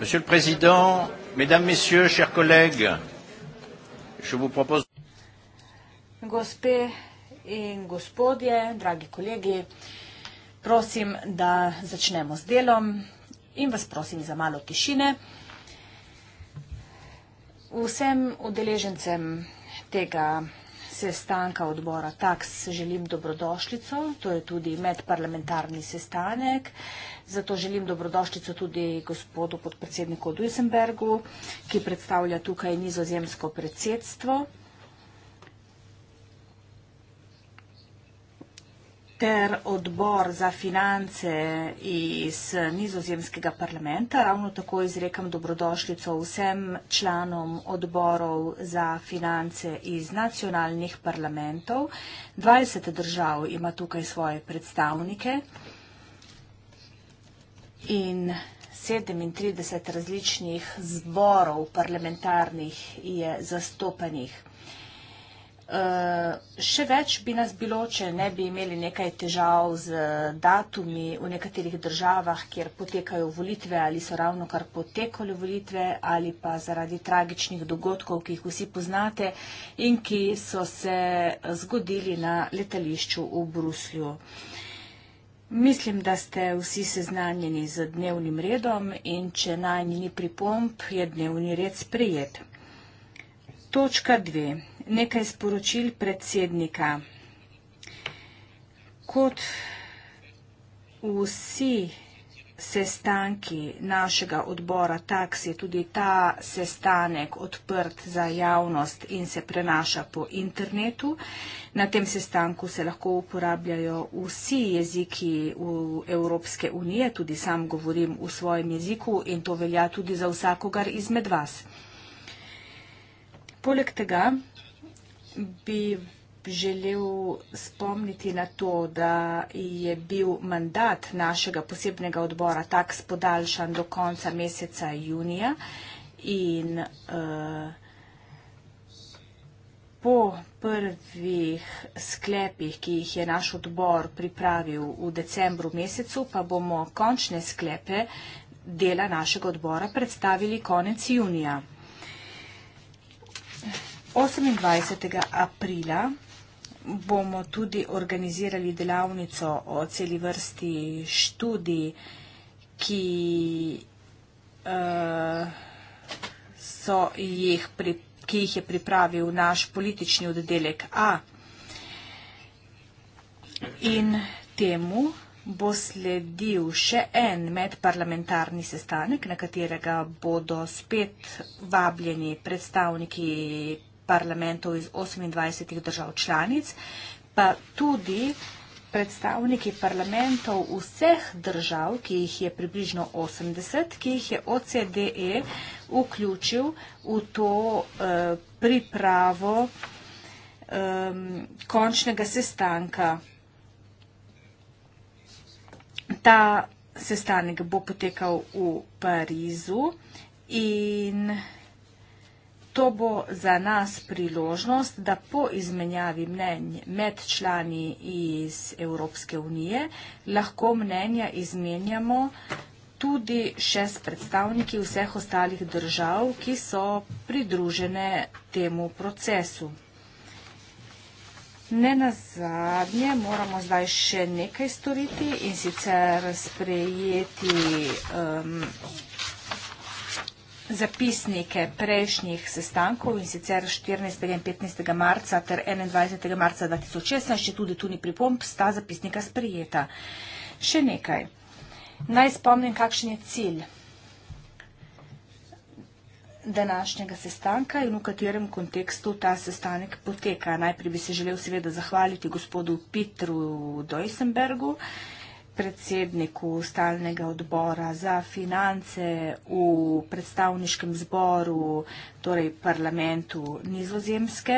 Monsieur le Président, Mesdames, Messieurs, chers collègues, je vous propose. Gospe in gospodje, dragi kolegi, prosim, da začnemo s delom in vas prosim za malo tišine. Vsem udeležencem tega vsega, sestanka odbora taks želim dobrodošlico, to je tudi medparlamentarni sestanek, zato želim dobrodošlico tudi gospodu podpredsedniku Duisenbergu, ki predstavlja tukaj nizozemsko predsedstvo. ter odbor za finance iz nizozemskega parlamenta. Ravno tako izrekam dobrodošljico vsem članom odborov za finance iz nacionalnih parlamentov. 20 držav ima tukaj svoje predstavnike in 37 različnih zborov parlamentarnih je zastopanih še več bi nas bilo, če ne bi imeli nekaj težav z datumi v nekaterih državah, kjer potekajo volitve ali so ravno kar potekali volitve ali pa zaradi tragičnih dogodkov, ki jih vsi poznate in ki so se zgodili na letališču v Bruslju. Mislim, da ste vsi seznanjeni z dnevnim redom in če naj ni pripomp, je dnevni red sprejet. Točka dve nekaj sporočil predsednika. Kot vsi sestanki našega odbora TAX je tudi ta sestanek odprt za javnost in se prenaša po internetu. Na tem sestanku se lahko uporabljajo vsi jeziki v Evropske unije, tudi sam govorim v svojem jeziku in to velja tudi za vsakogar izmed vas. Poleg tega bi želel spomniti na to, da je bil mandat našega posebnega odbora tak spodaljšan do konca meseca junija in eh, po prvih sklepih, ki jih je naš odbor pripravil v decembru mesecu, pa bomo končne sklepe dela našega odbora predstavili konec junija. 28. aprila bomo tudi organizirali delavnico o celi vrsti študij, ki eh, so jih pripravili ki jih je pripravil naš politični oddelek A. In temu bo sledil še en medparlamentarni sestanek, na katerega bodo spet vabljeni predstavniki parlamentov iz 28 držav članic, pa tudi predstavniki parlamentov vseh držav, ki jih je približno 80, ki jih je OCDE vključil v to eh, pripravo eh, končnega sestanka. Ta sestanek bo potekal v Parizu in To bo za nas priložnost, da po izmenjavi mnenj med člani iz Evropske unije lahko mnenja izmenjamo tudi še s predstavniki vseh ostalih držav, ki so pridružene temu procesu. Ne nazadnje moramo zdaj še nekaj storiti in sicer sprejeti um, zapisnike prejšnjih sestankov in sicer 14. in 15. marca ter 21. marca 2016, če tudi tu ni pripomp, sta zapisnika sprijeta. Še nekaj. Naj spomnim, kakšen je cilj današnjega sestanka in v katerem kontekstu ta sestanek poteka. Najprej bi se želel seveda zahvaliti gospodu Petru Deusenbergu, predsedniku stalnega odbora za finance v predstavniškem zboru, torej parlamentu nizozemske.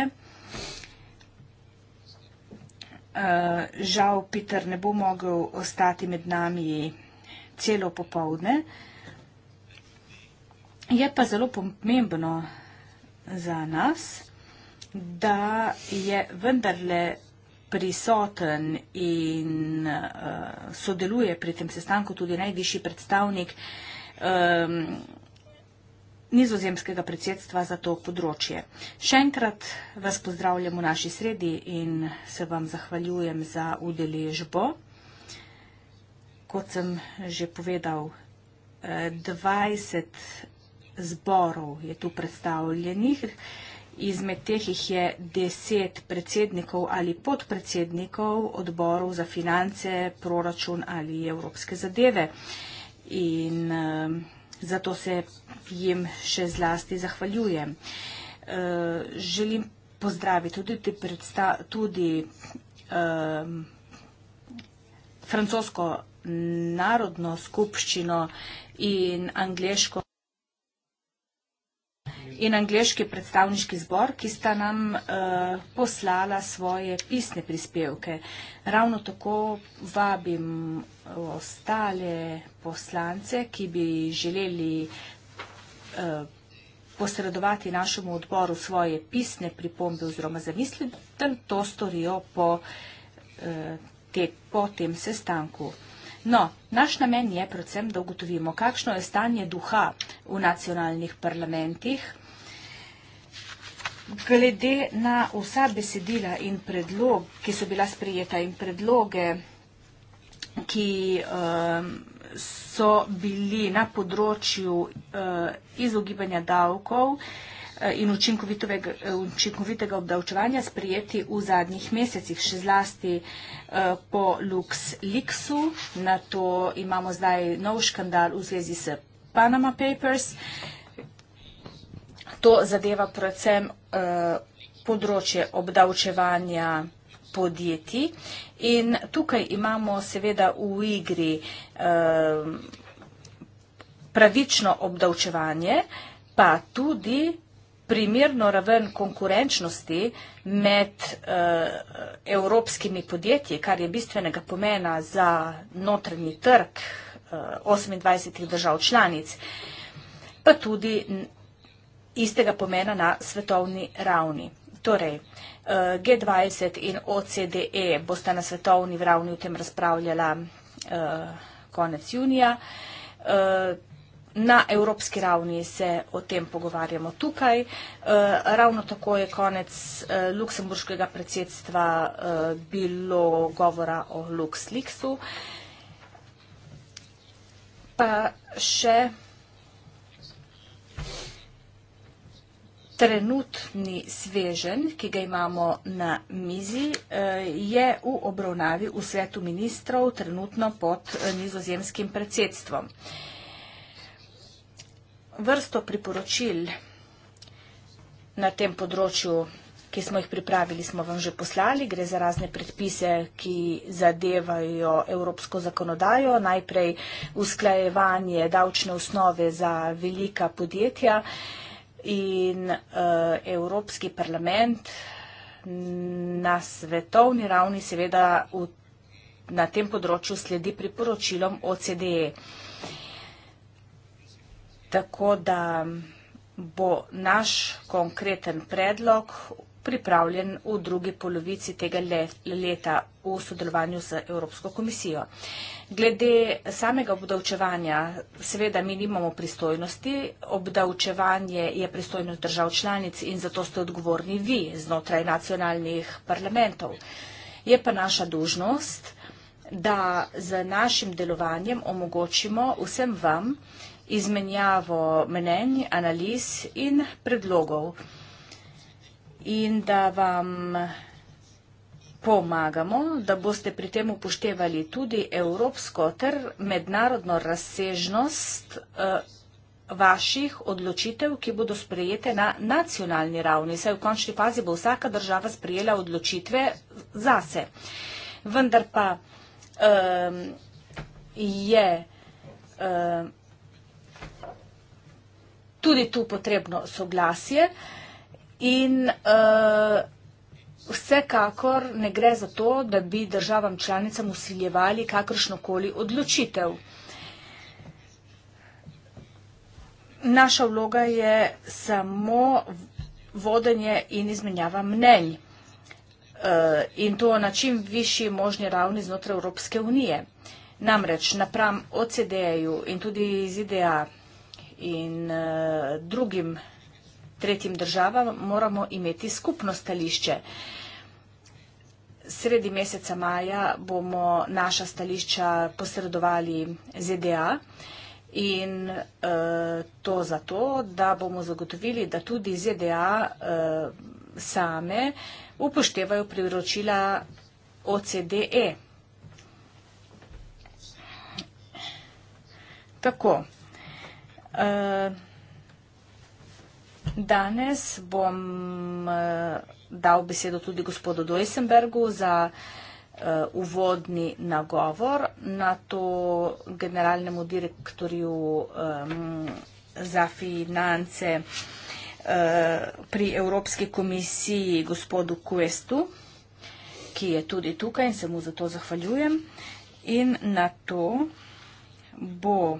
Eh, žal Peter ne bo mogel ostati med nami celo popovdne. Je pa zelo pomembno za nas, da je vendarle prisoten in uh, sodeluje pri tem sestanku tudi najvišji predstavnik um, nizozemskega predsedstva za to področje. Še enkrat vas pozdravljam v naši sredi in se vam zahvaljujem za udeležbo. Kot sem že povedal, 20 eh, zborov je tu predstavljenih. Izmed teh jih je deset predsednikov ali podpredsednikov odborov za finance, proračun ali evropske zadeve. In uh, zato se jim še zlasti zahvaljujem. Uh, želim pozdraviti tudi, tudi uh, francosko narodno skupščino in angliško in angliški predstavniški zbor, ki sta nam uh, poslala svoje pisne prispevke. Ravno tako vabim ostale poslance, ki bi želeli uh, posredovati našemu odboru svoje pisne pripombe oziroma zamisli, da to storijo po, uh, te, po tem sestanku. No, naš namen je predvsem, da ugotovimo, kakšno je stanje duha v nacionalnih parlamentih. Glede na vsa besedila in predlog, ki so bila sprijeta in predloge, ki um, so bili na področju uh, izogibanja davkov uh, in učinkovitega, uh, učinkovitega obdavčevanja sprijeti v zadnjih mesecih, še zlasti uh, po Lux Lixu, na to imamo zdaj nov škandal v zvezi s Panama Papers. To zadeva predvsem Eh, področje obdavčevanja podjetij. In tukaj imamo seveda v igri eh, pravično obdavčevanje, pa tudi primerno raven konkurenčnosti med eh, evropskimi podjetji, kar je bistvenega pomena za notrni trg 28 držav članic, pa tudi istega pomena na svetovni ravni. Torej, eh, G20 in OCDE bosta na svetovni ravni v tem razpravljala eh, konec junija. Eh, na evropski ravni se o tem pogovarjamo tukaj. Ravno tako je konec luksemburškega predsedstva bilo govora o LuxLixu. Pa še trenutni svežen, ki ga imamo na mizi, eh, je v obravnavi v svetu ministrov trenutno pod eh, nizozemskim predsedstvom. Vrsto priporočil na tem področju, ki smo jih pripravili, smo vam že poslali. Gre za razne predpise, ki zadevajo evropsko zakonodajo. Najprej usklajevanje davčne osnove za velika podjetja in uh, Evropski parlament na svetovni ravni seveda v, na tem področju sledi priporočilom OCDE. Tako da bo naš konkreten predlog pripravljen v drugi polovici tega leta v sodelovanju z Evropsko komisijo. Glede samega obdavčevanja, seveda mi nimamo pristojnosti, obdavčevanje je pristojnost držav članic in zato ste odgovorni vi znotraj nacionalnih parlamentov. Je pa naša dužnost, da z našim delovanjem omogočimo vsem vam izmenjavo mnenj, analiz in predlogov in da vam pomagamo, da boste pri tem upoštevali tudi evropsko ter mednarodno razsežnost eh, vaših odločitev, ki bodo sprejete na nacionalni ravni. Saj v končni fazi bo vsaka država sprejela odločitve zase. Vendar pa um, je um, tudi tu potrebno soglasje. Uh, In uh, vsekakor ne gre za to, da bi državam članicam usiljevali kakršnokoli odločitev. Naša vloga je samo vodenje in izmenjava mnenj eh, in to na čim višji možni ravni znotraj Evropske unije. Namreč napram OCD-ju in tudi ZDA in eh, drugim tretjim državam moramo imeti skupno stališče. Sredi meseca maja bomo naša stališča posredovali ZDA in eh, to zato, da bomo zagotovili, da tudi ZDA eh, same upoštevajo priročila OCDE. Tako. Eh, Danes bom eh, dal besedo tudi gospodu Doisenbergu za eh, uvodni nagovor na to generalnemu direktorju eh, za finance pri Evropski komisiji gospodu Kuestu, ki je tudi tukaj in se mu za to zahvaljujem. In na to bo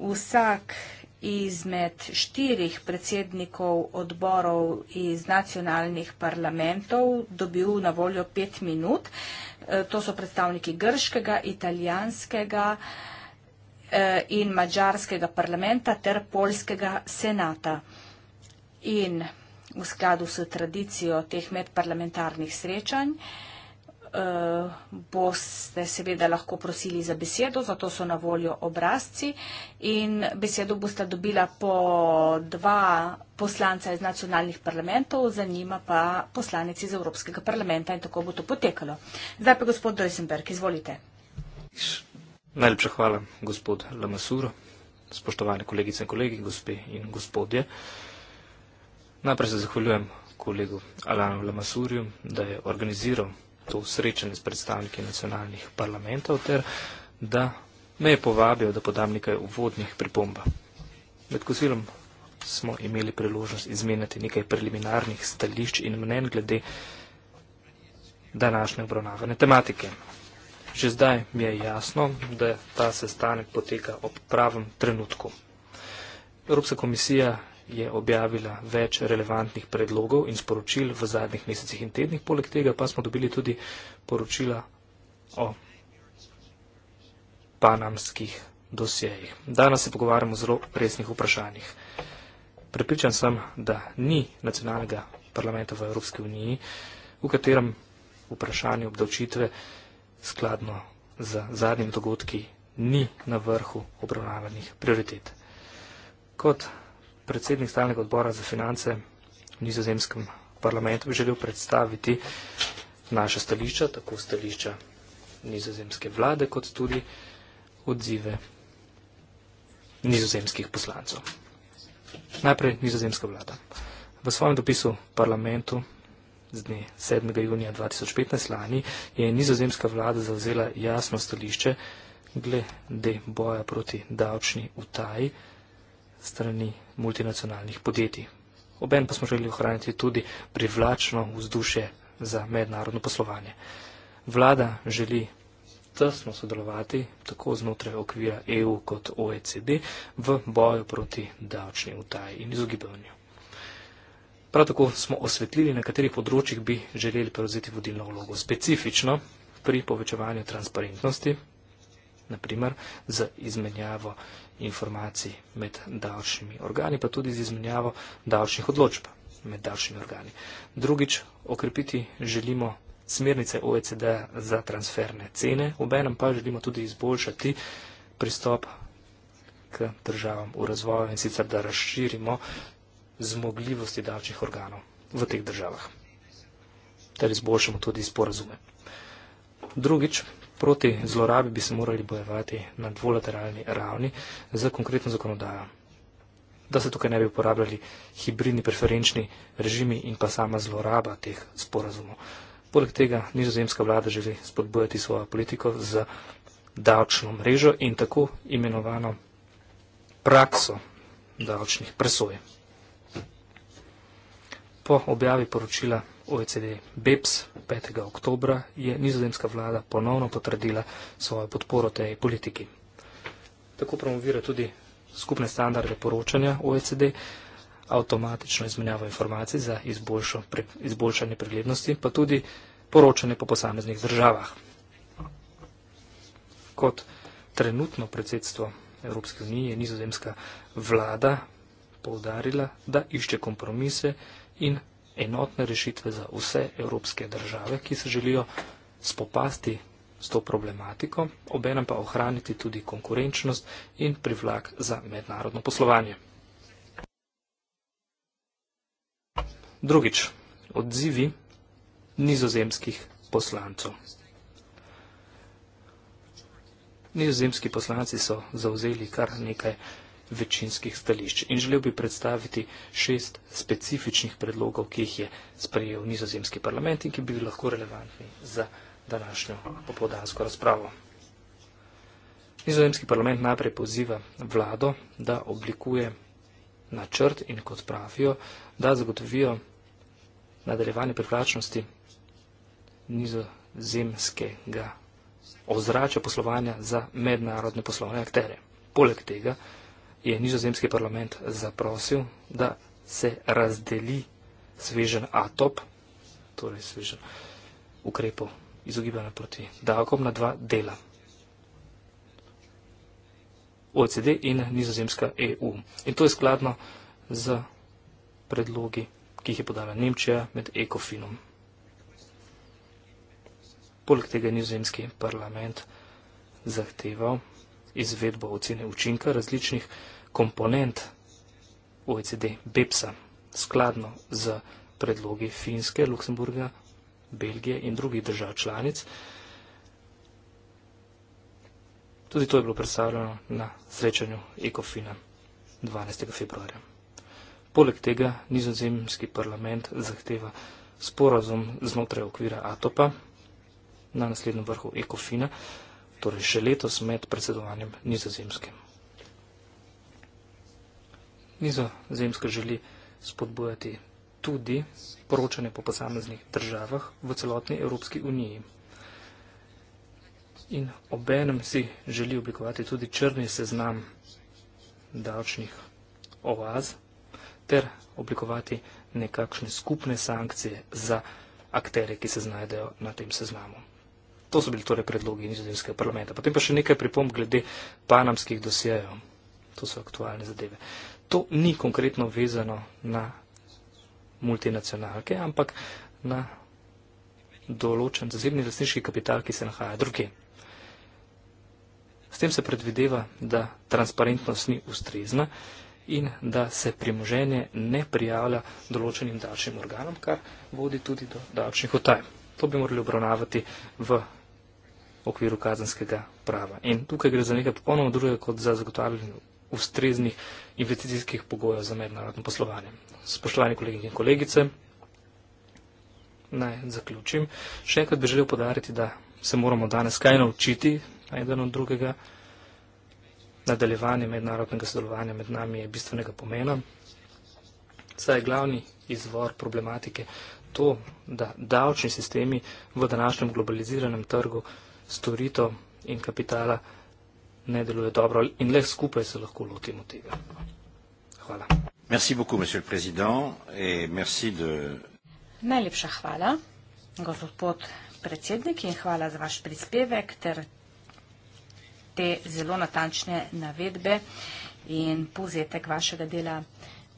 vsak izmed štirih predsednikov odborov iz nacionalnih parlamentov dobil na voljo pet minut. E, to so predstavniki grškega, italijanskega e, in mađarskega parlamenta ter polskega senata. In v skladu s tradicijo teh medparlamentarnih srečanj Eh, boste seveda lahko prosili za besedo, zato so na voljo obrazci in besedo boste dobila po dva poslanca iz nacionalnih parlamentov, za njima pa poslanec iz Evropskega parlamenta in tako bo to potekalo. Zdaj pa gospod Dojsenberg, izvolite. Najlepša hvala, gospod Lamasur, spoštovane kolegice in kolegi, gospe in gospodje. Najprej se zahvaljujem kolegu Alanu Lamasurju, da je organiziral to srečanje s predstavniki nacionalnih parlamentov ter da me je povabil, da podam nekaj uvodnih pripomb. Med kosilom smo imeli priložnost izmenjati nekaj preliminarnih stališč in mnen glede današnje obravnavane tematike. Že zdaj mi je jasno, da ta sestanek poteka ob pravem trenutku. Evropska komisija je objavila več relevantnih predlogov in sporočil v zadnjih mesecih in tednih. Poleg tega pa smo dobili tudi poročila o panamskih dosjejih. Danes se pogovarjamo o zelo resnih vprašanjih. Prepričan sem, da ni nacionalnega parlamenta v Evropski uniji, v katerem vprašanje obdavčitve skladno z zadnjimi dogodki ni na vrhu obravnavanih prioritet. Kot predsednik stalnega odbora za finance v nizozemskem parlamentu bi želel predstaviti naša stališča, tako stališča nizozemske vlade, kot tudi odzive nizozemskih poslancev. Najprej nizozemska vlada. V svojem dopisu parlamentu z dne 7. junija 2015 lani je nizozemska vlada zavzela jasno stališče glede boja proti davčni utaji strani multinacionalnih podjetij. Obenem pa smo želeli ohraniti tudi privlačno vzdušje za mednarodno poslovanje. Vlada želi tesno sodelovati tako znotraj okvira EU kot OECD v boju proti davčni utaji in izogibanju. Prav tako smo osvetlili, na katerih področjih bi želeli prevzeti vodilno vlogo. Specifično pri povečevanju transparentnosti, naprimer z izmenjavo informacij med davčnimi organi, pa tudi z izmenjavo davčnih odločb med davčnimi organi. Drugič, okrepiti želimo smernice OECD za transferne cene, obenem pa želimo tudi izboljšati pristop k državam v razvoju in sicer, da razširimo zmogljivosti davčnih organov v teh državah ter izboljšamo tudi sporazume. Drugič, Proti zlorabi bi se morali bojevati na dvolateralni ravni z konkretno zakonodajo. Da se tukaj ne bi uporabljali hibridni preferenčni režimi in pa sama zloraba teh sporazumov. Poleg tega nizozemska vlada želi spodbujati svojo politiko z davčno mrežo in tako imenovano prakso davčnih presoj. Po objavi poročila OECD BEPS 5. oktobra je nizozemska vlada ponovno potrdila svojo podporo tej politiki. Tako promovira tudi skupne standarde poročanja OECD, avtomatično izmenjava informacij za pre, izboljšanje preglednosti, pa tudi poročanje po posameznih državah. Kot trenutno predsedstvo Evropske unije je nizozemska vlada poudarila, da išče kompromise in enotne rešitve za vse evropske države, ki se želijo spopasti s to problematiko, obenem pa ohraniti tudi konkurenčnost in privlak za mednarodno poslovanje. Drugič, odzivi nizozemskih poslancov. Nizozemski poslanci so zauzeli kar nekaj večinskih stališč. In želel bi predstaviti šest specifičnih predlogov, ki jih je sprejel nizozemski parlament in ki bi bili lahko relevantni za današnjo popovdansko razpravo. Nizozemski parlament najprej poziva vlado, da oblikuje načrt in kot pravijo, da zagotovijo nadaljevanje privlačnosti nizozemskega ozračja poslovanja za mednarodne poslovne akterje. Poleg tega je nizozemski parlament zaprosil, da se razdeli svežen atop, torej svežen ukrepov izogibanja proti davkom na dva dela. OECD in nizozemska EU. In to je skladno z predlogi, ki jih je podala Nemčija med ECOFINom. Poleg tega je nizozemski parlament zahteval, izvedbo ocene učinka različnih komponent OECD BEPSA skladno z predlogi Finske, Luksemburga, Belgije in drugih držav članic. Tudi to je bilo predstavljeno na srečanju ECOFINA 12. februarja. Poleg tega nizozemski parlament zahteva sporazum znotraj okvira ATOPA na naslednjem vrhu ECOFINA, torej še letos med predsedovanjem nizozemskim. Nizozemska želi spodbujati tudi poročanje po posameznih državah v celotni Evropski uniji. In obenem si želi oblikovati tudi črni seznam davčnih oaz ter oblikovati nekakšne skupne sankcije za akterje, ki se znajdejo na tem seznamu. To so bili torej predlogi nizozemskega parlamenta. Potem pa še nekaj pripomb glede panamskih dosjejev. To so aktualne zadeve. To ni konkretno vezano na multinacionalke, ampak na določen zasebni lasniški kapital, ki se nahaja druge. S tem se predvideva, da transparentnost ni ustrezna in da se premoženje ne prijavlja določenim davčnim organom, kar vodi tudi do davčnih utaj. To bi morali obravnavati v v okviru kazenskega prava. In tukaj gre za nekaj popolnoma drugega, kot za zagotavljanje ustreznih investicijskih pogojev za mednarodno poslovanje. Spoštovani kolegi in kolegice, naj zaključim. Še enkrat bi želel podariti, da se moramo danes kaj naučiti eden od drugega. Nadaljevanje mednarodnega sodelovanja med nami je bistvenega pomena. Saj je glavni izvor problematike to, da davčni sistemi v današnjem globaliziranem trgu storitev in kapitala ne deluje dobro in le skupaj se lahko lotimo tega. Hvala. Merci beaucoup, monsieur le président, et merci de... Najlepša hvala, gospod predsednik, in hvala za vaš prispevek ter te zelo natančne navedbe in povzetek vašega dela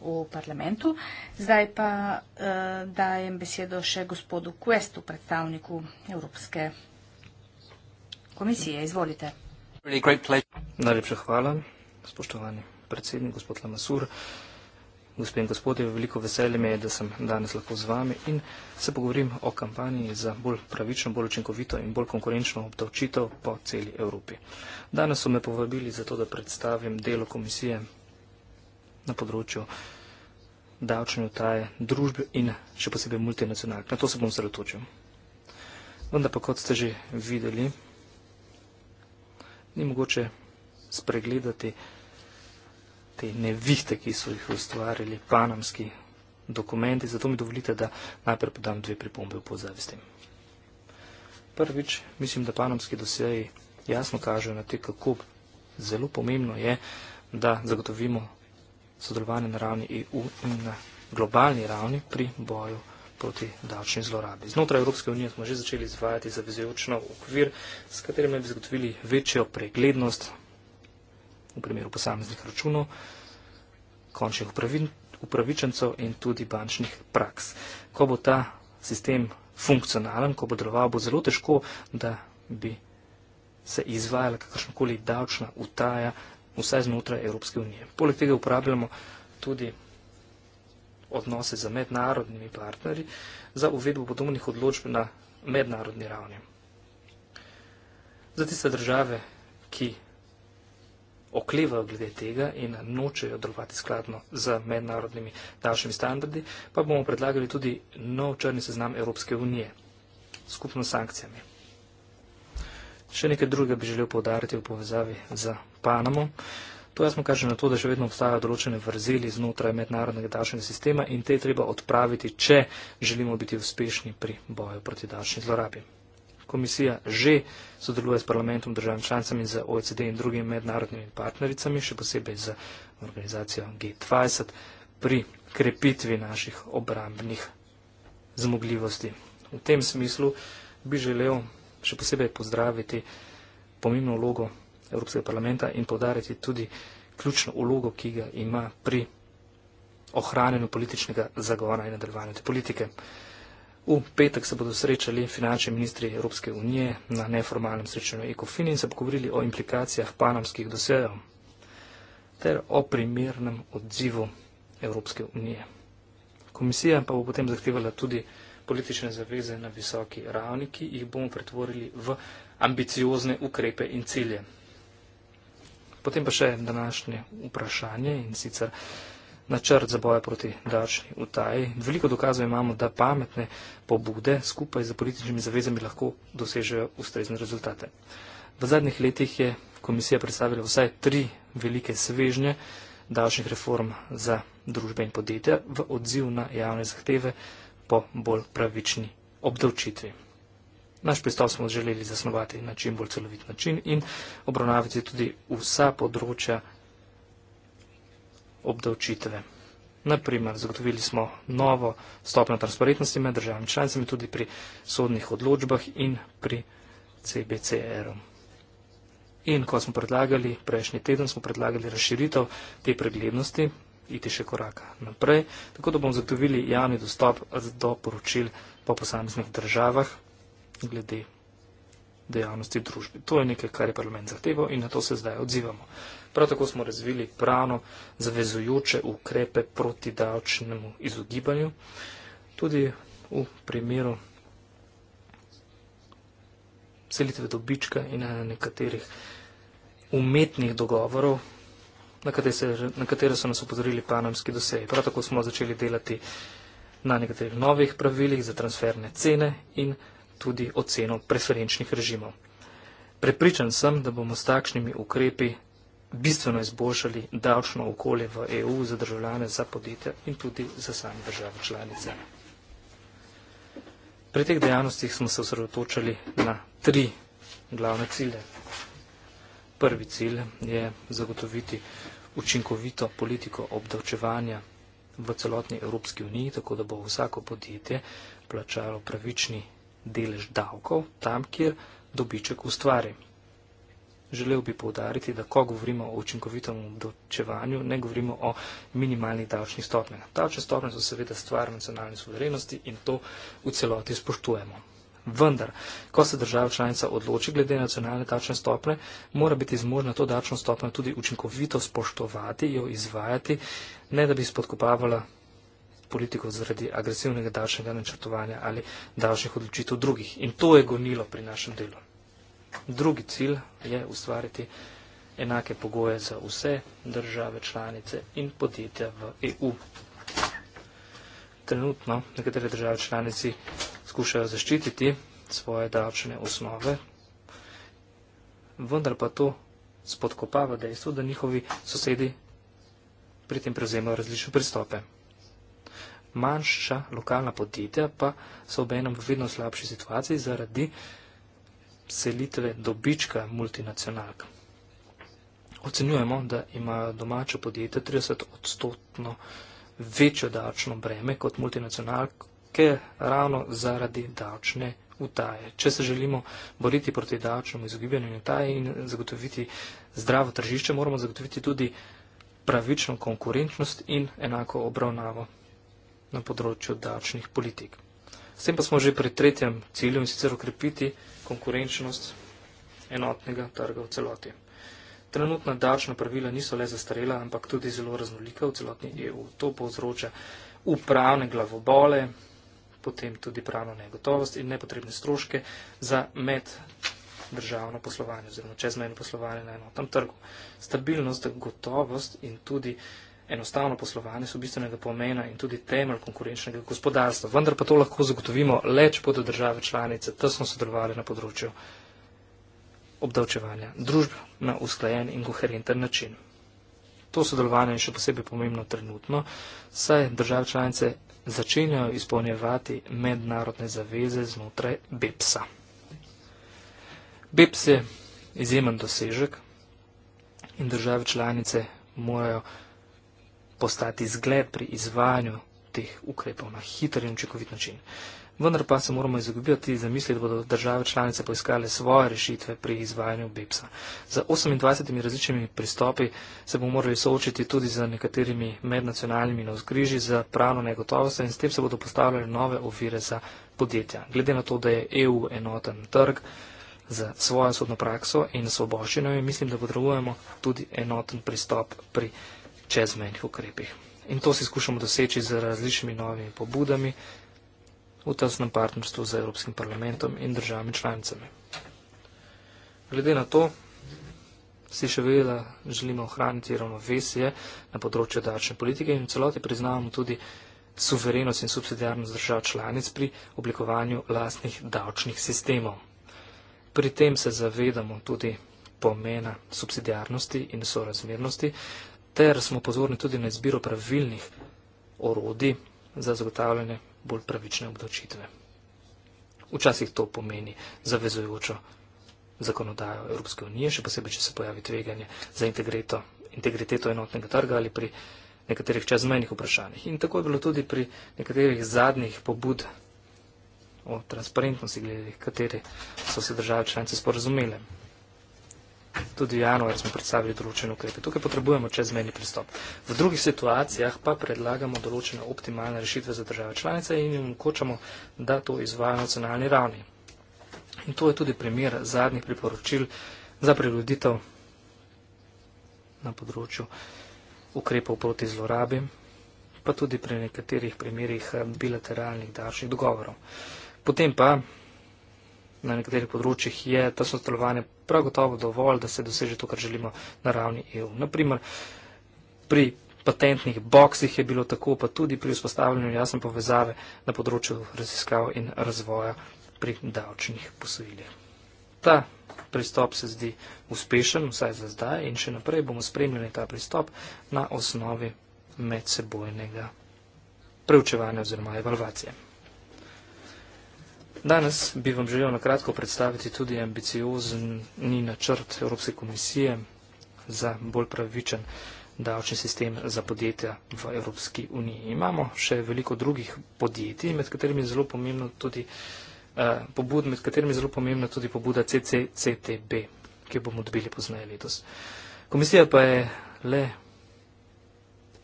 v parlamentu. Zdaj pa eh, dajem besedo še gospodu Questu, predstavniku Evropske komisije. Izvolite. Najlepša hvala, spoštovani predsednik, gospod Lamasur. Gospe in gospodje, veliko veselje me je, da sem danes lahko z vami in se pogovorim o kampanji za bolj pravično, bolj učinkovito in bolj konkurenčno obdavčitev po celi Evropi. Danes so me povabili za to, da predstavim delo komisije na področju davčne utaje družbe in še posebej multinacionalk. Na to se bom sredotočil. Vendar pa, kot ste že videli, ni mogoče spregledati te nevihte, ki so jih ustvarili panamski dokumenti. Zato mi dovolite, da najprej podam dve pripombe v pozavi s tem. Prvič, mislim, da panamski dosej jasno kažejo na te, kako zelo pomembno je, da zagotovimo sodelovanje na ravni EU in na globalni ravni pri boju proti davčni zlorabi. Znotraj Evropske unije smo že začeli izvajati zavezujočno okvir, s katerim naj bi zagotovili večjo preglednost v primeru posameznih računov, končnih upravičencev in tudi bančnih praks. Ko bo ta sistem funkcionalen, ko bo deloval, bo zelo težko, da bi se izvajala kakršnakoli davčna utaja vsaj znotraj Evropske unije. Poleg tega uporabljamo tudi odnose z mednarodnimi partnerji za uvedbo podobnih odločb na mednarodni ravni. Za tiste države, ki oklevajo glede tega in nočejo delovati skladno z mednarodnimi daljšimi standardi, pa bomo predlagali tudi nov črni seznam Evropske unije skupno s sankcijami. Še nekaj drugega bi želel povdariti v povezavi z Panamo. Uh, To jaz mu kažem na to, da še vedno obstajajo določene vrzeli znotraj mednarodnega davčnega sistema in te treba odpraviti, če želimo biti uspešni pri boju proti davčni zlorabi. Komisija že sodeluje s parlamentom, državami članicami, z OECD in drugimi mednarodnimi partnericami, še posebej z organizacijo G20, pri krepitvi naših obrambnih zmogljivosti. V tem smislu bi želel še posebej pozdraviti pomembno vlogo Evropskega parlamenta in podariti tudi ključno ulogo, ki ga ima pri ohranjenju političnega zagona in nadaljevanju te politike. V petek se bodo srečali finančni ministri Evropske unije na neformalnem srečanju ECOFIN in se pogovorili o implikacijah panamskih dosejev ter o primernem odzivu Evropske unije. Komisija pa bo potem zahtevala tudi politične zaveze na visoki ravni, ki jih bomo pretvorili v ambiciozne ukrepe in cilje. Potem pa še današnje vprašanje in sicer načrt za boje proti davčni utaji. Veliko dokazov imamo, da pametne pobude skupaj z političnimi zavezami lahko dosežejo ustrezne rezultate. V zadnjih letih je komisija predstavila vsaj tri velike svežnje davčnih reform za družbe in podjetja v odziv na javne zahteve po bolj pravični obdavčitvi. Naš pristop smo želeli zasnovati na čim bolj celovit način in obravnavati tudi vsa področja obdavčitve. Naprimer, zagotovili smo novo stopno transparentnosti med državami članicami tudi pri sodnih odločbah in pri CBCR-u. In ko smo predlagali, prejšnji teden smo predlagali razširitev te preglednosti, iti še koraka naprej, tako da bomo zagotovili javni dostop do poročil po posameznih državah glede dejavnosti družbe. To je nekaj, kar je parlament zahteval in na to se zdaj odzivamo. Prav tako smo razvili pravno zavezujoče ukrepe proti davčnemu izogibanju. Tudi v primeru selitve dobička in nekaterih umetnih dogovorov, na katere, se, na katere so nas upozorili panamski doseji. Prav tako smo začeli delati na nekaterih novih pravilih za transferne cene in tudi oceno preferenčnih režimov. Prepričan sem, da bomo s takšnimi ukrepi bistveno izboljšali davčno okolje v EU za državljane, za podjetja in tudi za same države članice. Pri teh dejavnostih smo se osredotočali na tri glavne cilje. Prvi cilj je zagotoviti učinkovito politiko obdavčevanja v celotni Evropski uniji, tako da bo vsako podjetje plačalo pravični delež davkov tam, kjer dobiček ustvari. Želel bi povdariti, da ko govorimo o učinkovitem obdočevanju, ne govorimo o minimalnih davčnih stopnjah. Davčne stopnje so seveda stvar nacionalne suverenosti in to v celoti spoštujemo. Vendar, ko se država članica odloči glede nacionalne davčne stopnje, mora biti zmožna to davčno stopnjo tudi učinkovito spoštovati, jo izvajati, ne da bi spodkopavala politikov zaradi agresivnega davčnega načrtovanja ali davčnih odločitev drugih. In to je gonilo pri našem delu. Drugi cilj je ustvariti enake pogoje za vse države, članice in podjetja v EU. Trenutno nekatere države članici skušajo zaščititi svoje davčne osnove, vendar pa to spodkopava dejstvo, da njihovi sosedi pri tem prevzemajo različne pristope manjša lokalna podjetja pa so ob enem v vedno slabši situaciji zaradi selitve dobička multinacionalk. Ocenjujemo, da ima domača podjetja 30 odstotno večjo davčno breme kot multinacionalke ravno zaradi davčne utaje. Če se želimo boriti proti davčnemu izogibanju in utaji in zagotoviti zdravo tržišče, moramo zagotoviti tudi pravično konkurenčnost in enako obravnavo na področju davčnih politik. S tem pa smo že pri tretjem cilju in sicer okrepiti konkurenčnost enotnega trga v celoti. Trenutna davčna pravila niso le zastarela, ampak tudi zelo raznolika v celotni EU. To povzroča upravne glavobole, potem tudi pravno negotovost in nepotrebne stroške za med državno poslovanje oziroma čezmejno poslovanje na enotnem trgu. Stabilnost, gotovost in tudi enostavno poslovanje so bistvenega pomena in tudi temelj konkurenčnega gospodarstva. Vendar pa to lahko zagotovimo le, če bodo države članice tesno sodelovali na področju obdavčevanja družb na usklajen in koherenten način. To sodelovanje je še posebej pomembno trenutno, saj države članice začenjajo izpolnjevati mednarodne zaveze znotraj BEPS-a. BEPS je izjemen dosežek in države članice morajo postati zgled pri izvajanju teh ukrepov na hiter in učinkovit način. Vendar pa se moramo izogibati zamisli, da bodo države članice poiskale svoje rešitve pri izvajanju BEPS-a. Z 28 različnimi pristopi se bomo morali soočiti tudi z nekaterimi mednacionalnimi navzgriži za pravno negotovost in s tem se bodo postavljali nove ovire za podjetja. Glede na to, da je EU enoten trg za svojo sodno prakso in svoboščino, mislim, da potrebujemo tudi enoten pristop pri izvajanju čezmejnih ukrepih. In to si skušamo doseči z različnimi novimi pobudami v tesnem partnerstvu z Evropskim parlamentom in državami članicami. Glede na to, si še vedno želimo ohraniti ravnovesje na področju davčne politike in v celoti priznavamo tudi suverenost in subsidijarnost držav članic pri oblikovanju lastnih davčnih sistemov. Pri tem se zavedamo tudi pomena subsidijarnosti in sorazmernosti, ter smo pozorni tudi na izbiro pravilnih orodij za zagotavljanje bolj pravične obdočitve. Včasih to pomeni zavezujočo zakonodajo Evropske unije, še posebej, če se pojavi tveganje za integriteto, integriteto enotnega trga ali pri nekaterih čezmejnih vprašanjih. In tako je bilo tudi pri nekaterih zadnjih pobud o transparentnosti, glede katere so se države članice sporozumele tudi januar smo predstavili določene ukrepe. Tukaj potrebujemo čezmeni pristop. V drugih situacijah pa predlagamo določene optimalne rešitve za države članice in jim omogočamo, da to izvajo na nacionalni ravni. In to je tudi primer zadnjih priporočil za preluditev na področju ukrepov proti zlorabi, pa tudi pri nekaterih primerjih eh, bilateralnih davčnih dogovorov. Potem pa na nekaterih področjih je to sodelovanje prav gotovo dovolj, da se doseže to, kar želimo na ravni EU. Naprimer, pri patentnih boksih je bilo tako, pa tudi pri vzpostavljanju jasne povezave na področju raziskav in razvoja pri davčnih posojilih. Ta pristop se zdi uspešen, vsaj za zdaj, in še naprej bomo spremljali ta pristop na osnovi medsebojnega preučevanja oziroma evalvacije. Danes bi vam želel na kratko predstaviti tudi ambiciozni načrt Evropske komisije za bolj pravičen davčni sistem za podjetja v Evropski uniji. Imamo še veliko drugih podjetij, med katerimi je zelo pomembno tudi, eh, pobud, med katerimi je zelo pomembna tudi pobuda CCCTB, ki jo bomo dobili poznaje letos. Komisija pa je le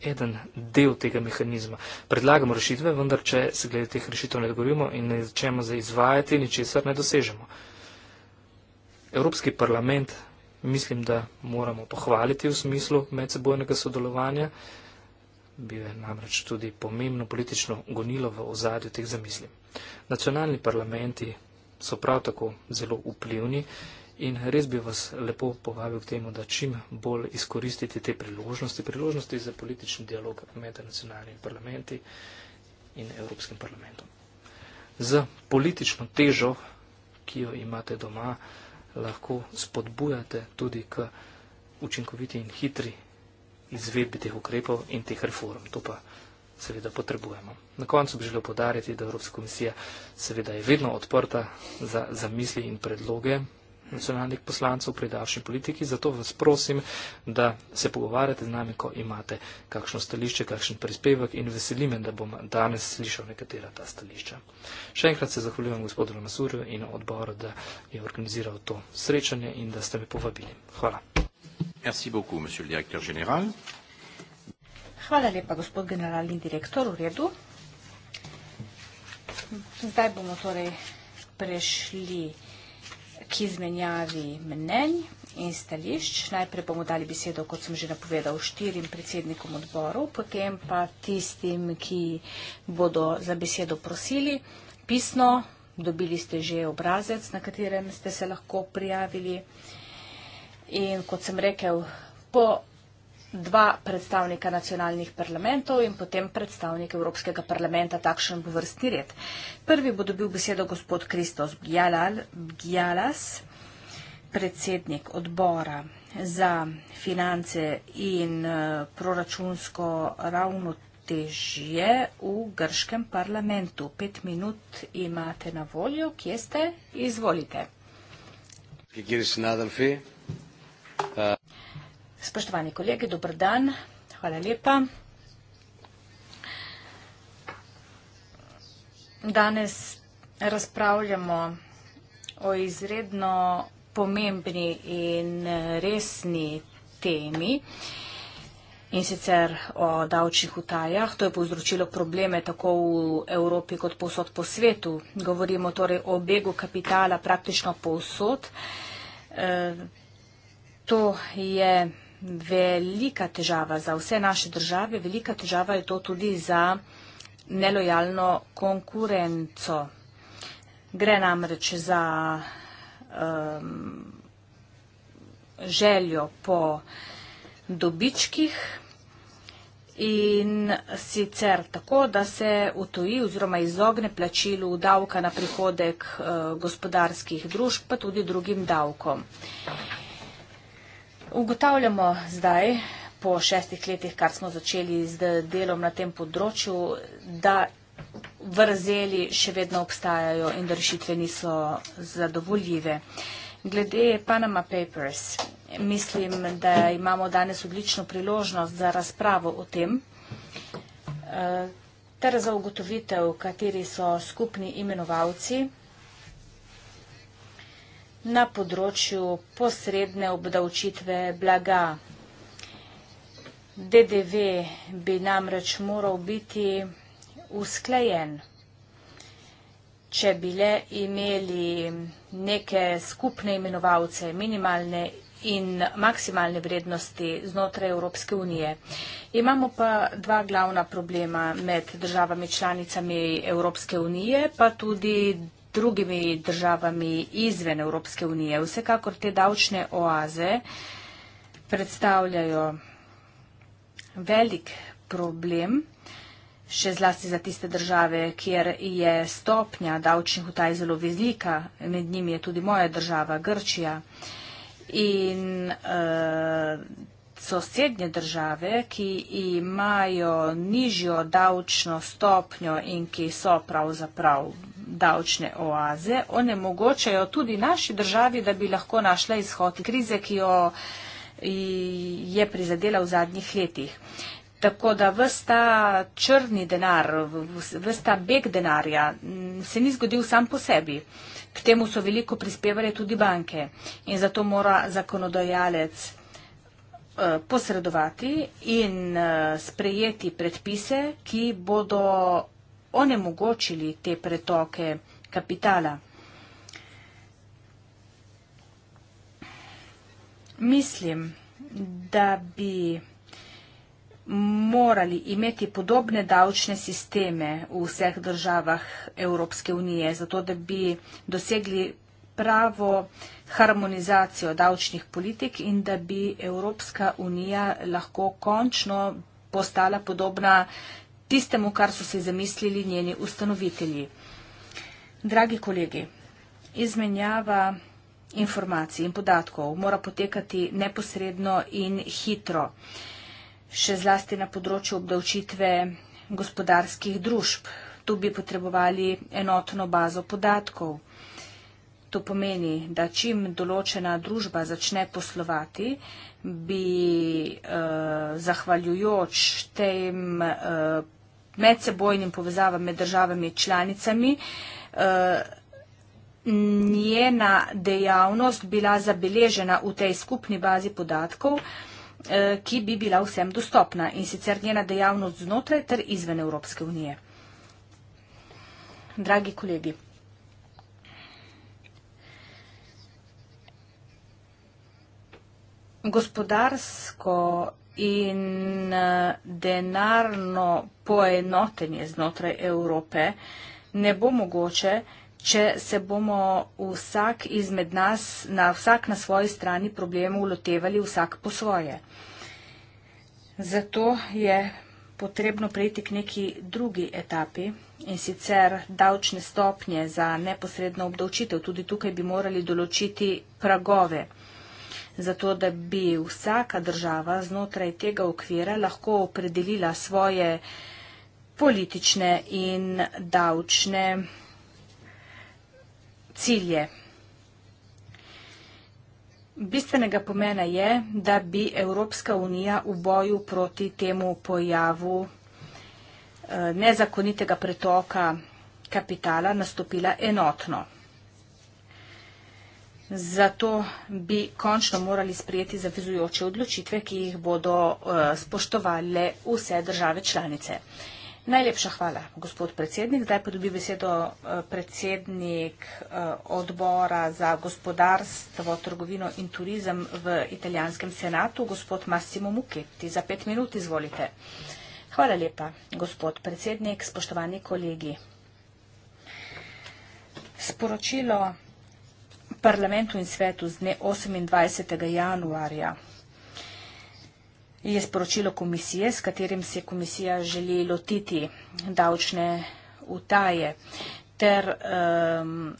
eden del tega mehanizma. Predlagamo rešitve, vendar če se glede teh rešitev ne dogovorimo in ne začnemo za izvajati, ničesar ne dosežemo. Evropski parlament mislim, da moramo pohvaliti v smislu medsebojnega sodelovanja. Bil je namreč tudi pomembno politično gonilo v ozadju teh zamisli. Nacionalni parlamenti so prav tako zelo vplivni In res bi vas lepo povabil k temu, da čim bolj izkoristite te priložnosti, priložnosti za politični dialog med nacionalnimi parlamenti in Evropskim parlamentom. Z politično težo, ki jo imate doma, lahko spodbujate tudi k učinkoviti in hitri izvedbi teh ukrepov in teh reform. To pa seveda potrebujemo. Na koncu bi želel podariti, da Evropska komisija seveda je vedno odprta za zamisli in predloge nacionalnih poslancev pri davčni politiki, zato vas prosim, da se pogovarjate z nami, ko imate kakšno stališče, kakšen prispevek in veseli me, da bom danes slišal nekatera ta stališča. Še enkrat se zahvaljujem gospodu Masurju in odboru, da je organiziral to srečanje in da ste me povabili. Hvala. Hvala lepa, gospod generalni direktor, v redu. Zdaj bomo torej prešli k izmenjavi mnenj in stališč. Najprej bomo dali besedo, kot sem že napovedal, štirim predsednikom odborov, potem pa tistim, ki bodo za besedo prosili pisno. Dobili ste že obrazec, na katerem ste se lahko prijavili. In kot sem rekel, po dva predstavnika nacionalnih parlamentov in potem predstavnik Evropskega parlamenta. Takšen bo vrstni red. Prvi bo dobil besedo gospod Kristos Gjalas, predsednik odbora za finance in eh, proračunsko ravnotežje v grškem parlamentu. Pet minut imate na voljo, kje ste? Izvolite. Uh. Spoštovani kolegi, dober dan. Hvala lepa. Danes razpravljamo o izredno pomembni in resni temi in sicer o davčnih utajah. To je povzročilo probleme tako v Evropi kot povsod po svetu. Govorimo torej o begu kapitala praktično povsod. Eh, to je velika težava za vse naše države, velika težava je to tudi za nelojalno konkurenco. Gre namreč za um, željo po dobičkih in sicer tako, da se utoji oziroma izogne plačilu davka na prihodek uh, gospodarskih družb pa tudi drugim davkom. Uh, Ugotavljamo zdaj, po šestih letih, kar smo začeli z delom na tem področju, da vrzeli še vedno obstajajo in da rešitve niso zadovoljive. Glede Panama Papers, mislim, da imamo danes odlično priložnost za razpravo o tem eh, ter za ugotovitev, kateri so skupni imenovalci na področju posredne obdavčitve blaga. DDV bi namreč moral biti usklajen. Če bi le imeli neke skupne imenovalce, minimalne in maksimalne vrednosti znotraj Evropske unije. Imamo pa dva glavna problema med državami članicami Evropske unije, pa tudi drugimi državami izven Evropske unije. Vsekakor te davčne oaze predstavljajo velik problem, še zlasti za tiste države, kjer je stopnja davčnih utaj zelo velika, med njimi je tudi moja država, Grčija. In uh, sosednje države, ki imajo nižjo davčno stopnjo in ki so pravzaprav davčne oaze, onemogočajo tudi naši državi, da bi lahko našla izhod krize, ki jo je prizadela v zadnjih letih. Tako da vsta črni denar, vsta beg denarja mm, se ni zgodil sam po sebi. K temu so veliko prispevale tudi banke in zato mora zakonodajalec eh, posredovati in eh, sprejeti predpise, ki bodo onemogočili te pretoke kapitala. Mislim, da bi morali imeti podobne davčne sisteme v vseh državah Evropske unije, zato da bi dosegli pravo harmonizacijo davčnih politik in da bi Evropska unija lahko končno postala podobna tistemu, kar so si zamislili njeni ustanovitelji. Dragi kolegi, izmenjava informacij in podatkov mora potekati neposredno in hitro, še zlasti na področju obdavčitve gospodarskih družb. Tu bi potrebovali enotno bazo podatkov. To pomeni, da čim določena družba začne poslovati, bi eh, zahvaljujoč tem eh, medsebojnim povezavam med državami članicami. Eh, njena dejavnost bila zabeležena v tej skupni bazi podatkov, eh, ki bi bila vsem dostopna in sicer njena dejavnost znotraj ter izven Evropske unije. Dragi kolegi, gospodarsko in eh, denarno poenotenje znotraj Evrope ne bo mogoče, če se bomo vsak izmed nas, na vsak na svoji strani problemov lotevali vsak po svoje. Zato je potrebno prejti k neki drugi etapi in sicer davčne stopnje za neposredno obdavčitev. Tudi tukaj bi morali določiti pragove zato da bi vsaka država znotraj tega okvira lahko opredelila svoje politične in davčne cilje. Bistvenega pomena je, da bi Evropska unija v boju proti temu pojavu eh, nezakonitega pretoka kapitala nastopila enotno. Zato bi končno morali sprejeti zavezujoče odločitve, ki jih bodo eh, spoštovali vse države članice. Najlepša hvala, gospod predsednik. Zdaj pa dobi besedo eh, predsednik eh, odbora za gospodarstvo, trgovino in turizem v italijanskem senatu, gospod Massimo Muketti. Za pet minut izvolite. Hvala lepa, gospod predsednik, spoštovani kolegi. Sporočilo parlamentu in svetu z dne 28. januarja. Je sporočilo komisije, s katerim se komisija želi lotiti davčne utaje ter um,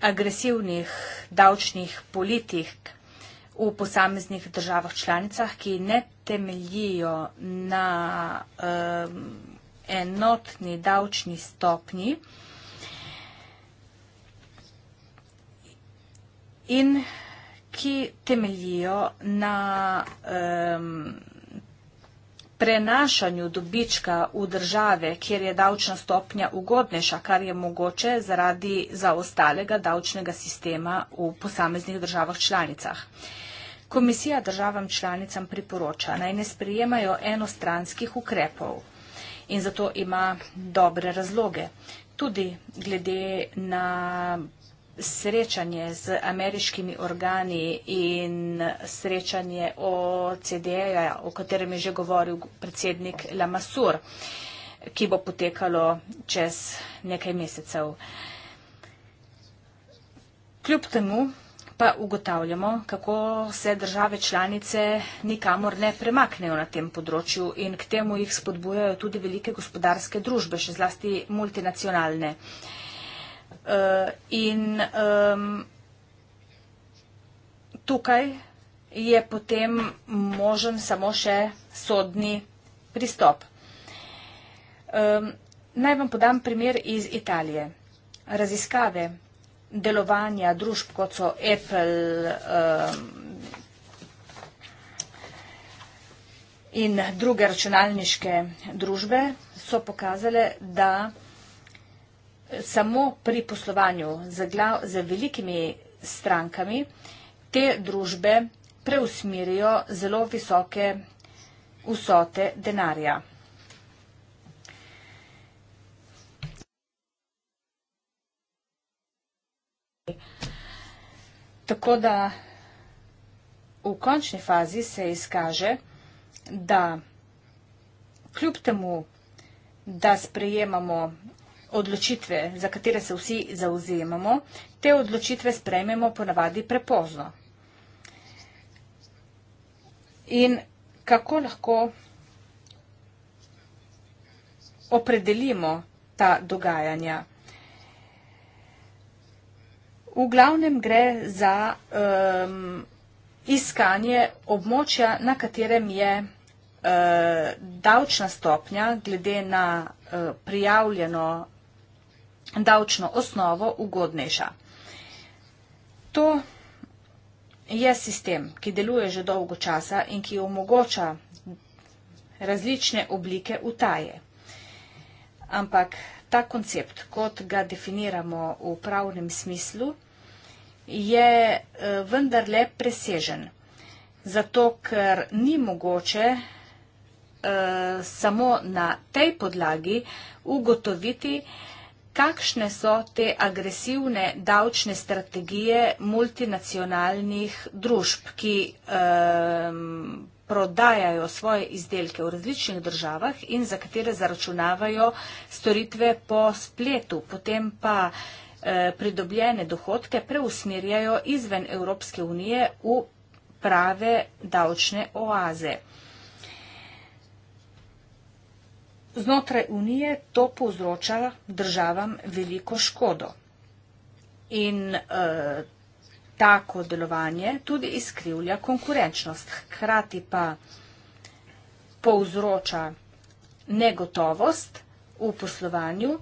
agresivnih davčnih politik v posameznih državah članicah, ki ne temeljijo na um, enotni davčni stopnji. in ki temeljijo na um, prenašanju dobička v države, kjer je davčna stopnja ugodnejša, kar je mogoče zaradi zaostalega davčnega sistema v posameznih državah članicah. Komisija državam članicam priporoča, naj ne sprejemajo enostranskih ukrepov in zato ima dobre razloge. Tudi glede na srečanje z ameriškimi organi in srečanje OCD-ja, o katerem je že govoril predsednik Lamasur, ki bo potekalo čez nekaj mesecev. Kljub temu pa ugotavljamo, kako se države članice nikamor ne premaknejo na tem področju in k temu jih spodbujajo tudi velike gospodarske družbe, še zlasti multinacionalne. Uh, in um, tukaj je potem možen samo še sodni pristop. Um, naj vam podam primer iz Italije. Raziskave delovanja družb, kot so Apple um, in druge računalniške družbe, so pokazale, da samo pri poslovanju z, glav, z velikimi strankami te družbe preusmirijo zelo visoke vsote denarja. Tako da v končni fazi se izkaže, da kljub temu, da sprejemamo odločitve, za katere se vsi zauzemamo, te odločitve sprejmemo ponavadi prepozno. In kako lahko opredelimo ta dogajanja? V glavnem gre za um, iskanje območja, na katerem je uh, davčna stopnja glede na uh, prijavljeno davčno osnovo ugodnejša. To je sistem, ki deluje že dolgo časa in ki omogoča različne oblike utaje. Ampak ta koncept, kot ga definiramo v pravnem smislu, je eh, vendarle presežen. Zato, ker ni mogoče eh, samo na tej podlagi ugotoviti, eh, kakšne so te agresivne davčne strategije multinacionalnih družb, ki um, prodajajo svoje izdelke v različnih državah in za katere zaračunavajo storitve po spletu, potem pa e, pridobljene dohodke preusmerjajo izven Evropske unije v prave davčne oaze. Znotraj unije to povzroča državam veliko škodo in e, tako delovanje tudi izkrivlja konkurenčnost, hkrati pa povzroča negotovost v poslovanju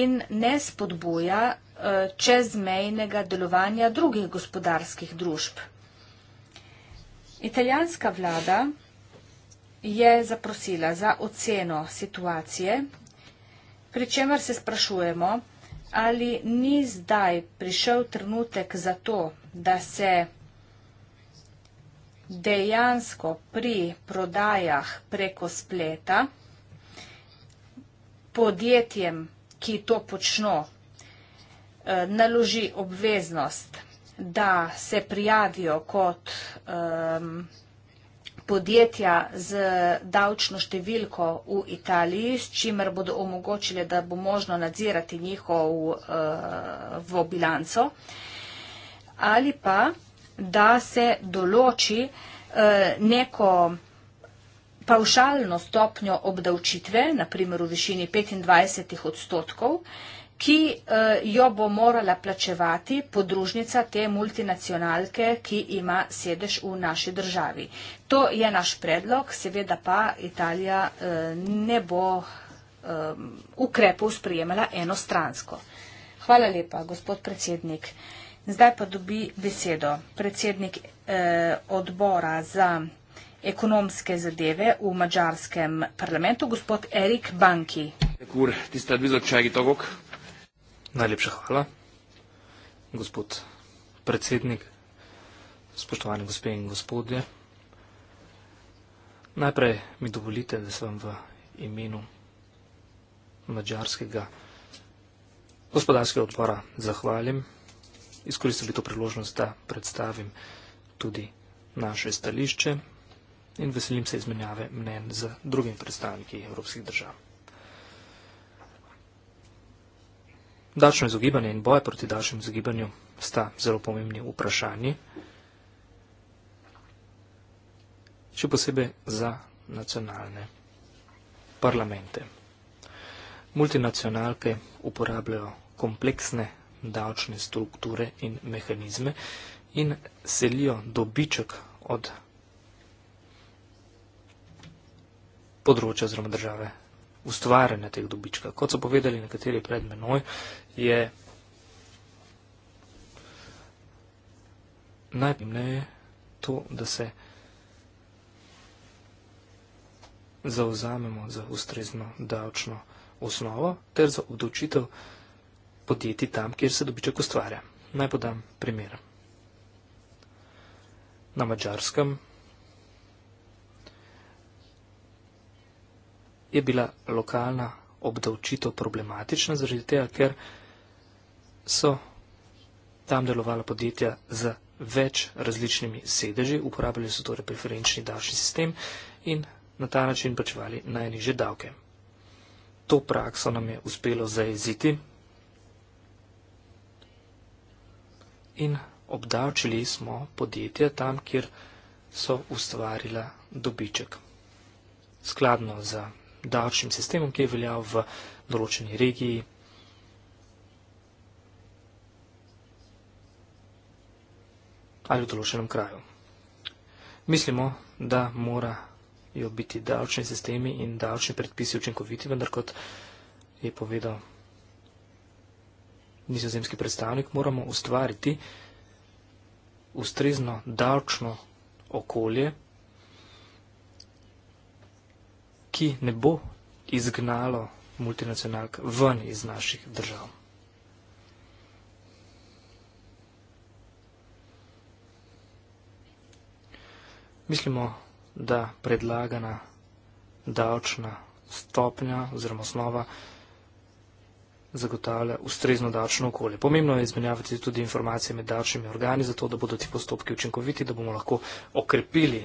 in ne spodbuja e, čezmejnega delovanja drugih gospodarskih družb. Italijanska vlada je zaprosila za oceno situacije, pri čemer se sprašujemo, ali ni zdaj prišel trenutek za to, da se dejansko pri prodajah preko spleta podjetjem, ki to počno, eh, naloži obveznost, da se prijavijo kot um, podjetja z davčno številko v Italiji, s čimer bodo omogočile, da bo možno nadzirati njihovo eh, bilanco, ali pa da se določi eh, neko pavšalno stopnjo obdavčitve, naprimer v višini 25 odstotkov, ki eh, jo bo morala plačevati podružnica te multinacionalke, ki ima sedež v naši državi. To je naš predlog, seveda pa Italija eh, ne bo eh, ukrepov sprijemala enostransko. Hvala lepa, gospod predsednik. Zdaj pa dobi besedo predsednik odbora za ekonomske zadeve v mađarskem parlamentu, gospod Erik Banki. Najlepša hvala, gospod predsednik, spoštovani gospe in gospodje. Najprej mi dovolite, da sem v imenu mađarskega gospodarskega odbora zahvalim. Izkoristil bi to priložnost, da predstavim tudi naše stališče in veselim se izmenjave mnen z drugimi predstavniki evropskih držav. Dačno izogibanje in boje proti dačnemu izogibanju sta zelo pomembni vprašanji, še posebej za nacionalne parlamente. Multinacionalke uporabljajo kompleksne davčne strukture in mehanizme in selijo dobiček od področja oziroma države ustvarjanja teh dobička. Kot so povedali nekateri pred menoj, je najpomembneje to, da se zauzamemo za ustrezno davčno osnovo ter za obdavčitev podjetij tam, kjer se dobiček ustvarja. Naj podam primer. Na mačarskem je bila lokalna obdavčitev problematična, zaradi tega, ker so tam delovala podjetja z več različnimi sedeži, uporabljali so torej preferenčni davčni sistem in na ta način plačevali najniže davke. To prakso nam je uspelo zajeziti in obdavčili smo podjetja tam, kjer so ustvarila dobiček. Skladno za davčnim sistemom, ki je veljal v določeni regiji. ali v določenem kraju. Mislimo, da morajo biti davčni sistemi in davčni predpisi učinkoviti, vendar kot je povedal nizozemski predstavnik, moramo ustvariti ustrezno davčno okolje, ki ne bo izgnalo multinacionalk ven iz naših držav. Mislimo, da predlagana davčna stopnja oziroma osnova zagotavlja ustrezno davčno okolje. Pomembno je izmenjavati tudi informacije med davčnimi organi, zato da bodo ti postopki učinkoviti, da bomo lahko okrepili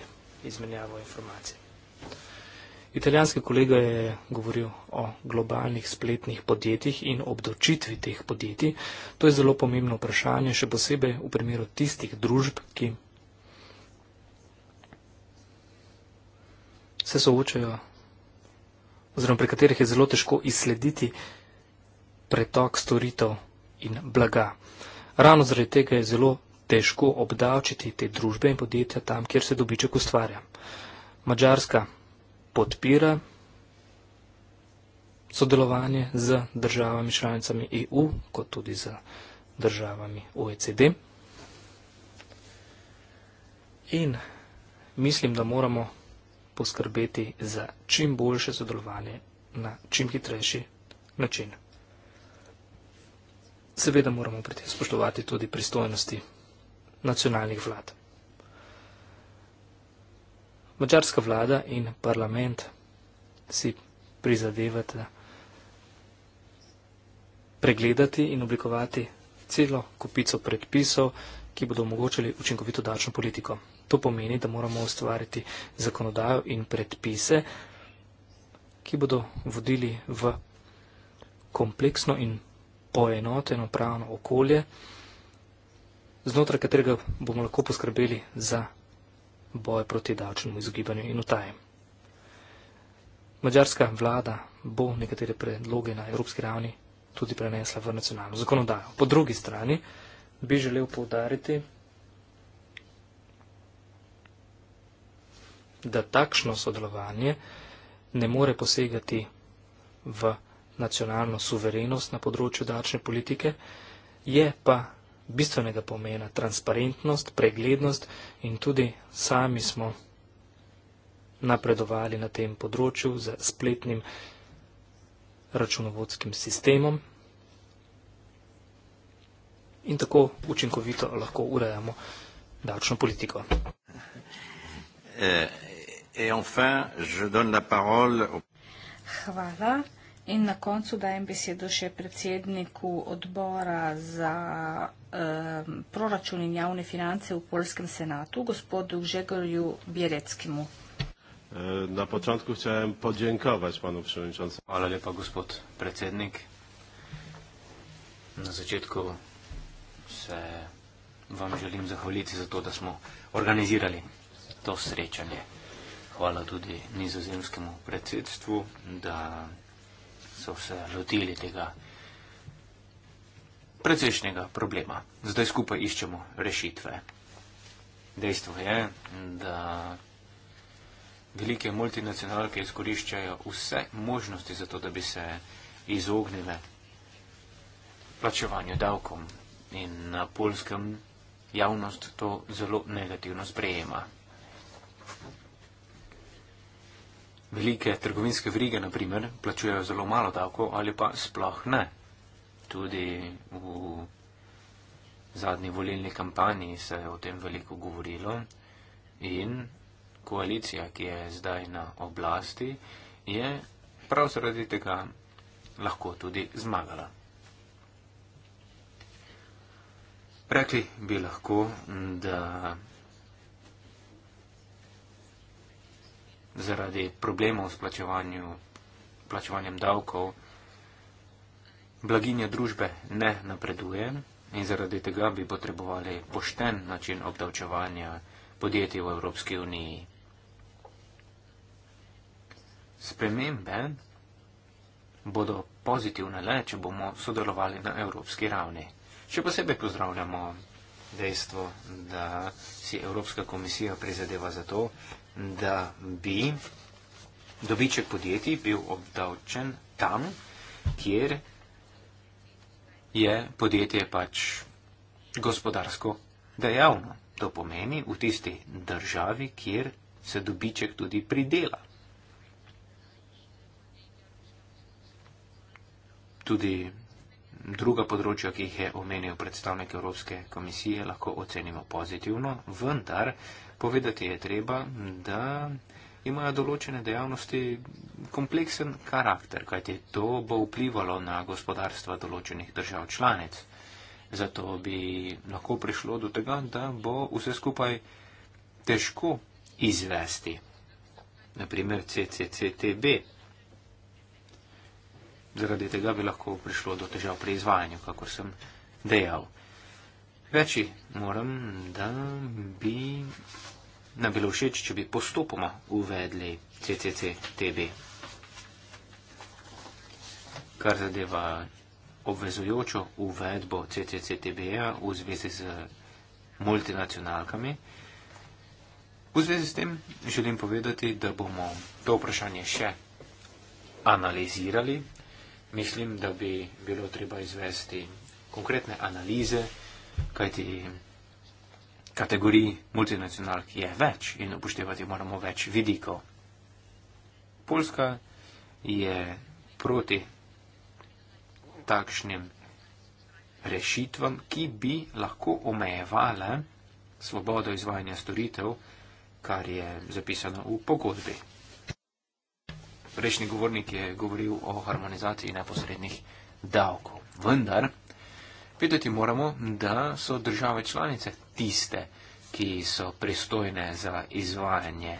izmenjavo informacij. Italijanski kolega je govoril o globalnih spletnih podjetjih in obdočitvi teh podjetij. To je zelo pomembno vprašanje, še posebej v primeru tistih družb, ki se soočajo oziroma pri katerih je zelo težko izslediti pretok storitev in blaga. Ravno zaradi tega je zelo težko obdavčiti te družbe in podjetja tam, kjer se dobiček ustvarja. Mačarska podpira sodelovanje z državami članicami EU, kot tudi z državami OECD. In mislim, da moramo poskrbeti za čim boljše sodelovanje na čim hitrejši način. Seveda moramo pri tem spoštovati tudi pristojnosti nacionalnih vlad. Mačarska vlada in parlament si prizadevate pregledati in oblikovati celo kupico predpisov, ki bodo omogočili učinkovito davčno politiko. To pomeni, da moramo ustvariti zakonodajo in predpise, ki bodo vodili v kompleksno in poenoteno pravno okolje, znotraj katerega bomo lahko poskrbeli za boj proti davčnemu izogibanju in utaje. Mađarska vlada bo nekatere predloge na evropski ravni tudi prenesla v nacionalno zakonodajo. Po drugi strani bi želel povdariti, da takšno sodelovanje ne more posegati v nacionalno suverenost na področju davčne politike, je pa bistvenega pomena, transparentnost, preglednost in tudi sami smo napredovali na tem področju z spletnim računovodskim sistemom in tako učinkovito lahko urejamo davčno politiko. Eh, et enfin, je donne la parole au... Hvala. In na koncu dajem besedo še predsedniku odbora za um, proračun in javne finance v Polskem senatu, gospodu Žegorju Bjereckemu. Eh, na początku chciałem podziękować panu przewodniczącemu. Hvala lepa, gospod predsednik. Na začetku se vam želim zahvaliti za to, da smo organizirali to srečanje. Hvala tudi nizozemskemu predsedstvu, da so se lotili tega precejšnjega problema. Zdaj skupaj iščemo rešitve. Dejstvo je, da velike multinacionalke izkoriščajo vse možnosti za to, da bi se izognile plačevanju davkom in na polskem javnost to zelo negativno sprejema. Velike trgovinske vrige, na primer, plačujejo zelo malo davkov ali pa sploh ne. Tudi v zadnji volilni kampanji se je o tem veliko govorilo in koalicija, ki je zdaj na oblasti, je prav zaradi tega lahko tudi zmagala. Rekli bi lahko, da zaradi problemov s plačevanjem davkov blaginja družbe ne napreduje in zaradi tega bi potrebovali pošten način obdavčevanja podjetij v Evropski uniji. Spremembe bodo pozitivne le, če bomo sodelovali na evropski ravni. Še posebej pozdravljamo dejstvo, da si Evropska komisija prizadeva za to, da bi dobiček podjetij bil obdavčen tam, kjer je podjetje pač gospodarsko dejavno. To pomeni v tisti državi, kjer se dobiček tudi pridela. Tudi druga področja, ki jih je omenil predstavnik Evropske komisije, lahko ocenimo pozitivno, vendar eh, Povedati je treba, da imajo določene dejavnosti kompleksen karakter, kajti to bo vplivalo na gospodarstva določenih držav članic. Zato bi lahko prišlo do tega, da bo vse skupaj težko izvesti. Naprimer CCCTB. Zaradi tega bi lahko prišlo do težav pri izvajanju, kakor sem dejal. Reči, moram, da bi nam bilo všeč, če bi postopoma uvedli CCCTB. Kar zadeva obvezujočo uvedbo CCCTB-ja v zvezi z multinacionalkami. V zvezi s tem želim povedati, da bomo to vprašanje še analizirali. Mislim, da bi bilo treba izvesti konkretne analize kajti kategorij multinacionalk je več in upoštevati moramo več vidikov. Poljska je proti takšnim rešitvam, ki bi lahko omejevale svobodo izvajanja storitev, kar je zapisano v pogodbi. Prejšnji govornik je govoril o harmonizaciji neposrednih davkov. Vendar, Vedeti moramo, da so države članice tiste, ki so pristojne za izvajanje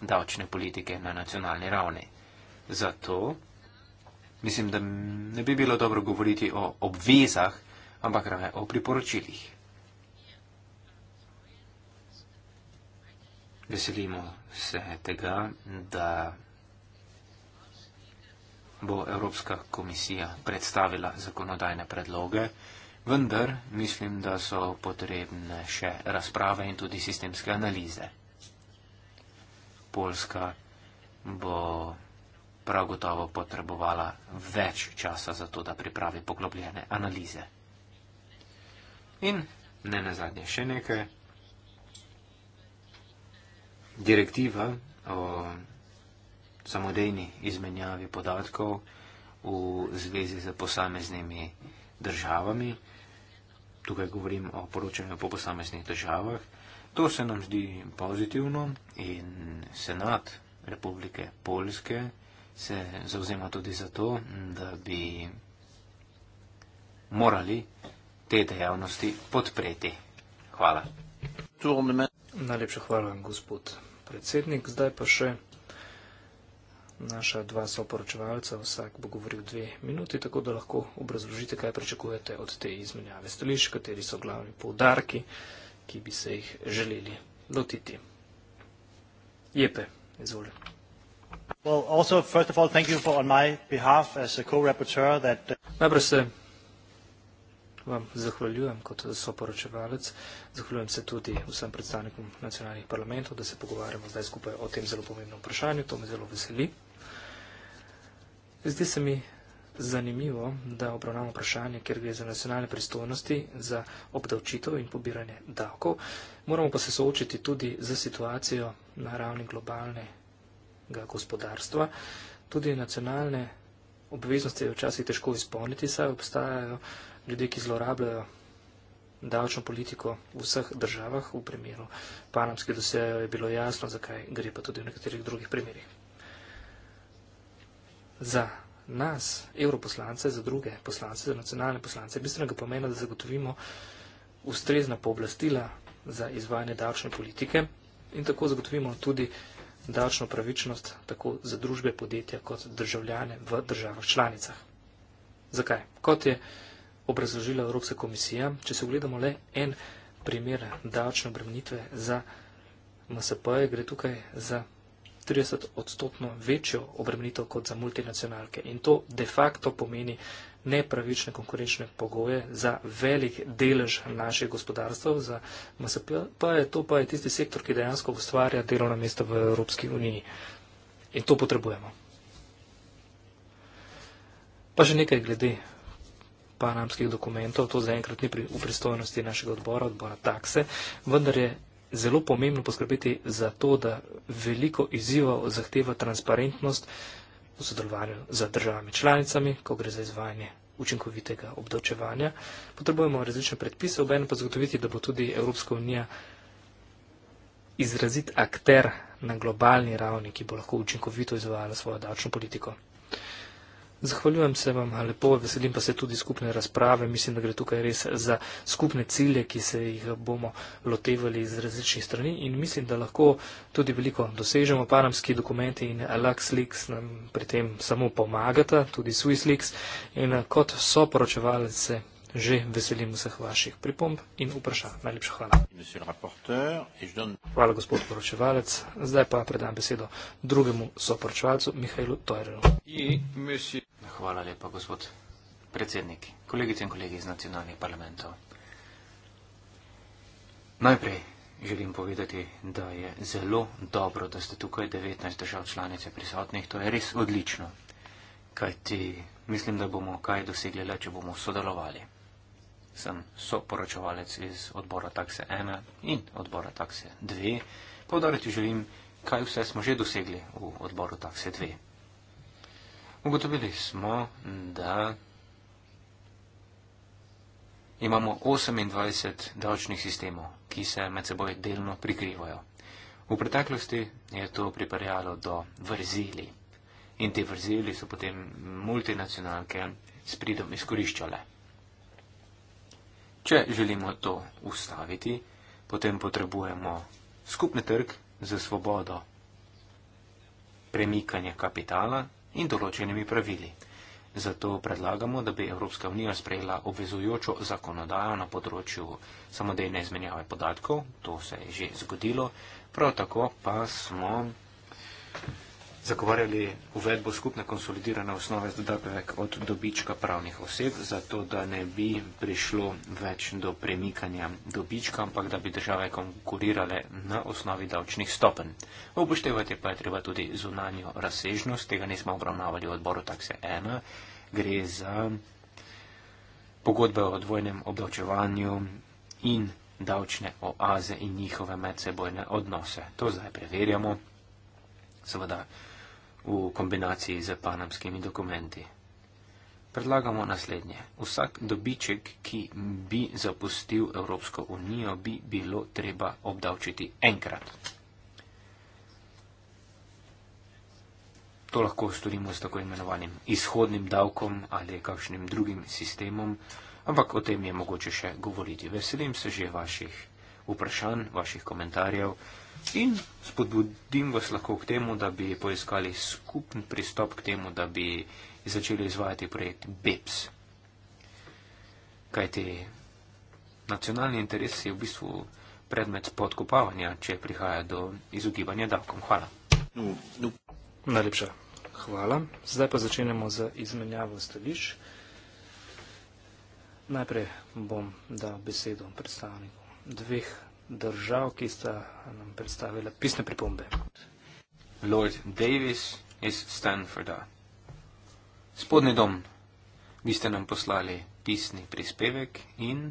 davčne politike na nacionalni ravni. Zato mislim, da ne bi bilo dobro govoriti o obvezah, ampak raje o priporočilih. Veselimo se tega, da bo Evropska komisija predstavila zakonodajne predloge vendar mislim, da so potrebne še razprave in tudi sistemske analize. Poljska bo prav gotovo potrebovala več časa za to, da pripravi poglobljene analize. In ne nazadnje še nekaj. Direktiva o samodejni izmenjavi podatkov v zvezi z posameznimi državami, tukaj govorim o poročanju po posameznih državah, to se nam zdi pozitivno in senat Republike Poljske se zauzema tudi za to, da bi morali te dejavnosti podpreti. Hvala. Najlepša hvala, gospod predsednik. Zdaj pa še naša dva soporočevalca, vsak bo govoril dve minuti, tako da lahko obrazložite, kaj pričakujete od te izmenjave stališč, kateri so glavni poudarki, ki bi se jih želeli lotiti. Jepe, izvoli. Well, also, first of all, thank you for on my behalf as a co-rapporteur that... Uh, Najprej se vam zahvaljujem kot soporočevalec, zahvaljujem se tudi vsem predstavnikom nacionalnih parlamentov, da se pogovarjamo zdaj skupaj o tem zelo pomembnem vprašanju, to me zelo veseli. Zdi se mi zanimivo, da obravnavamo vprašanje, ker gre za nacionalne pristojnosti za obdavčitev in pobiranje davkov. Moramo pa se soočiti tudi z situacijo na ravni globalnega gospodarstva. Tudi nacionalne obveznosti je včasih težko izpolniti, saj obstajajo ljudje, ki zlorabljajo davčno politiko v vseh državah. V primeru panamskih dosejev je bilo jasno, zakaj gre pa tudi v nekaterih drugih primerih za nas, evroposlance, za druge poslance, za nacionalne poslance, bistvenega pomena, da zagotovimo ustrezna pooblastila za izvajanje davčne politike in tako zagotovimo tudi davčno pravičnost tako za družbe, podjetja kot državljane v državah članicah. Zakaj? Kot je obrazložila Evropska komisija, če se ogledamo le en primer davčne obremenitve za MSP, gre tukaj za 30 odstotno večjo obremenitev kot za multinacionalke. In to de facto pomeni nepravične konkurenčne pogoje za velik delež naših gospodarstv, za MSP, pa je to pa je tisti sektor, ki dejansko ustvarja delovna mesta v Evropski uniji. In to potrebujemo. Pa še nekaj glede panamskih dokumentov, to zaenkrat ni pri, v pristojnosti našega odbora, odbora takse, vendar je zelo pomembno poskrbeti za to, da veliko izzivov zahteva transparentnost v sodelovanju z državami članicami, ko gre za izvajanje učinkovitega obdočevanja. Potrebujemo različne predpise, obenem pa zagotoviti, da bo tudi Evropska unija izrazit akter na globalni ravni, ki bo lahko učinkovito izvajala svojo davčno politiko. Zahvaljujem se vam lepo, veselim pa se tudi skupne razprave. Mislim, da gre tukaj res za skupne cilje, ki se jih bomo lotevali iz različnih strani in mislim, da lahko tudi veliko dosežemo. Panamski dokumenti in LuxLeak nam pri tem samo pomagata, tudi SwissLeaks in kot soporočevalce že veselim vseh vaših pripomb in vprašanj. Najlepša hvala. Hvala, gospod poročevalec. Zdaj pa predam besedo drugemu soporočevalcu, Mihajlu Tojrelu. Hvala lepa, gospod predsednik, kolegice in kolegi iz nacionalnih parlamentov. Najprej želim povedati, da je zelo dobro, da ste tukaj 19 držav članice prisotnih. To je res odlično, kajti mislim, da bomo kaj dosegli, le če bomo sodelovali sem soporočevalec iz odbora takse 1 in odbora takse 2. Povdariti želim, kaj vse smo že dosegli v odboru takse 2. Ugotovili smo, da imamo 28 davčnih sistemov, ki se med seboj delno prikrivajo. V preteklosti je to pripeljalo do vrzeli in te vrzeli so potem multinacionalke s pridom izkoriščale. Če želimo to ustaviti, potem potrebujemo skupni trg za svobodo, premikanje kapitala in določenimi pravili. Zato predlagamo, da bi Evropska unija sprejela obvezujočo zakonodajo na področju samodejne izmenjave podatkov, to se je že zgodilo, prav tako pa smo zagovarjali uvedbo skupne konsolidirane osnove za davek od dobička pravnih oseb, zato da ne bi prišlo več do premikanja dobička, ampak da bi države konkurirale na osnovi davčnih stopen. Upoštevati pa je treba tudi zunanjo razsežnost, tega nismo obravnavali v odboru takse 1, gre za pogodbe o dvojnem obdavčevanju in davčne oaze in njihove medsebojne odnose. To zdaj preverjamo. Seveda. So v kombinaciji z panamskimi dokumenti. Predlagamo naslednje. Vsak dobiček, ki bi zapustil Evropsko unijo, bi bilo treba obdavčiti enkrat. To lahko storimo s tako imenovanim izhodnim davkom ali kakšnim drugim sistemom, ampak o tem je mogoče še govoriti. Veselim se že vaših vprašanj, vaših komentarjev in spodbudim vas lahko k temu, da bi poiskali skupen pristop k temu, da bi začeli izvajati projekt BEPS. Kajti nacionalni interes je v bistvu predmet podkopavanja, če prihaja do izogibanja davkom. Hvala. Najlepša hvala. Zdaj pa začenjamo z izmenjavo stališč. Najprej bom dal besedo predstavnikom dveh držav, ki sta nam predstavila pisne pripombe. Lord Davis iz Stanforda. Spodni dom, vi ste nam poslali pisni prispevek in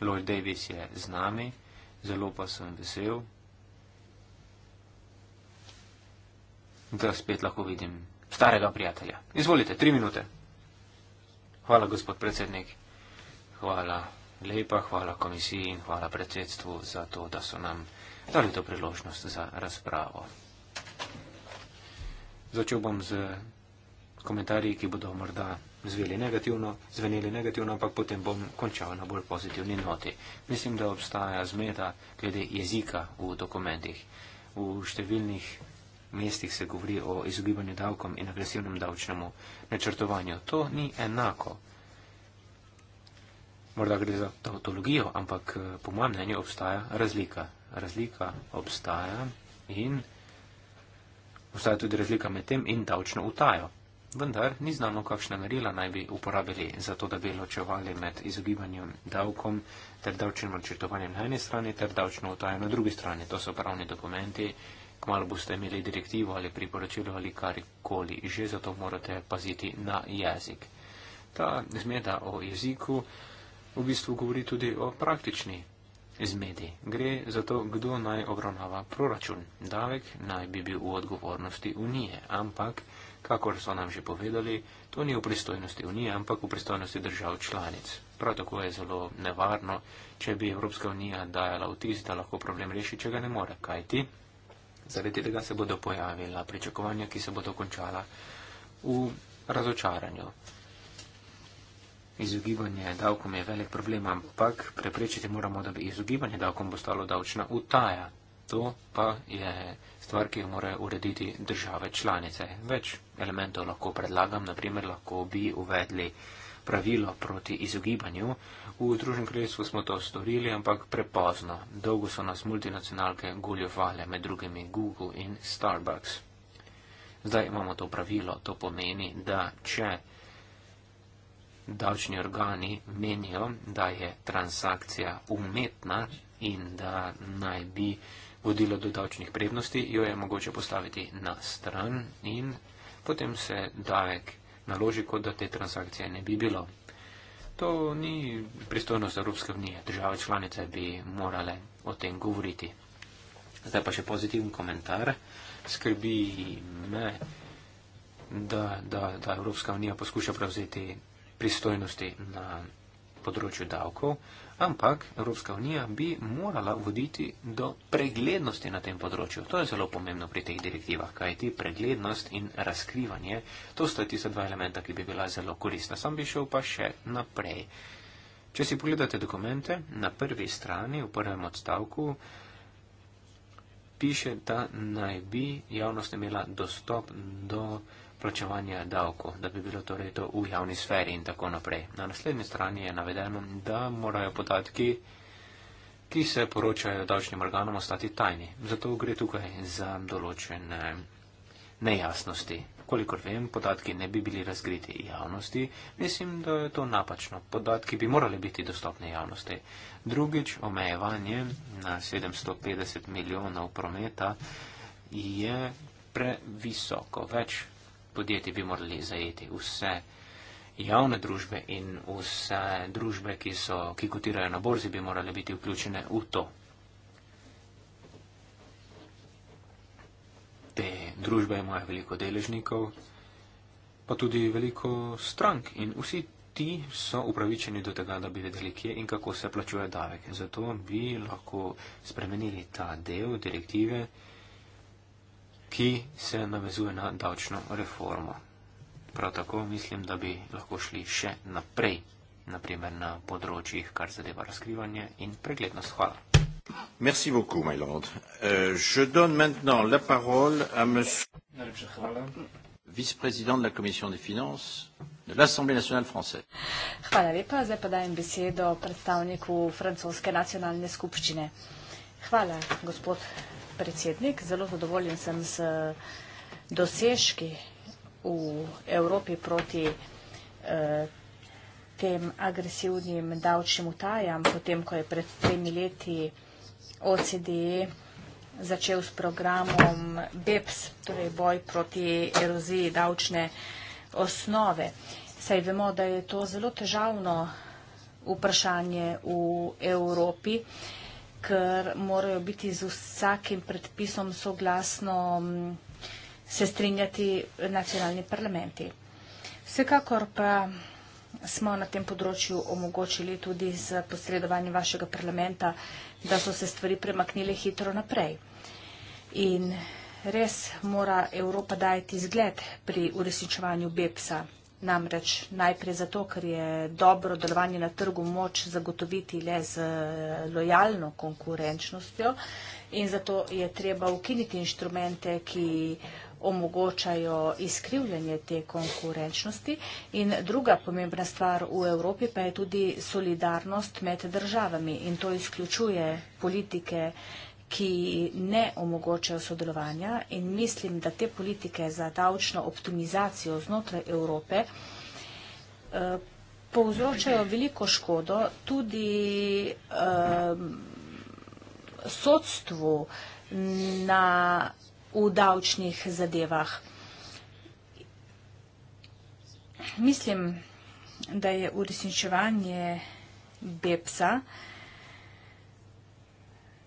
Lord Davis je z nami, zelo pa sem vesel, da spet lahko vidim starega prijatelja. Izvolite, tri minute. Hvala, gospod predsednik. Hvala. Lepa hvala komisiji in hvala predsedstvu za to, da so nam dali to priložnost za razpravo. Začel bom z komentarji, ki bodo morda negativno, zveneli negativno, ampak potem bom končal na bolj pozitivni noti. Mislim, da obstaja zmeda glede jezika v dokumentih. V številnih mestih se govori o izogibanju davkom in agresivnem davčnemu načrtovanju. To ni enako morda gre za tautologijo, ampak eh, po mojem mnenju obstaja razlika. Razlika obstaja in obstaja tudi razlika med tem in davčno utajo. Vendar ni znano, kakšna merila naj bi uporabili za to, da bi ločevali med izogibanjem davkom ter davčnim načrtovanjem na eni strani ter davčno utajo na drugi strani. To so pravni dokumenti. Kmalo boste imeli direktivo ali priporočilo ali karkoli že, zato morate paziti na jezik. Ta zmeda o jeziku v bistvu govori tudi o praktični zmedi. Gre za to, kdo naj obravnava proračun. Davek naj bi bil v odgovornosti Unije, ampak, kakor so nam že povedali, to ni v pristojnosti Unije, ampak v pristojnosti držav članic. Prav tako je zelo nevarno, če bi Evropska unija dajala vtis, da lahko problem reši, če ga ne more. Kaj ti? Zaradi tega se bodo pojavila pričakovanja, ki se bodo končala v razočaranju. Izogibanje davkom je velik problem, ampak preprečiti moramo, da bi izogibanje davkom postalo davčna utaja. To pa je stvar, ki jo morajo urediti države članice. Več elementov lahko predlagam, naprimer lahko bi uvedli pravilo proti izogibanju. V družnem kraljestvu smo to storili, ampak prepozno. Dolgo so nas multinacionalke goljovale, med drugimi Google in Starbucks. Zdaj imamo to pravilo, to pomeni, da če davčni organi menijo, da je transakcija umetna in da naj bi vodila do davčnih prednosti, jo je mogoče postaviti na stran in potem se davek naloži, kot da te transakcije ne bi bilo. To ni pristojnost Evropske unije. Države članice bi morale o tem govoriti. Zdaj pa še pozitiven komentar. Skrbi me, da, da, da Evropska unija poskuša prevzeti pristojnosti na področju davkov, ampak Evropska unija bi morala voditi do preglednosti na tem področju. To je zelo pomembno pri teh direktivah, kajti preglednost in razkrivanje, to sta tista dva elementa, ki bi bila zelo korisna. Sam bi šel pa še naprej. Če si pogledate dokumente, na prvi strani, v prvem odstavku, piše, da naj bi javnost imela dostop do plačevanja davkov, da bi bilo torej to v javni sferi in tako naprej. Na naslednji strani je navedeno, da morajo podatki, ki se poročajo davčnim organom, ostati tajni. Zato gre tukaj za določene nejasnosti. Kolikor vem, podatki ne bi bili razkriti javnosti. Mislim, da je to napačno. Podatki bi morali biti dostopni javnosti. Drugič, omejevanje na 750 milijonov prometa je previsoko. Več podjetij bi morali zajeti vse javne družbe in vse družbe, ki, so, ki kotirajo na borzi, bi morali biti vključene v to. Te družbe imajo veliko deležnikov, pa tudi veliko strank in vsi ti so upravičeni do tega, da bi vedeli, kje in kako se plačuje davek. Zato bi lahko spremenili ta del direktive ki se navezuje na davčno reformo. Prav tako mislim, da bi lahko šli še naprej, naprimer na področjih, kar zadeva razkrivanje in preglednost. Hvala. Merci beaucoup, my lord. Uh, je donne maintenant la parole à monsieur vice-président de la commission des finances de l'Assemblée nationale française. Hvala lepa, zdaj pa dajem besedo predstavniku francoske nacionalne skupščine. Hvala, gospod predsednik. Zelo zadovoljen sem s dosežki v Evropi proti eh, tem agresivnim davčnim utajam, potem, ko je pred tremi leti OCD e začel s programom BEPS, torej boj proti eroziji davčne osnove. Saj vemo, da je to zelo težavno vprašanje v Evropi. Eh, ker morajo biti z vsakim predpisom soglasno mm, se strinjati nacionalni parlamenti. Vsekakor pa smo na tem področju omogočili tudi z posredovanjem vašega parlamenta, da so se stvari premaknile hitro naprej. In res mora Evropa dajeti zgled pri uresničevanju BEPS-a. Namreč najprej zato, ker je dobro delovanje na trgu moč zagotoviti le z eh, lojalno konkurenčnostjo in zato je treba ukiniti inštrumente, ki omogočajo izkrivljanje te konkurenčnosti. In druga pomembna stvar v Evropi pa je tudi solidarnost med državami in to izključuje politike ki ne omogočajo sodelovanja in mislim, da te politike za davčno optimizacijo znotraj Evrope eh, povzročajo veliko škodo tudi eh, sodstvu na, v davčnih zadevah. Mislim, da je uresničevanje BEPS-a uh,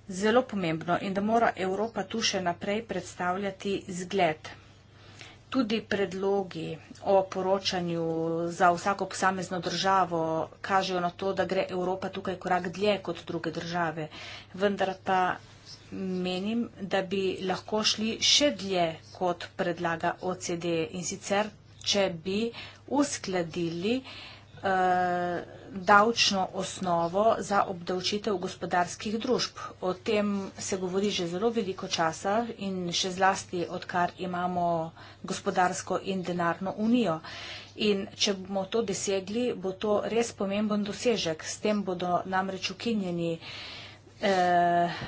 zelo pomembno in da mora Evropa tu še naprej predstavljati zgled. Tudi predlogi o poročanju za vsako posamezno državo kažejo na to, da gre Evropa tukaj korak dlje kot druge države. Vendar pa menim, da bi lahko šli še dlje kot predlaga OCD in sicer, če bi uskladili uh, davčno osnovo za obdavčitev gospodarskih družb. O tem se govori že zelo veliko časa in še zlasti, odkar imamo gospodarsko in denarno unijo. In če bomo to dosegli, bo to res pomemben dosežek. S tem bodo namreč ukinjeni eh,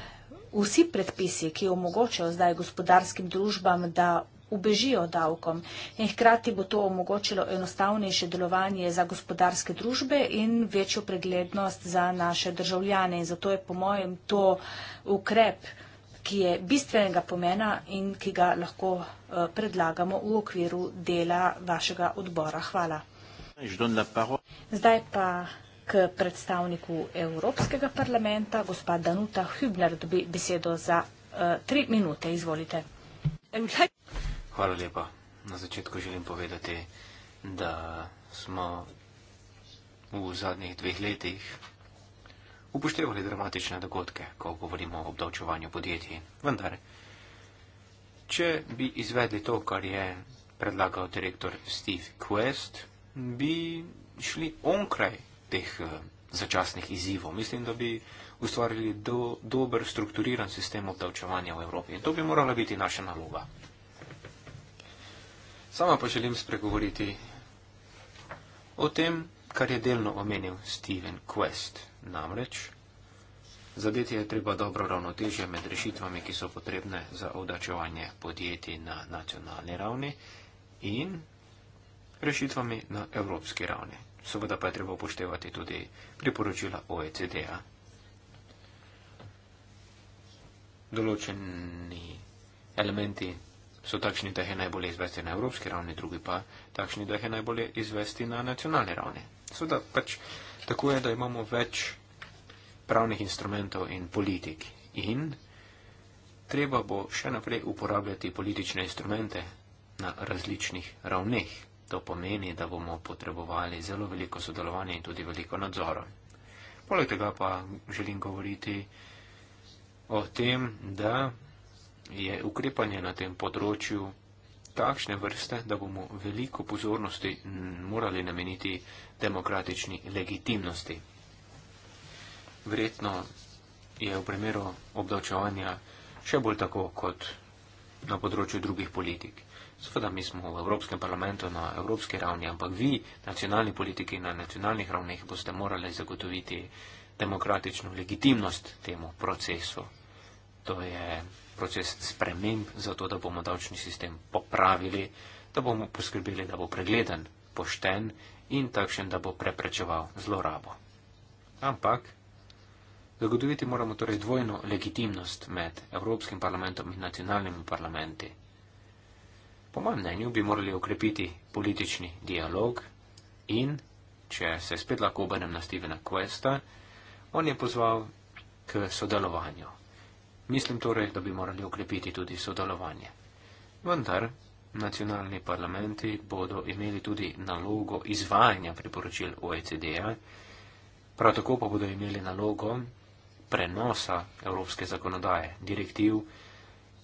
vsi predpisi, ki omogočajo zdaj gospodarskim družbam, da ubežijo davkom in hkrati bo to omogočilo enostavnejše delovanje za gospodarske družbe in večjo preglednost za naše državljane. In zato je po mojem to ukrep, ki je bistvenega pomena in ki ga lahko eh, predlagamo v okviru dela vašega odbora. Hvala. Zdaj pa k predstavniku Evropskega parlamenta, gospa Danuta Hübner, dobi besedo za uh, tri minute. Izvolite. Hvala lepa. Na začetku želim povedati, da smo v zadnjih dveh letih upoštevali dramatične dogodke, ko govorimo o obdavčevanju podjetij. Vendar, če bi izvedli to, kar je predlagal direktor Steve Quest, bi šli onkraj teh eh, začasnih izzivov. Mislim, da bi ustvarili do, dober strukturiran sistem obdavčevanja v Evropi. In to bi morala biti naša naloga. Sama pa želim spregovoriti o tem, kar je delno omenil Steven Quest. Namreč, zadeti je treba dobro ravnotežje med rešitvami, ki so potrebne za odačevanje podjetij na nacionalni ravni in rešitvami na evropski ravni. Seveda pa je treba upoštevati tudi priporočila OECD-a. Določeni elementi So takšni, da jih je najbolje izvesti na evropski ravni, drugi pa takšni, da jih je najbolje izvesti na nacionalni ravni. Seveda pač tako je, da imamo več pravnih instrumentov in politik. In treba bo še naprej uporabljati politične instrumente na različnih ravneh. To pomeni, da bomo potrebovali zelo veliko sodelovanja in tudi veliko nadzora. Poleg tega pa želim govoriti o tem, da je ukrepanje na tem področju takšne vrste, da bomo veliko pozornosti morali nameniti demokratični legitimnosti. Verjetno je v primeru obdavčevanja še bolj tako kot na področju drugih politik. Seveda mi smo v Evropskem parlamentu na evropski ravni, ampak vi, nacionalni politiki na nacionalnih ravneh, boste morali zagotoviti demokratično legitimnost temu procesu to je proces sprememb, zato da bomo davčni sistem popravili, da bomo poskrbeli, da bo pregleden, pošten in takšen, da bo preprečeval zlorabo. Ampak zagotoviti moramo torej dvojno legitimnost med Evropskim parlamentom in nacionalnimi parlamenti. Po mojem mnenju bi morali okrepiti politični dialog in, če se spet lahko obenem na Stevena Questa, on je pozval k sodelovanju. Mislim torej, da bi morali okrepiti tudi sodelovanje. Vendar, nacionalni parlamenti bodo imeli tudi nalogo izvajanja priporočil OECD-ja, prav tako pa bodo imeli nalogo prenosa evropske zakonodaje, direktiv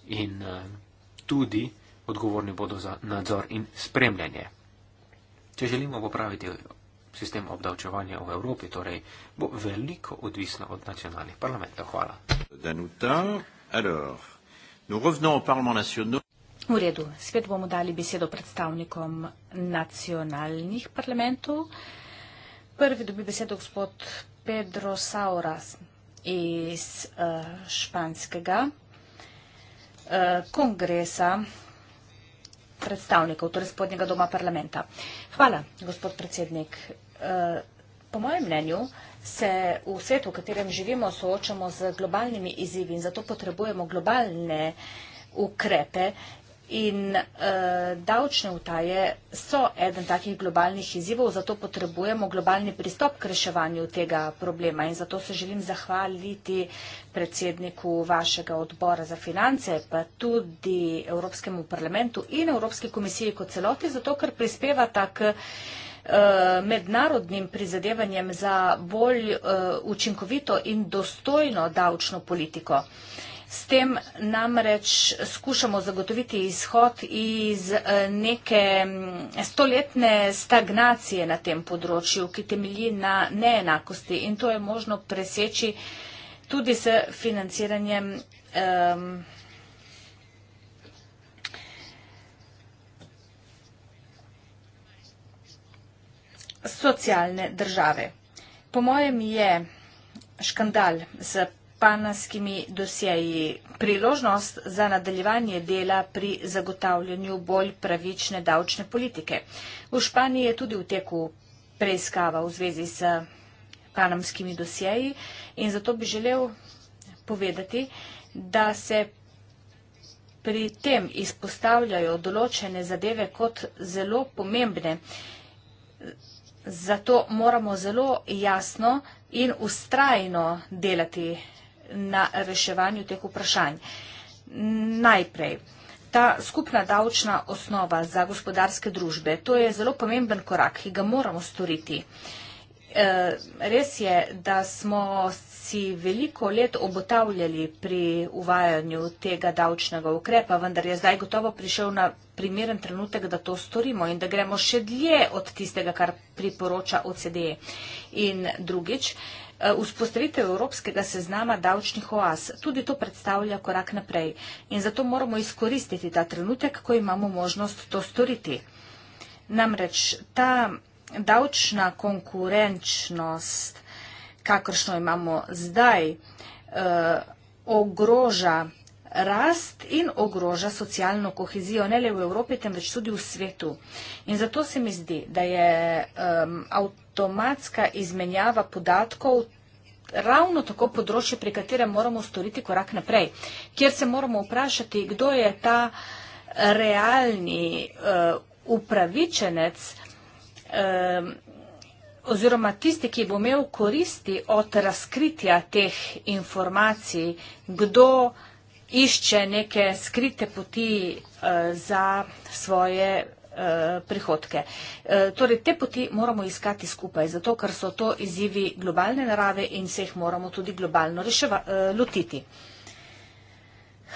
in eh, tudi odgovorni bodo za nadzor in spremljanje. Če želimo popraviti sistem obdavčevanja v Evropi torej bo veliko odvisno od nacionalnih parlamentov. Hvala. V redu, spet bomo dali besedo predstavnikom nacionalnih parlamentov. Prvi dobi besedo gospod Pedro Sauras iz uh, španskega uh, kongresa predstavnikov, torej spodnjega doma parlamenta. Hvala, gospod predsednik po mojem mnenju, se v svetu, v katerem živimo, soočamo z globalnimi izzivi in zato potrebujemo globalne ukrepe in uh, davčne utaje so eden takih globalnih izzivov, zato potrebujemo globalni pristop k reševanju tega problema in zato se želim zahvaliti predsedniku vašega odbora za finance, pa tudi Evropskemu parlamentu in Evropske komisiji kot celoti, zato ker prispevata k uh, Eh, mednarodnim prizadevanjem za bolj eh, učinkovito in dostojno davčno politiko. S tem namreč skušamo zagotoviti izhod iz eh, neke mm, stoletne stagnacije na tem področju, ki temelji na neenakosti in to je možno preseči tudi s financiranjem um, socialne države. Po mojem je škandal z panamskimi dosjeji priložnost za nadaljevanje dela pri zagotavljanju bolj pravične davčne politike. V Španiji je tudi v teku preiskava v zvezi s panamskimi dosjeji in zato bi želel povedati, da se pri tem izpostavljajo določene zadeve kot zelo pomembne Zato moramo zelo jasno in ustrajno delati na reševanju teh vprašanj. Najprej, ta skupna davčna osnova za gospodarske družbe, to je zelo pomemben korak, ki ga moramo storiti. Eh, res je, da smo si veliko let obotavljali pri uvajanju tega davčnega ukrepa, vendar je zdaj gotovo prišel na primeren trenutek, da to storimo in da gremo še dlje od tistega, kar priporoča OCDE. In drugič, eh, Vzpostavitev Evropskega seznama davčnih oas tudi to predstavlja korak naprej in zato moramo izkoristiti ta trenutek, ko imamo možnost to storiti. Namreč ta davčna konkurenčnost kakršno imamo zdaj, eh, ogroža rast in ogroža socialno kohezijo ne le v Evropi, temveč tudi v svetu. In zato se mi zdi, da je um, avtomatska izmenjava podatkov ravno tako področje, pri katerem moramo storiti korak naprej, kjer se moramo vprašati, kdo je ta realni uh, upravičenec. Um, oziroma tisti, ki bo imel koristi od razkritja teh informacij, kdo išče neke skrite poti eh, za svoje eh, prihodke. Eh, torej, te poti moramo iskati skupaj, zato ker so to izzivi globalne narave in se jih moramo tudi globalno reševa, lotiti.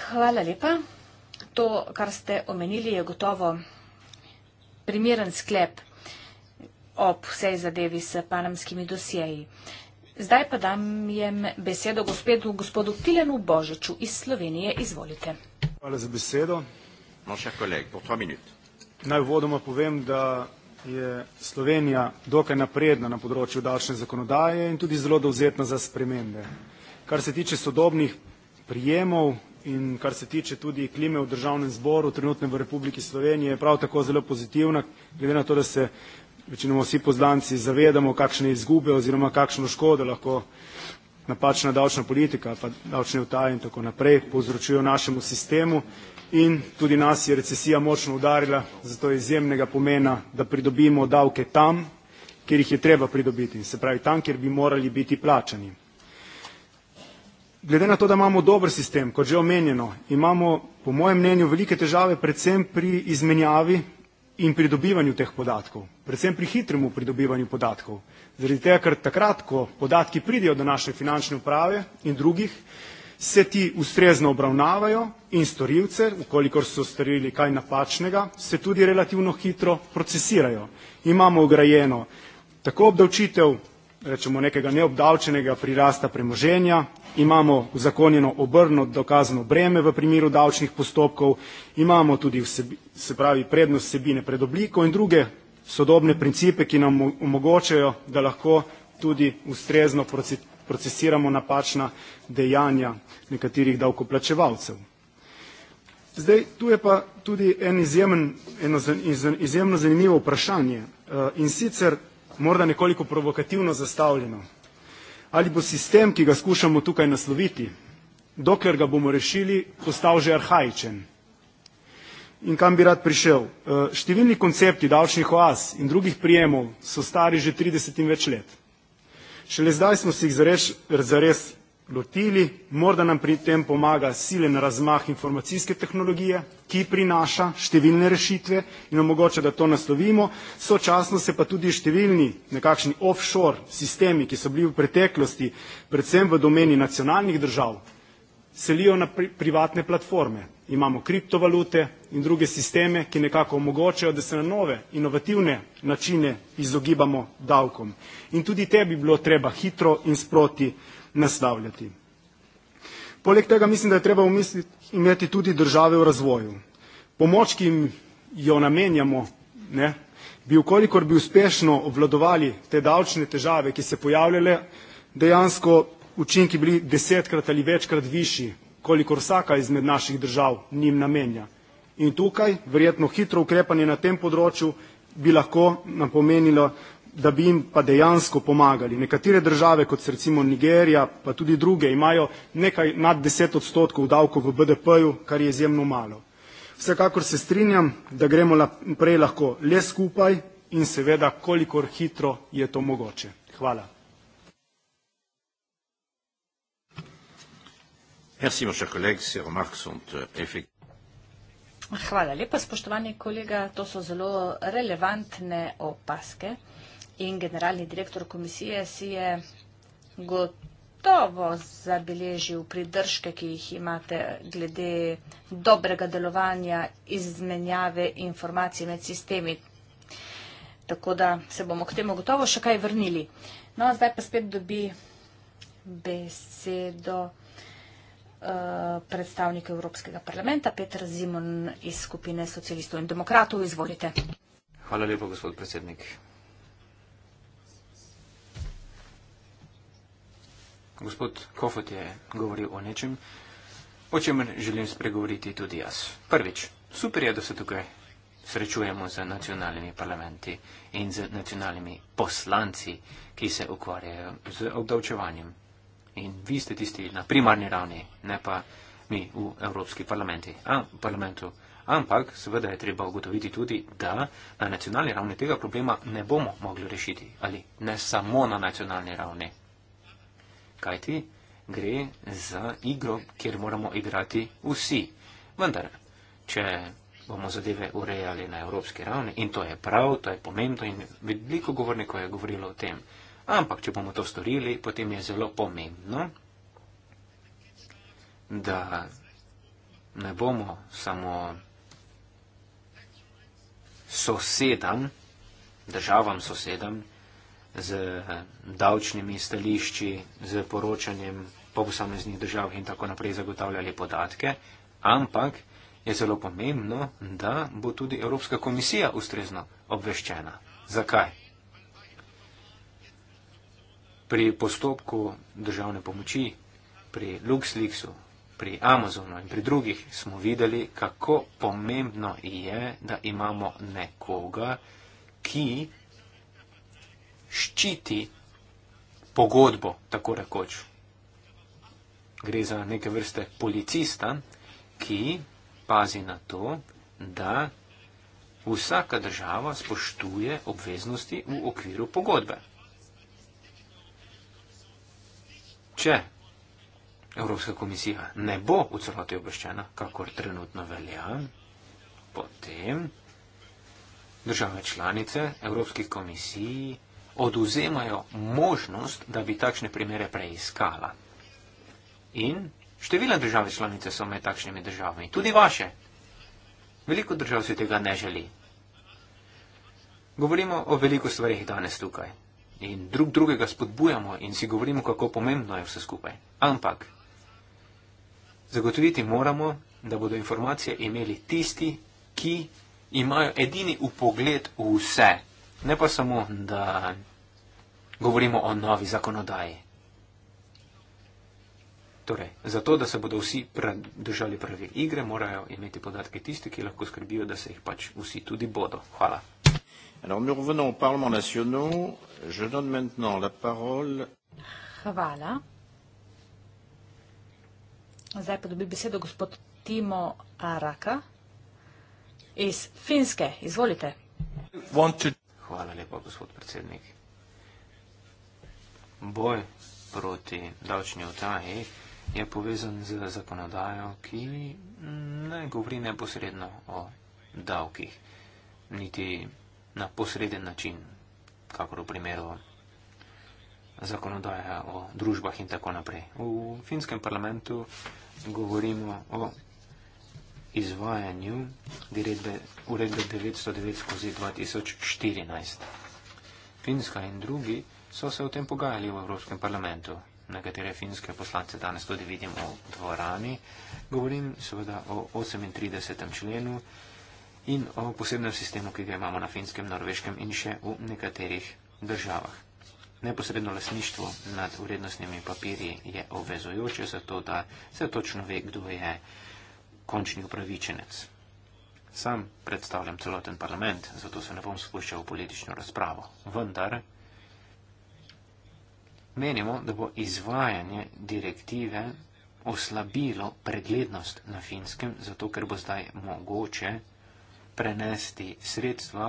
Hvala lepa. To, kar ste omenili, je gotovo primeren sklep ob vsej zadevi s panamskimi dosjeji. Zdaj pa damjem besedo gospedu, gospodu Tilenu Božiču iz Slovenije. Izvolite. Hvala za besedo. Moša koleg, po tva minut. Naj vodoma povem, da je Slovenija dokaj napredna na področju davčne zakonodaje in tudi zelo dovzetna za spremembe. Kar se tiče sodobnih prijemov in kar se tiče tudi klime v državnem zboru, trenutno v Republiki Slovenije, je prav tako zelo pozitivna, glede na to, da se večinoma vsi poznanci zavedamo, kakšne izgube oziroma kakšno škodo lahko napačna davčna politika, pa davčne vtaje in tako naprej povzročijo našemu sistemu in tudi nas je recesija močno udarila, zato je izjemnega pomena, da pridobimo davke tam, kjer jih je treba pridobiti, se pravi tam, kjer bi morali biti plačani. Glede na to, da imamo dober sistem, kot že omenjeno, imamo po mojem mnenju velike težave predvsem pri izmenjavi in pridobivanju teh podatkov, predvsem pri hitremu pridobivanju podatkov. Zaradi tega, ker takrat, ko podatki pridijo do naše finančne uprave in drugih, se ti ustrezno obravnavajo in storilce, ukolikor so storili kaj napačnega, se tudi relativno hitro procesirajo. Imamo ograjeno tako obdavčitev rečemo, nekega neobdavčenega prirasta premoženja, imamo zakonjeno obrno dokazano breme v primeru davčnih postopkov, imamo tudi vsebi, se pravi prednost sebine pred obliko in druge sodobne principe, ki nam omogočajo, da lahko tudi ustrezno procesiramo napačna dejanja nekaterih davkoplačevalcev. Zdaj, tu je pa tudi en izjemen, eno izjemno zanimivo vprašanje. Eh, in sicer, morda nekoliko provokativno zastavljeno. Ali bo sistem, ki ga skušamo tukaj nasloviti, dokler ga bomo rešili, postal že arhajičen? In kam bi rad prišel? Eh, številni koncepti davčnih oaz in drugih prijemov so stari že 30 in več let. Šele zdaj smo si jih zares, zares lotili. Morda nam pri tem pomaga silen razmah informacijske tehnologije, ki prinaša številne rešitve in omogoča, da to naslovimo. Sočasno se pa tudi številni nekakšni offshore sistemi, ki so bili v preteklosti, predvsem v domeni nacionalnih držav, selijo na pri, privatne platforme. Imamo kriptovalute in druge sisteme, ki nekako omogočajo, da se na nove, inovativne načine izogibamo davkom. In tudi te bi bilo treba hitro in sproti naslavljati. Poleg tega mislim, da je treba umisliti, imeti tudi države v razvoju. Pomoč, ki jim jo namenjamo, ne, bi ukolikor bi uspešno obvladovali te davčne težave, ki se pojavljale, dejansko učinki bili desetkrat ali večkrat višji, kolikor vsaka izmed naših držav njim namenja. In tukaj verjetno hitro ukrepanje na tem področju bi lahko napomenilo da bi jim pa dejansko pomagali. Nekatere države, kot se recimo Nigerija, pa tudi druge, imajo nekaj nad 10 odstotkov davkov v BDP-ju, kar je izjemno malo. Vsekakor se strinjam, da gremo prej lahko le skupaj in seveda, kolikor hitro je to mogoče. Hvala. Euh, Hvala lepa, spoštovani kolega. To so zelo relevantne opaske in generalni direktor komisije si je gotovo zabeležil pridržke, ki jih imate glede dobrega delovanja izmenjave informacij med sistemi. Tako da se bomo k temu gotovo še kaj vrnili. No, zdaj pa spet dobi besedo eh, predstavnik Evropskega parlamenta Petr Zimon iz skupine socialistov in demokratov. Izvolite. Hvala lepo, gospod predsednik. Gospod Kofot je govoril o nečem, o čemer želim spregovoriti tudi jaz. Prvič, super je, da se tukaj srečujemo z nacionalnimi parlamenti in z nacionalnimi poslanci, ki se ukvarjajo z obdavčevanjem. In vi ste tisti na primarni ravni, ne pa mi v Evropski parlamenti, a, parlamentu. Ampak seveda je treba ugotoviti tudi, da na nacionalni ravni tega problema ne bomo mogli rešiti. Ali ne samo na nacionalni ravni kajti gre za igro, kjer moramo igrati vsi. Vendar, če bomo zadeve urejali na evropski ravni, in to je prav, to je pomembno in veliko govornikov je govorilo o tem, ampak če bomo to storili, potem je zelo pomembno, da ne bomo samo sosedam, državam sosedam, z eh, davčnimi stališči, z poročanjem po posameznih državah in tako naprej zagotavljali podatke, ampak je zelo pomembno, da bo tudi Evropska komisija ustrezno obveščena. Zakaj? Pri postopku državne pomoči, pri LuxLeaksu, pri Amazonu in pri drugih smo videli, kako pomembno je, da imamo nekoga, ki ščiti pogodbo, tako rekoč. Gre za neke vrste policista, ki pazi na to, da vsaka država spoštuje obveznosti v okviru pogodbe. Če Evropska komisija ne bo v celoti obveščena, kakor trenutno velja, potem države članice Evropskih komisij oduzemajo možnost, da bi takšne primere preiskala. In številne države članice so med takšnimi državami, tudi vaše. Veliko držav si tega ne želi. Govorimo o veliko stvarih danes tukaj in drug drugega spodbujamo in si govorimo, kako pomembno je vse skupaj. Ampak zagotoviti moramo, da bodo informacije imeli tisti, ki imajo edini upogled v vse ne pa samo, da govorimo o novi zakonodaji. Torej, zato, da se bodo vsi držali pravil igre, morajo imeti podatke tisti, ki lahko skrbijo, da se jih pač vsi tudi bodo. Hvala. Hvala. Zdaj pa dobi besedo gospod Timo Araka iz Finske. Izvolite. Hvala lepa, gospod predsednik. Boj proti davčni utaji je povezan z zakonodajo, ki ne govori neposredno o davkih, niti na posreden način, kakor v primeru zakonodaja o družbah in tako naprej. V finskem parlamentu govorimo o izvajanju gredbe uredbe 909 skozi 2014. Finska in drugi so se o tem pogajali v Evropskem parlamentu, na katere finske poslance danes tudi vidimo v dvorani. Govorim seveda o 38. členu in o posebnem sistemu, ki ga imamo na finskem, norveškem in še v nekaterih državah. Neposredno lasništvo nad urednostnimi papirji je obvezujoče, zato da se točno ve, kdo je končni upravičenec. Sam predstavljam celoten parlament, zato se ne bom spuščal v politično razpravo. Vendar menimo, da bo izvajanje direktive oslabilo preglednost na finskem, zato ker bo zdaj mogoče prenesti sredstva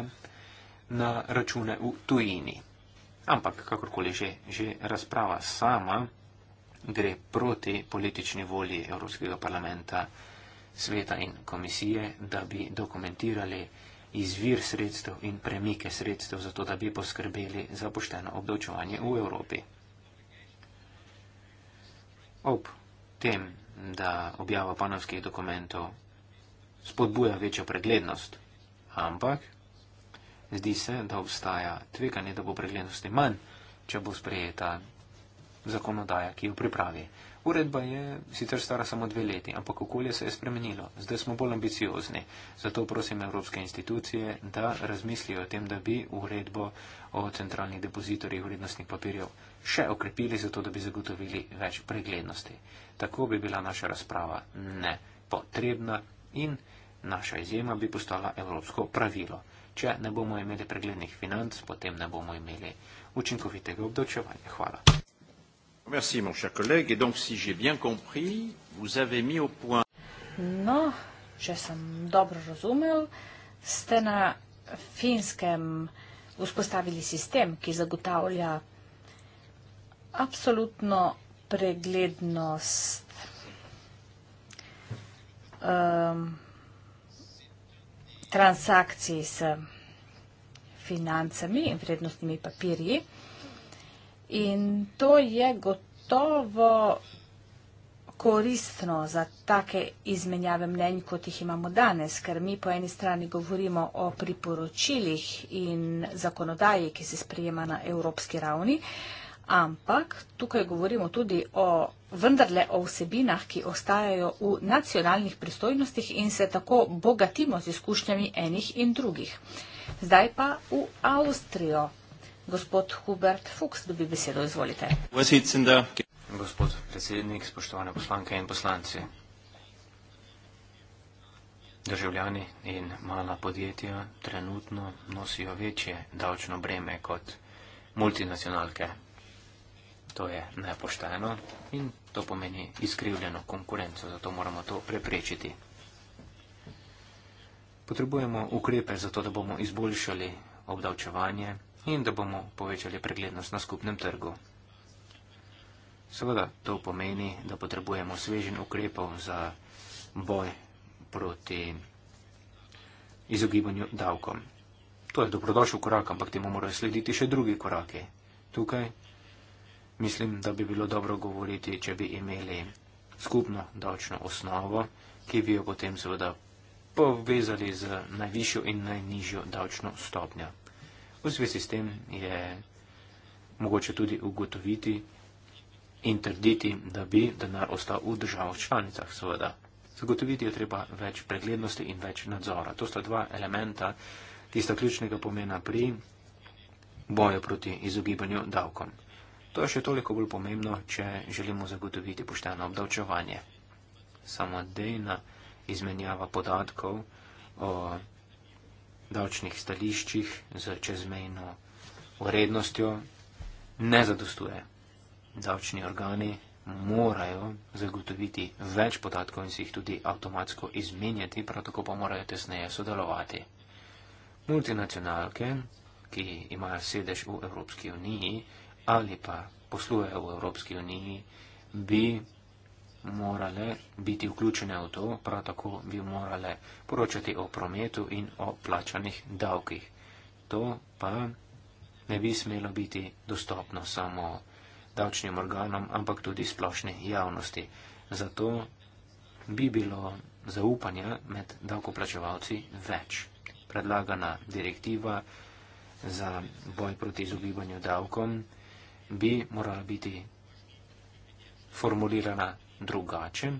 na račune v tujini. Ampak, kakorkoli že, že razprava sama gre proti politični volji Evropskega parlamenta sveta in komisije, da bi dokumentirali izvir sredstev in premike sredstev, zato da bi poskrbeli za pošteno obdavčevanje v Evropi. Ob tem, da objava panovskih dokumentov spodbuja večjo preglednost, ampak zdi se, da obstaja tveganje, da bo preglednosti manj, če bo sprejeta zakonodaja, ki jo pripravi. Uredba je sicer stara samo dve leti, ampak okolje se je spremenilo. Zdaj smo bolj ambiciozni. Zato prosim evropske institucije, da razmislijo o tem, da bi uredbo o centralnih depozitorjih vrednostnih papirjev še okrepili, zato da bi zagotovili več preglednosti. Tako bi bila naša razprava nepotrebna in naša izjema bi postala evropsko pravilo. Če ne bomo imeli preglednih financ, potem ne bomo imeli učinkovitega obdočevanja. Hvala. Merci, mon cher collègue. Et donc, si j'ai bien compris, vous avez mis au point. No, če sem dobro razumel, ste na finskem vzpostavili sistem, ki zagotavlja absolutno preglednost um, transakcij s financami in vrednostnimi papirji. In to je gotovo koristno za take izmenjave mnenj, kot jih imamo danes, ker mi po eni strani govorimo o priporočilih in zakonodaji, ki se sprijema na evropski ravni, ampak tukaj govorimo tudi o vendarle o vsebinah, ki ostajajo v nacionalnih pristojnostih in se tako bogatimo z izkušnjami enih in drugih. Zdaj pa v Avstrijo. Gospod Hubert Fuchs dobi besedo, izvolite. Gospod predsednik, spoštovane poslanke in poslanci, državljani in mala podjetja trenutno nosijo večje davčno breme kot multinacionalke. To je nepošteno in to pomeni izkrivljeno konkurenco, zato moramo to preprečiti. Potrebujemo ukrepe za to, da bomo izboljšali obdavčevanje in da bomo povečali preglednost na skupnem trgu. Seveda to pomeni, da potrebujemo svežen ukrepov za boj proti izogibanju davkom. To je dobrodošel korak, ampak temu morajo slediti še drugi korake. Tukaj mislim, da bi bilo dobro govoriti, če bi imeli skupno davčno osnovo, ki bi jo potem seveda povezali z najvišjo in najnižjo davčno stopnjo. V zvezi s tem je mogoče tudi ugotoviti in trditi, da bi denar ostal v državah članicah, seveda. Zagotoviti je treba več preglednosti in več nadzora. To sta dva elementa, ki sta ključnega pomena pri boju proti izogibanju davkom. To je še toliko bolj pomembno, če želimo zagotoviti pošteno obdavčevanje. Samodejna izmenjava podatkov o davčnih stališčih z čezmejno urednostjo ne zadostuje. Davčni organi morajo zagotoviti več podatkov in si jih tudi avtomatsko izmenjati, prav tako pa morajo tesneje sodelovati. Multinacionalke, ki imajo sedež v Evropski uniji ali pa poslujejo v Evropski uniji, bi morale biti vključene v to, prav tako bi morale poročati o prometu in o plačanih davkih. To pa ne bi smelo biti dostopno samo davčnim organom, ampak tudi splošni javnosti. Zato bi bilo zaupanja med davkoplačevalci več. Predlagana direktiva za boj proti izogibanju davkom bi morala biti formulirana drugače.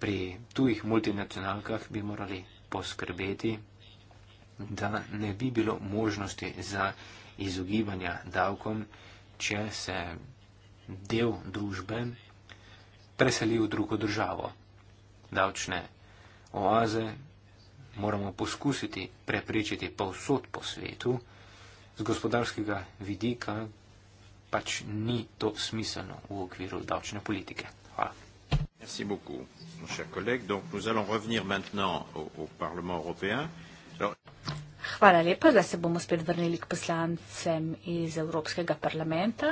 Pri tujih multinacionalkah bi morali poskrbeti, da ne bi bilo možnosti za izogibanja davkom, če se del družbe preseli v drugo državo. Davčne oaze moramo poskusiti prepričati povsod po svetu, z gospodarskega vidika pač ni to smiselno v okviru davčne politike. Merci beaucoup, mon cher collègue. Donc, nous allons revenir maintenant au, au Parlement européen. Alors... Hvala lepa, zdaj se bomo spet vrnili k poslancem iz Evropskega parlamenta.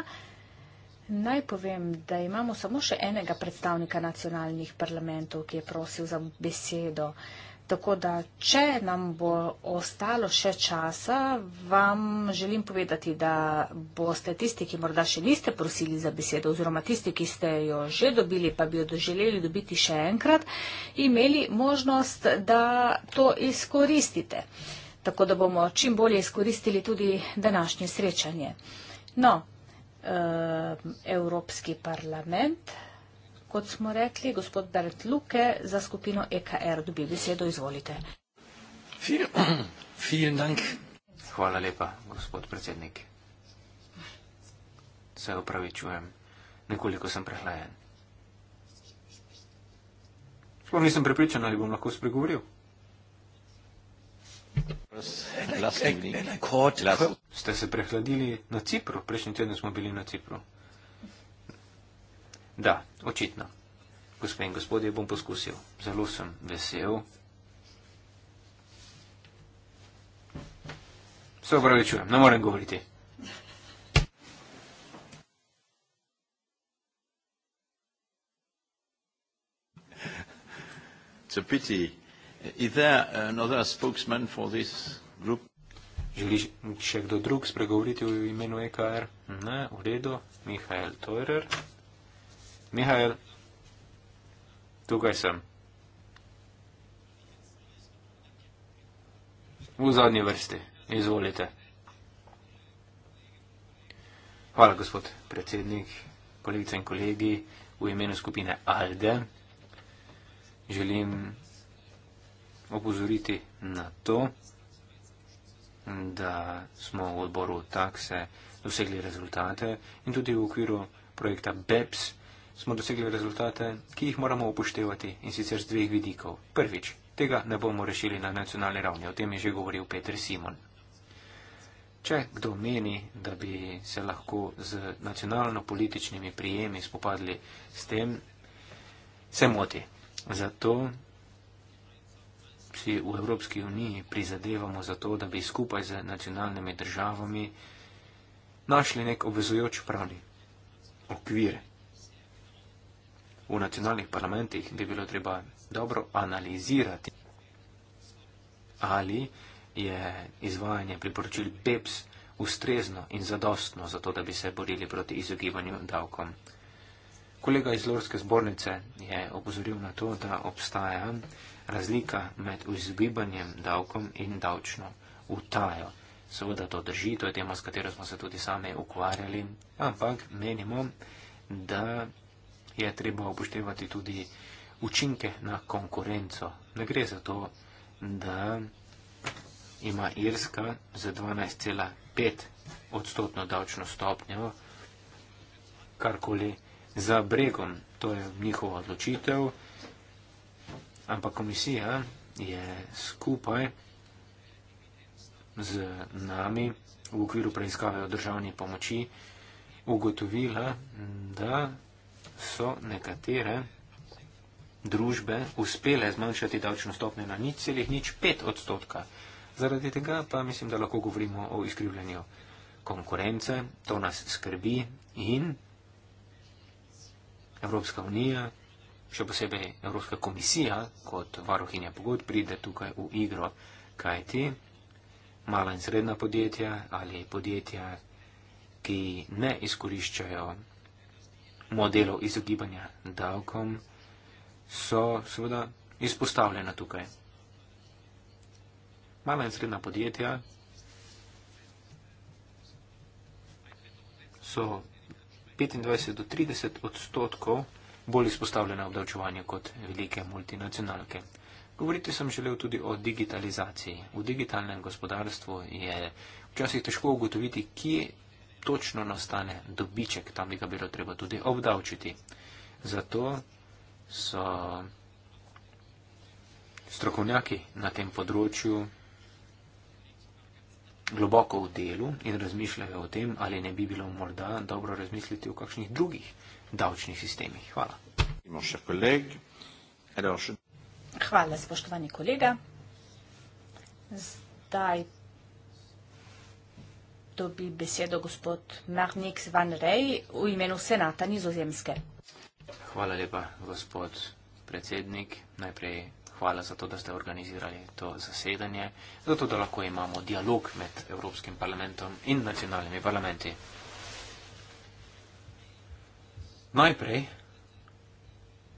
Naj povem, da imamo samo še enega predstavnika nacionalnih parlamentov, ki je prosil za besedo. Uh, Tako da, če nam bo ostalo še časa, vam želim povedati, da boste tisti, ki morda še niste prosili za besedo oziroma tisti, ki ste jo že dobili, pa bi jo doželeli dobiti še enkrat, imeli možnost, da to izkoristite. Tako da bomo čim bolje izkoristili tudi današnje srečanje. No, eh, Evropski parlament. Kot smo rekli, gospod Bert Luke za skupino EKR dobi besedo. Izvolite. Hvala lepa, gospod predsednik. Se opravičujem. Nekoliko sem prehlajen. Sploh nisem prepričan, ali bom lahko spregovoril. Ste se prehladili na Cipru? Prejšnji teden smo bili na Cipru. Da, očitno. Gospe in gospodje, bom poskusil. Zelo sem vesel. Se upravičujem, ne morem govoriti. Želiš še kdo drug spregovoriti v imenu EKR? Ne, v redu. Mihael Teurer. Mihajl, tukaj sem. V zadnji vrsti, izvolite. Hvala, gospod predsednik, kolegice in kolegi, v imenu skupine ALDE. Želim opozoriti na to, da smo v odboru takse dosegli rezultate in tudi v okviru projekta BEPS smo dosegli rezultate, ki jih moramo upoštevati in sicer z dveh vidikov. Prvič, tega ne bomo rešili na nacionalni ravni, o tem je že govoril Peter Simon. Če kdo meni, da bi se lahko z nacionalno-političnimi prijemi spopadli s tem, se moti. Zato si v Evropski uniji prizadevamo za to, da bi skupaj z nacionalnimi državami našli nek obvezujoč pravni okvir, v nacionalnih parlamentih bi bilo treba dobro analizirati, ali je izvajanje priporočil PEPS ustrezno in zadostno za to, da bi se borili proti izogibanju davkom. Kolega iz Lorske zbornice je opozoril na to, da obstaja razlika med izogibanjem davkom in davčno utajo. Seveda to drži, to je tema, s katero smo se tudi sami ukvarjali, ampak menimo, da je treba upoštevati tudi učinke na konkurenco. Ne gre za to, da ima Irska za 12,5 odstotno davčno stopnjo karkoli za bregom. To je njihova odločitev, ampak komisija je skupaj z nami v okviru preiskave o državni pomoči ugotovila, da so nekatere družbe uspele zmanjšati davčno stopnjo na nič celih nič pet odstotka. Zaradi tega pa mislim, da lahko govorimo o izkrivljanju konkurence, to nas skrbi in Evropska unija, še posebej Evropska komisija kot varuhinja pogod pride tukaj v igro, kaj ti mala in srednja podjetja ali podjetja, ki ne izkoriščajo modelov izogibanja davkom so seveda izpostavljena tukaj. Mala in srednja podjetja so 25 do 30 odstotkov bolj izpostavljena obdavčevanju kot velike multinacionalke. Govoriti sem želel tudi o digitalizaciji. V digitalnem gospodarstvu je včasih težko ugotoviti, kje točno nastane dobiček, tam bi ga bilo treba tudi obdavčiti. Zato so strokovnjaki na tem področju globoko v delu in razmišljajo o tem, ali ne bi bilo morda dobro razmisliti o kakšnih drugih davčnih sistemih. Hvala. Hvala, spoštovani kolega. Zdaj dobi besedo gospod Marnix van Rej v imenu Senata Nizozemske. Hvala lepa, gospod predsednik. Najprej hvala za to, da ste organizirali to zasedanje, zato da lahko imamo dialog med Evropskim parlamentom in nacionalnimi parlamenti. Najprej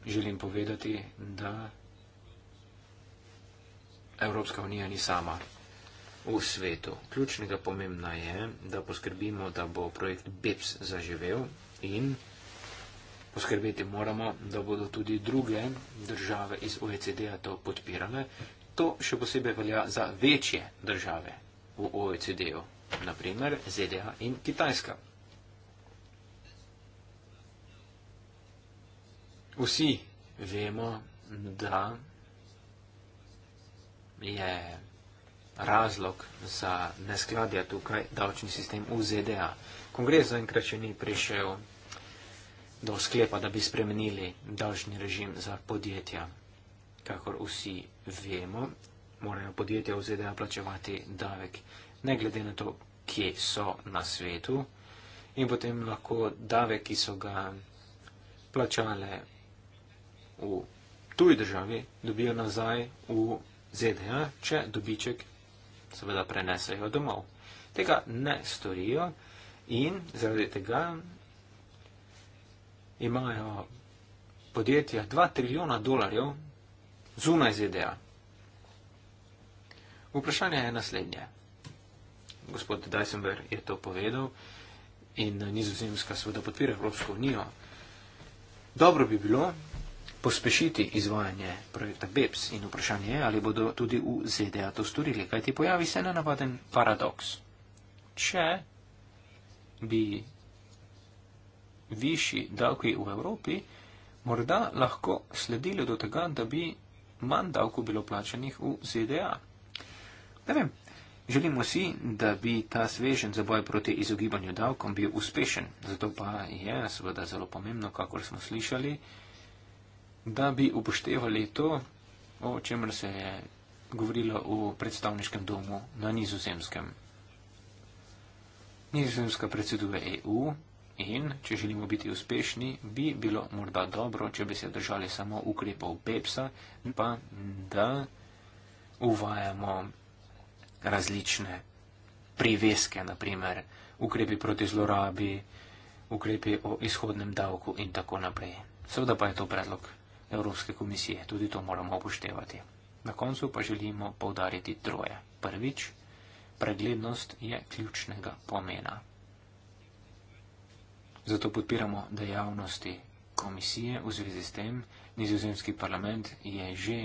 želim povedati, da Evropska unija ni sama v svetu. Ključnega pomembna je, da poskrbimo, da bo projekt BEPS zaživel in poskrbeti moramo, da bodo tudi druge države iz OECD-a to podpirale. To še posebej velja za večje države v OECD-u, naprimer ZDA in Kitajska. Vsi vemo, da je razlog za neskladja tukaj davčni sistem v ZDA. Kongres zaenkrat še ni prišel do sklepa, da bi spremenili davčni režim za podjetja. Kakor vsi vemo, morajo podjetja v ZDA plačevati davek, ne glede na to, kje so na svetu. In potem lahko davek, ki so ga plačale v tuji državi, dobijo nazaj v ZDA, če dobiček seveda prenesejo domov. Tega ne storijo in zaradi tega imajo podjetja 2 trilijona dolarjev zunaj ZDA. Vprašanje je naslednje. Gospod Dajsenberg je to povedal in nizozemska seveda podpira Evropsko unijo. Dobro bi bilo, pospešiti izvajanje projekta BEPS in vprašanje je, ali bodo tudi v ZDA to storili, kajti pojavi se nenavaden paradoks. Če bi višji davki v Evropi morda lahko sledili do tega, da bi manj davku bilo plačanih v ZDA. Ne vem, želimo si, da bi ta svežen za boj proti izogibanju davkom bil uspešen, zato pa je seveda zelo pomembno, kakor smo slišali, da bi upoštevali to, o čemer se je govorilo v predstavniškem domu na nizozemskem. Nizozemska predseduje EU in, če želimo biti uspešni, bi bilo morda dobro, če bi se držali samo ukrepov PEPSA, pa da uvajamo različne priveske, naprimer ukrepi proti zlorabi, ukrepi o izhodnem davku in tako naprej. Seveda pa je to predlog Evropske komisije. Tudi to moramo upoštevati. Na koncu pa želimo povdariti troje. Prvič, preglednost je ključnega pomena. Zato podpiramo dejavnosti komisije v zvezi s tem. Nizozemski parlament je že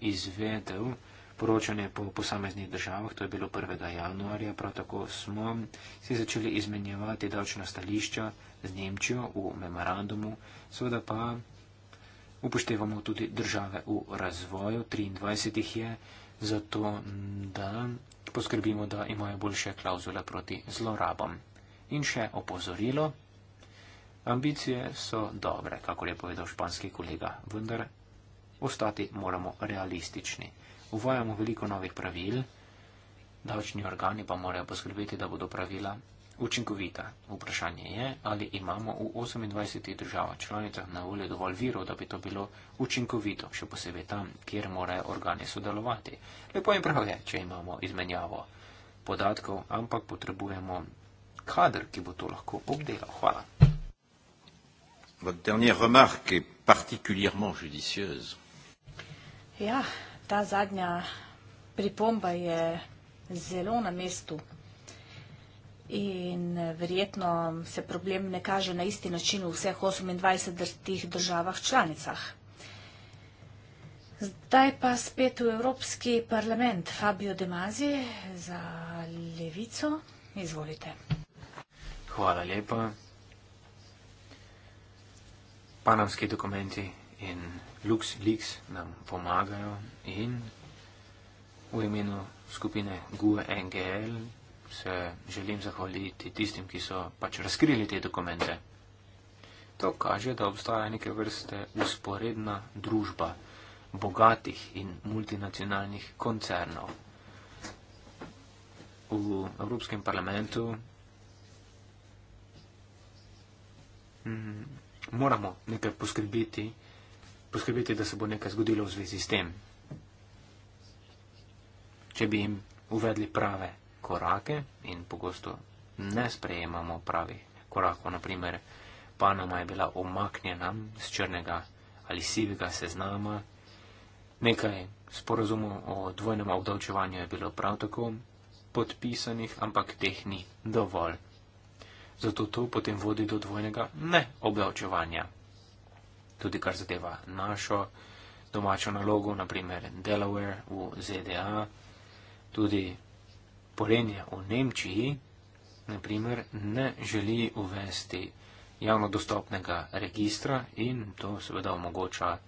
izvedel poročanje po posameznih državah, to je bilo 1. januarja, prav tako smo si začeli izmenjevati davčna stališča z Nemčijo v memorandumu, seveda pa upoštevamo tudi države v razvoju, 23 jih je, zato da poskrbimo, da imajo boljše klauzule proti zlorabam. In še opozorilo, ambicije so dobre, kako je povedal španski kolega, vendar ostati moramo realistični. Uvajamo veliko novih pravil, davčni organi pa morajo poskrbeti, da bodo pravila učinkovita. Vprašanje je, ali imamo v 28 državah članicah na voljo dovolj virov, da bi to bilo učinkovito, še posebej tam, kjer morajo organe sodelovati. Lepo in prav je, če imamo izmenjavo podatkov, ampak potrebujemo kader, ki bo to lahko obdelal. Hvala. Ja, ta zadnja pripomba je zelo na mestu. In eh, verjetno se problem ne kaže na isti način v vseh 28 državah članicah. Zdaj pa spet v Evropski parlament. Fabio De Mazi za Levico. Izvolite. Hvala lepa. Panamski dokumenti in LuxLeaks nam pomagajo in v imenu skupine GUE-NGL se želim zahvaliti tistim, ki so pač razkrili te dokumente. To kaže, da obstaja neke vrste usporedna družba bogatih in multinacionalnih koncernov. V Evropskem parlamentu mm, moramo nekaj poskrbiti, poskrbiti, da se bo nekaj zgodilo v zvezi s tem, če bi jim uvedli prave korake in pogosto ne sprejemamo pravih korakov. Naprimer, Panama je bila omaknjena z črnega ali sivega seznama, nekaj sporozumov o dvojnem obdavčevanju je bilo prav tako podpisanih, ampak teh ni dovolj. Zato to potem vodi do dvojnega ne obdavčevanja. Tudi kar zadeva našo domačo nalogo, naprimer Delaware v ZDA, tudi polenje v Nemčiji, naprimer, ne želi uvesti javno dostopnega registra in to seveda omogoča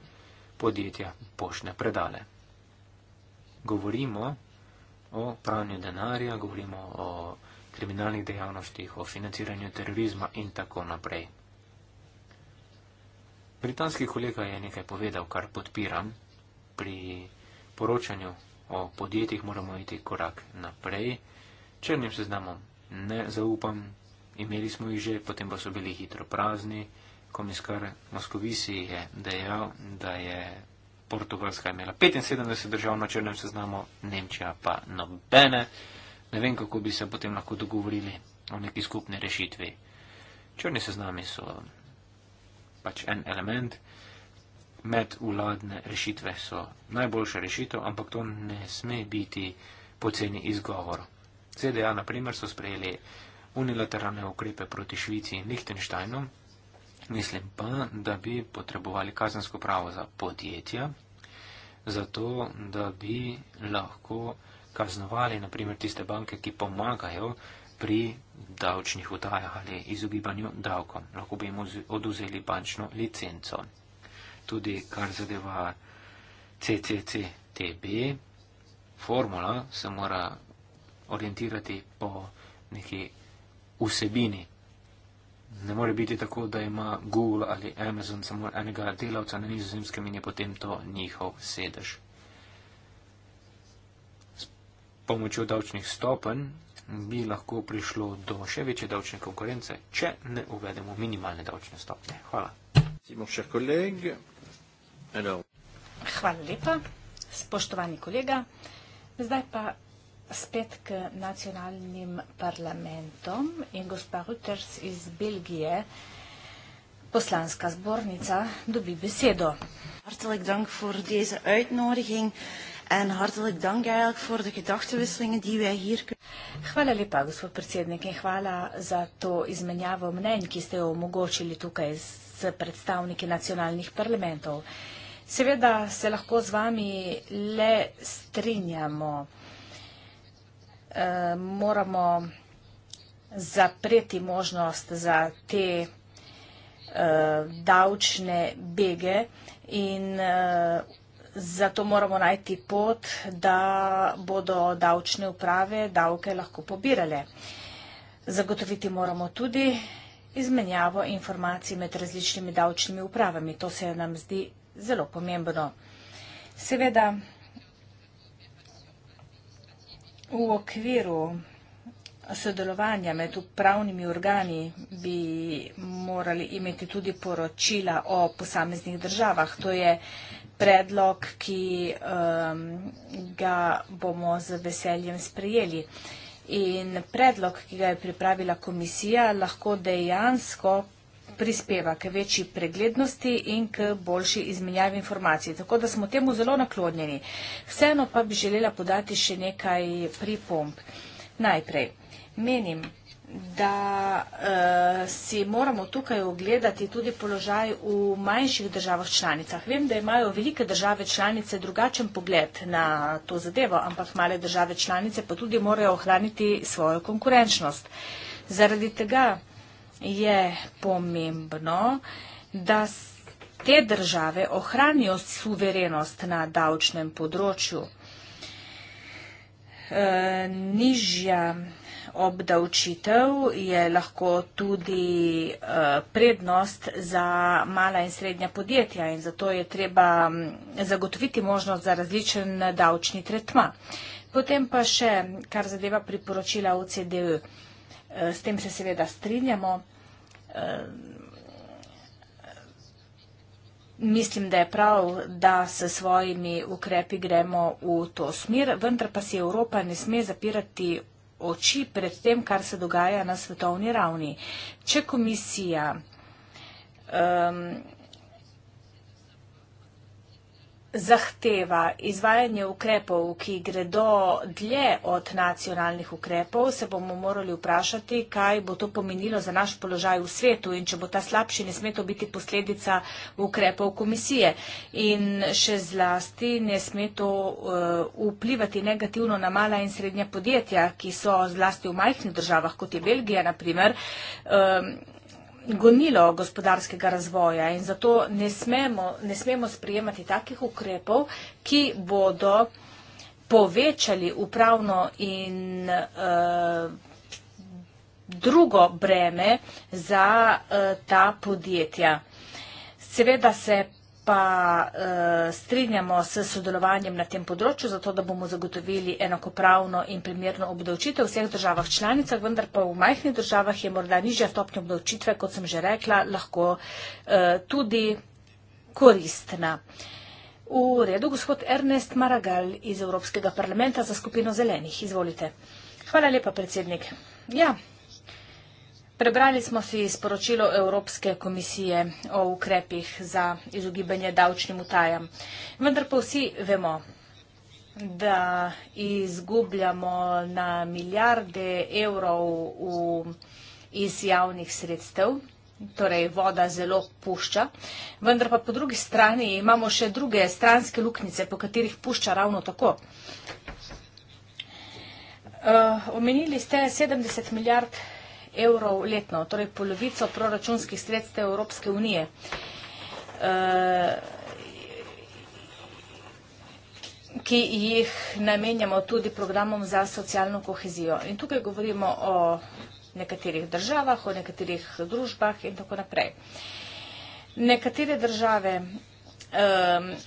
podjetja pošne predale. Govorimo o pranju denarja, govorimo o kriminalnih dejavnostih, o financiranju terorizma in tako naprej. Britanski kolega je nekaj povedal, kar podpiram pri poročanju o podjetjih moramo iti korak naprej. Črnim seznamom ne zaupam, imeli smo jih že, potem pa so bili hitro prazni. Komiskar Moskovisi je dejal, da je Portugalska imela 75 držav na črnem seznamu, Nemčija pa nobene. Ne vem, kako bi se potem lahko dogovorili o neki skupni rešitvi. Črni seznami so pač en element medvladne rešitve so najboljša rešitev, ampak to ne sme biti poceni izgovor. CDA, na primer, so sprejeli unilateralne ukrepe proti Švici in Lichtensteinu, mislim pa, da bi potrebovali kazensko pravo za podjetja, zato da bi lahko kaznovali, na primer, tiste banke, ki pomagajo pri davčnih utajah ali izogibanju davkom. Lahko bi jim oduzeli bančno licenco tudi kar zadeva CCCTB. Formula se mora orientirati po neki vsebini. Ne more biti tako, da ima Google ali Amazon samo enega delavca na nizozemskem in je potem to njihov sedež. S pomočjo davčnih stopenj bi lahko prišlo do še večje davčne konkurence, če ne uvedemo minimalne davčne stopnje. Hvala. Simon, Hvala lepa, spoštovani kolega. Zdaj pa spet k nacionalnim parlamentom in gospa Reuters iz Belgije, poslanska zbornica, dobi besedo. Hartelijk dank voor deze uitnodiging en hartelijk dank eigenlijk voor de gedachtenwisselingen die wij hier kunnen. Hvala lepa, gospod predsednik, in hvala za to izmenjavo mnenj, ki ste jo omogočili tukaj s predstavniki nacionalnih parlamentov. Uh, Seveda se lahko z vami le strinjamo. Eh, moramo zapreti možnost za te eh, davčne bege in eh, zato moramo najti pot, da bodo davčne uprave davke lahko pobirale. Zagotoviti moramo tudi izmenjavo informacij med različnimi davčnimi upravami. To se nam zdi zelo pomembno. Seveda v okviru sodelovanja med upravnimi organi bi morali imeti tudi poročila o posameznih državah. To je predlog, ki um, ga bomo z veseljem sprejeli. In predlog, ki ga je pripravila komisija, lahko dejansko prispeva k večji preglednosti in k boljši izmenjavi informacij. Tako da smo temu zelo naklonjeni. Vseeno pa bi želela podati še nekaj pripomp. Najprej, menim, da uh, si moramo tukaj ogledati tudi položaj v manjših državah članicah. Vem, da imajo velike države članice drugačen pogled na to zadevo, ampak male države članice pa tudi morajo ohraniti svojo konkurenčnost. Zaradi tega, je pomembno, da te države ohranijo suverenost na davčnem področju. E, nižja obdavčitev je lahko tudi e, prednost za mala in srednja podjetja in zato je treba zagotoviti možnost za različen davčni tretma. Potem pa še, kar zadeva priporočila OCDE. Eh, s tem se seveda strinjamo. Eh, mislim, da je prav, da s svojimi ukrepi gremo v to smer, vendar pa si Evropa ne sme zapirati oči pred tem, kar se dogaja na svetovni ravni. Če komisija um, zahteva izvajanje ukrepov, ki gredo dlje od nacionalnih ukrepov, se bomo morali vprašati, kaj bo to pomenilo za naš položaj v svetu in če bo ta slabši, ne sme to biti posledica ukrepov komisije. In še zlasti ne sme to eh, vplivati negativno na mala in srednja podjetja, ki so zlasti v majhnih državah, kot je Belgija, naprimer, eh, gonilo gospodarskega razvoja in zato ne smemo, ne smemo sprejemati takih ukrepov, ki bodo povečali upravno in uh, drugo breme za uh, ta podjetja. Seveda se pa uh, strinjamo s sodelovanjem na tem področju, zato da bomo zagotovili enakopravno in primerno obdavčitev v vseh državah članicah, vendar pa v majhnih državah je morda nižja stopnja obdavčitve, kot sem že rekla, lahko uh, tudi koristna. V redu, gospod Ernest Maragal iz Evropskega parlamenta za skupino zelenih. Izvolite. Hvala lepa, predsednik. Ja, Prebrali smo si sporočilo Evropske komisije o ukrepih za izogibanje davčnim utajam. Vendar pa vsi vemo, da izgubljamo na milijarde evrov v, iz javnih sredstev, torej voda zelo pušča, vendar pa po drugi strani imamo še druge stranske luknjice, po katerih pušča ravno tako. Uh, omenili ste 70 milijard evrov letno, torej polovico proračunskih sredstev Evropske unije. E, ki jih namenjamo tudi programom za socialno kohezijo. In tukaj govorimo o nekaterih državah, o nekaterih družbah in tako naprej. Nekatere države eh,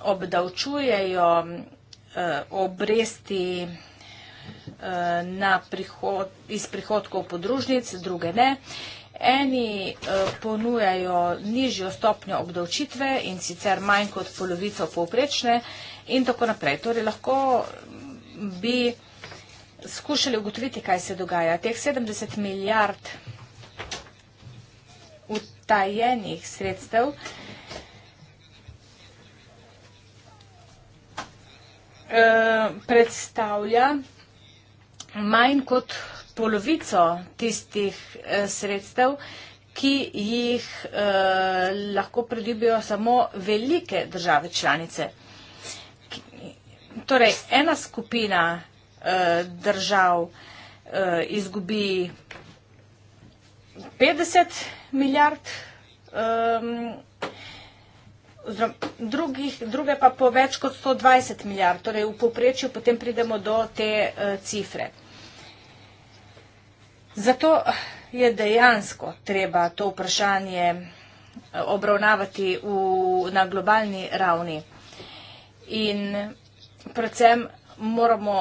obdavčujejo eh, obresti eh, Eh, na prihod, iz prihodkov podružnic, druge ne. Eni eh, ponujajo nižjo stopnjo obdavčitve in sicer manj kot polovico povprečne in tako naprej. Torej lahko mm, bi skušali ugotoviti, kaj se dogaja. Teh 70 milijard utajenih sredstev eh, predstavlja manj kot polovico tistih eh, sredstev, ki jih eh, lahko pridobijo samo velike države članice. Torej, ena skupina eh, držav eh, izgubi 50 milijard, eh, drugih, druge pa po več kot 120 milijard. Torej, v poprečju potem pridemo do te eh, cifre. Zato je dejansko treba to vprašanje eh, obravnavati v, na globalni ravni. In predvsem moramo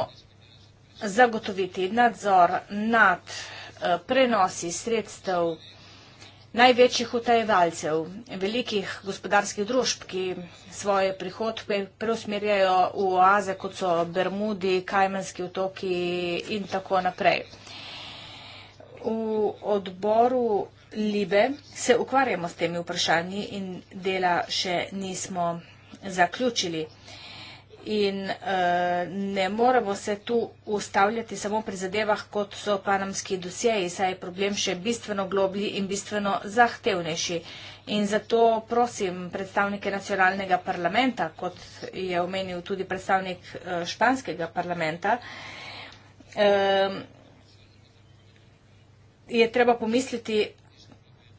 zagotoviti nadzor nad eh, prenosi sredstev največjih utajevalcev, velikih gospodarskih družb, ki svoje prihodke preusmerjajo v oaze, kot so Bermudi, Kajmanski otoki in tako naprej. V odboru Libe se ukvarjamo s temi vprašanji in dela še nismo zaključili. In uh, ne moremo se tu ustavljati samo pri zadevah, kot so panamski dosjeji, saj je problem še bistveno globlji in bistveno zahtevnejši. In zato prosim predstavnike nacionalnega parlamenta, kot je omenil tudi predstavnik uh, španskega parlamenta, uh, je treba pomisliti,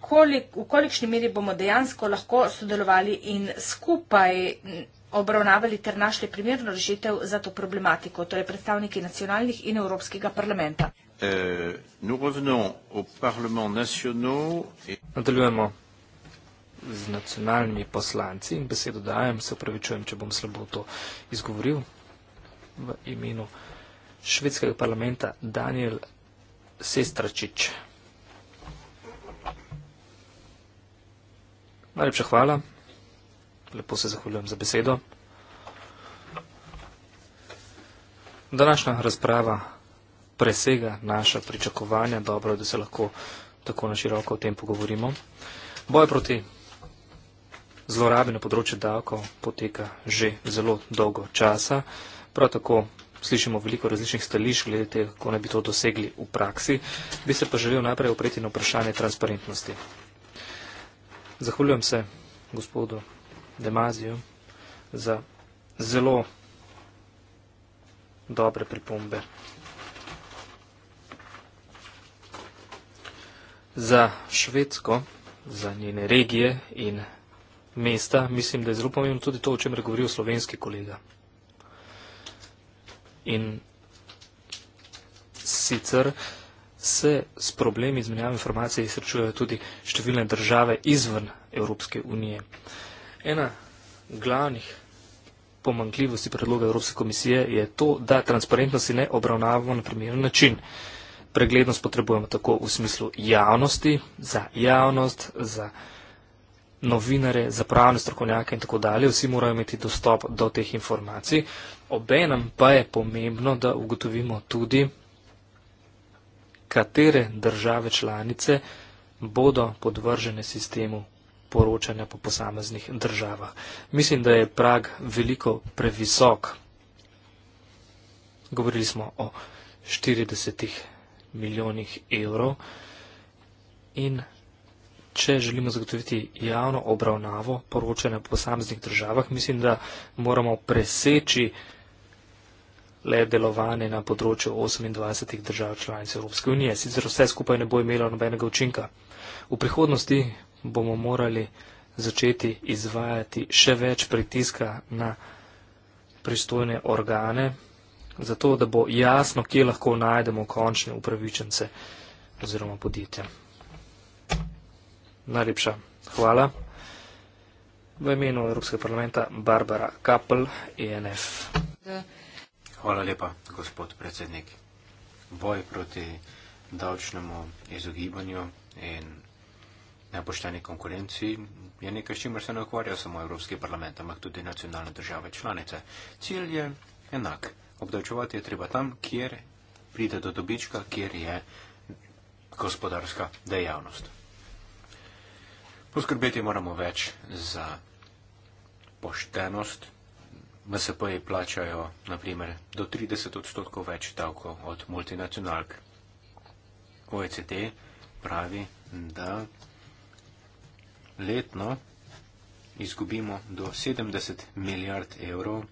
kolik, v kolikšni meri bomo dejansko lahko sodelovali in skupaj obravnavali ter našli primerno rešitev za to problematiko, torej predstavniki nacionalnih in Evropskega parlamenta. Eh, Nadaljujemo z nacionalnimi poslanci in besedo dajem, se upravičujem, če bom slabo to izgovoril v imenu švedskega parlamenta Daniel Sestračič. Najlepša hvala. Lepo se zahvaljujem za besedo. Današnja razprava presega naša pričakovanja. Dobro, da se lahko tako na široko o tem pogovorimo. Boj proti zlorabi na področju davkov poteka že zelo dolgo časa. Prav tako slišimo veliko različnih stališč glede tega, kako naj bi to dosegli v praksi. Bi se pa želel najprej opreti na vprašanje transparentnosti. Zahvaljujem se gospodu Demaziju za zelo dobre pripombe. Za Švedsko, za njene regije in mesta mislim, da je zelo pomembno tudi to, o čem je govoril slovenski kolega. In sicer se s problemi izmenjave informacij srečujejo tudi številne države izven Evropske unije. Ena glavnih pomankljivosti predloga Evropske komisije je to, da transparentnosti ne obravnavamo na primeren način. Preglednost potrebujemo tako v smislu javnosti, za javnost, za novinare, za pravne strokovnjake in tako dalje. Vsi morajo imeti dostop do teh informacij. Obenem pa je pomembno, da ugotovimo tudi, katere države članice bodo podvržene sistemu poročanja po posameznih državah. Mislim, da je prag veliko previsok. Govorili smo o 40 milijonih evrov in če želimo zagotoviti javno obravnavo poročanja po posameznih državah, mislim, da moramo preseči le delovanje na področju 28 držav članic Evropske unije. Sicer vse skupaj ne bo imelo nobenega učinka. V prihodnosti bomo morali začeti izvajati še več pritiska na pristojne organe, zato da bo jasno, kje lahko najdemo končne upravičence oziroma podjetja. Najlepša hvala. V imenu Evropskega parlamenta Barbara Kappel, ENF. Yeah. Hvala lepa, gospod predsednik. Boj proti davčnemu izogibanju in nepošteni konkurenci je nekaj, s čimer se ne ukvarja samo Evropski parlament, ampak tudi nacionalne države članice. Cilj je enak. Obdavčevati je treba tam, kjer pride do dobička, kjer je gospodarska dejavnost. Poskrbeti moramo več za poštenost MSP-ji plačajo naprimer do 30 odstotkov več davkov od multinacionalk. OECD pravi, da letno izgubimo do 70 milijard evrov.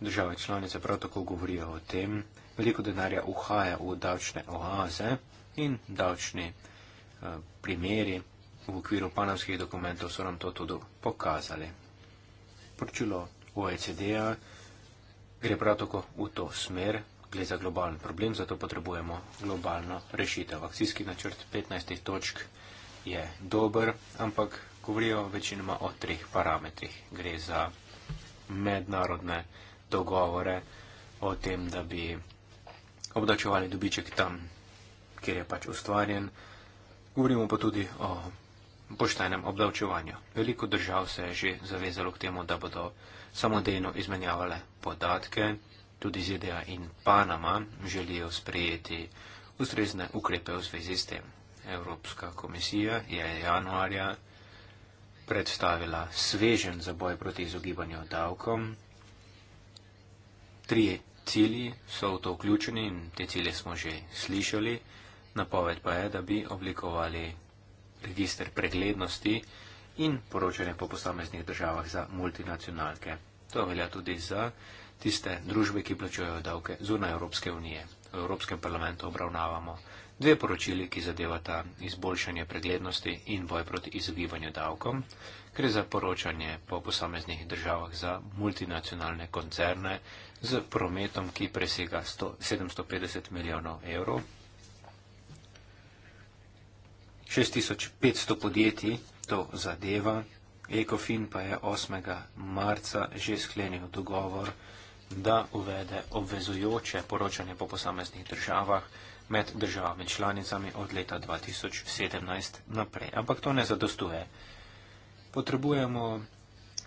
Države članice prav tako govorijo o tem, veliko denarja uhaja v davčne oaze in davčni eh, primeri v okviru panamskih dokumentov so nam to tudi pokazali. Poročilo OECD-a, gre prav tako v to smer, gre za globalen problem, zato potrebujemo globalno rešitev. Akcijski načrt 15. točk je dober, ampak govorijo večinoma o treh parametrih. Gre za mednarodne dogovore o tem, da bi obdačevali dobiček tam, kjer je pač ustvarjen. Govorimo pa tudi o poštenem obdavčevanju. Veliko držav se je že zavezalo k temu, da bodo samodejno izmenjavale podatke, tudi ZDA in Panama želijo sprejeti ustrezne ukrepe v zvezi s tem. Evropska komisija je januarja predstavila svežen za boj proti izogibanju davkom. Tri cilji so v to vključeni in te cilje smo že slišali. Napoved pa je, da bi oblikovali register preglednosti in poročanje po posameznih državah za multinacionalke. To velja tudi za tiste družbe, ki plačujejo davke zunaj Evropske unije. V Evropskem parlamentu obravnavamo dve poročili, ki zadevata izboljšanje preglednosti in boj proti izogibanju davkom. Gre za poročanje po posameznih državah za multinacionalne koncerne z prometom, ki presega 750 milijonov evrov. 6500 podjetij to zadeva. Ekofin pa je 8. marca že sklenil dogovor, da uvede obvezujoče poročanje po posameznih državah med državami članicami od leta 2017 naprej. Ampak to ne zadostuje. Potrebujemo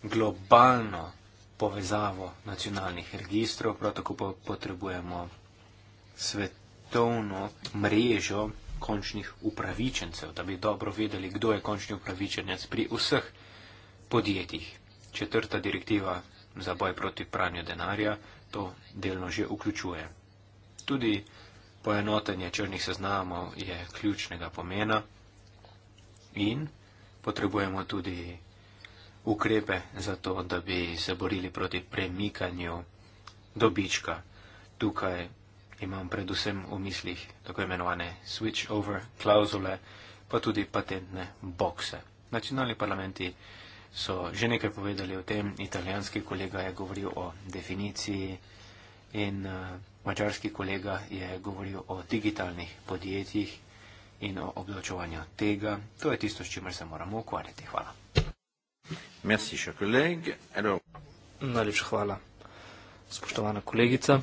globalno povezavo nacionalnih registrov, prav tako pa potrebujemo svetovno mrežo končnih upravičencev, da bi dobro vedeli, kdo je končni upravičenec pri vseh podjetjih. Četrta direktiva za boj proti pranju denarja to delno že vključuje. Tudi poenotenje črnih seznamov je ključnega pomena in potrebujemo tudi ukrepe za to, da bi se borili proti premikanju dobička. Tukaj imam predvsem v mislih tako imenovane switch-over klauzule, pa tudi patentne bokse. Nacionalni parlamenti so že nekaj povedali o tem, italijanski kolega je govoril o definiciji in uh, eh, mačarski kolega je govoril o digitalnih podjetjih in o obdočovanju tega. To je tisto, s čimer se moramo ukvarjati. Hvala. Merci, Najlepša hvala, spoštovana kolegica.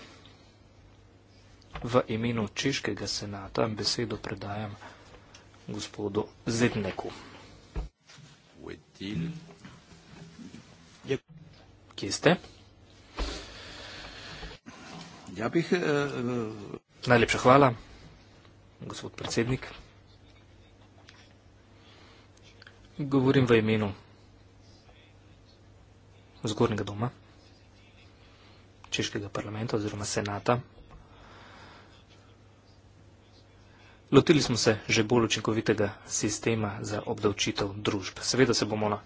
V imenu Češkega senata besedo predajam gospodu Zedneku. Mm. Kje ste? Ja bih, uh, Najlepša hvala, gospod predsednik. Govorim v imenu zgornjega doma, češkega parlamenta oziroma senata. Lotili smo se že bolj učinkovitega sistema za obdavčitev družb. Seveda se bomo na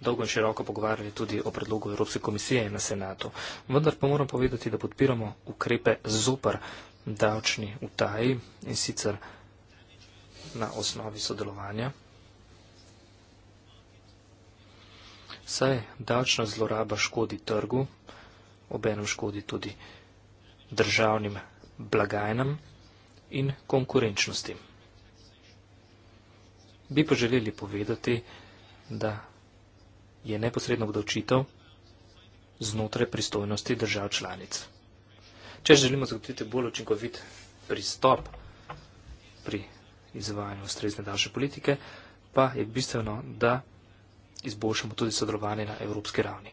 dolgo in široko pogovarjali tudi o predlogu Evropske komisije na Senatu. Vendar pa moram povedati, da podpiramo ukrepe zopr davčni utaji in sicer na osnovi sodelovanja. Saj davčna zloraba škodi trgu, obenem škodi tudi državnim blagajnam in konkurenčnosti. Bi pa želeli povedati, da je neposredno obdavčitev znotraj pristojnosti držav članic. Če želimo zagotoviti bolj učinkovit pristop pri izvajanju ustrezne davčne politike, pa je bistveno, da izboljšamo tudi sodelovanje na evropski ravni.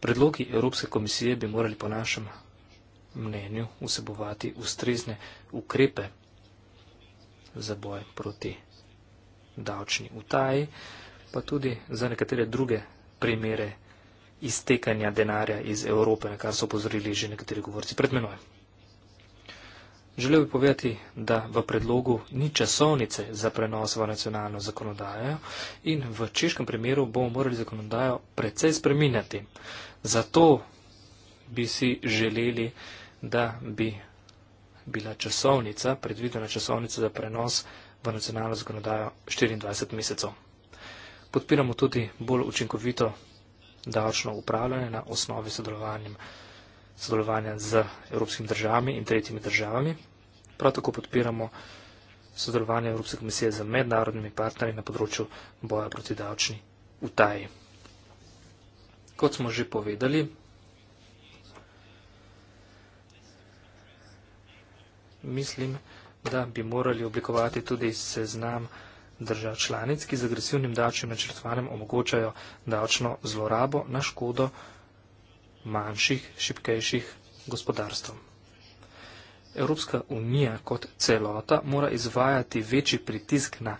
Predlogi Evropske komisije bi morali po našem mnenju vsebovati ustrezne ukrepe za boj proti davčni utaji pa tudi za nekatere druge primere iztekanja denarja iz Evrope, na kar so pozorili že nekateri govorci pred menoj. Želel bi povedati, da v predlogu ni časovnice za prenos v nacionalno zakonodajo in v češkem primeru bomo morali zakonodajo precej spreminjati. Zato bi si želeli, da bi bila časovnica, predvidena časovnica za prenos v nacionalno zakonodajo 24 mesecev. Podpiramo tudi bolj učinkovito davčno upravljanje na osnovi sodelovanja z evropskimi državami in tretjimi državami. Prav tako podpiramo sodelovanje Evropske komisije z mednarodnimi partnerji na področju boja proti davčni utaji. Kot smo že povedali, mislim, da bi morali oblikovati tudi seznam vsega, držav članic, ki z agresivnim davčnim načrtovanjem omogočajo davčno zlorabo na škodo manjših, šipkejših gospodarstvom. Evropska unija kot celota mora izvajati večji pritisk na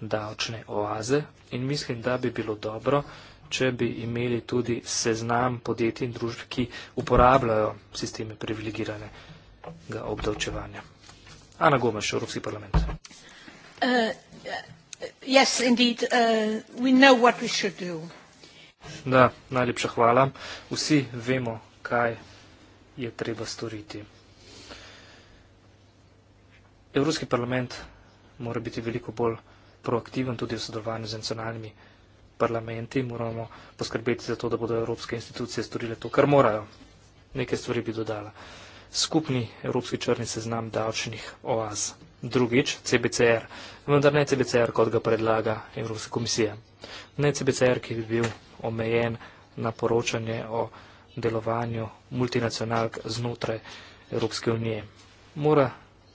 davčne oaze in mislim, da bi bilo dobro, če bi imeli tudi seznam podjetij in družb, ki uporabljajo sisteme privilegiranega obdavčevanja. Ana Gomeš, Evropski parlament. Uh, eh, yeah. Yes, indeed, uh, we know what we should do. Da, najlepša hvala. Vsi vemo, kaj je treba storiti. Evropski parlament mora biti veliko bolj proaktiven tudi v sodelovanju z nacionalnimi parlamenti. Moramo poskrbeti za to, da bodo evropske institucije storile to, kar morajo. Nekaj stvari bi dodala. Uh, skupni evropski črni seznam davčnih oaz. Drugič, CBCR, vendar ne CBCR, kot ga predlaga Evropska komisija. Ne CBCR, ki bi bil omejen na poročanje o delovanju multinacionalk znotraj Evropske unije. Mora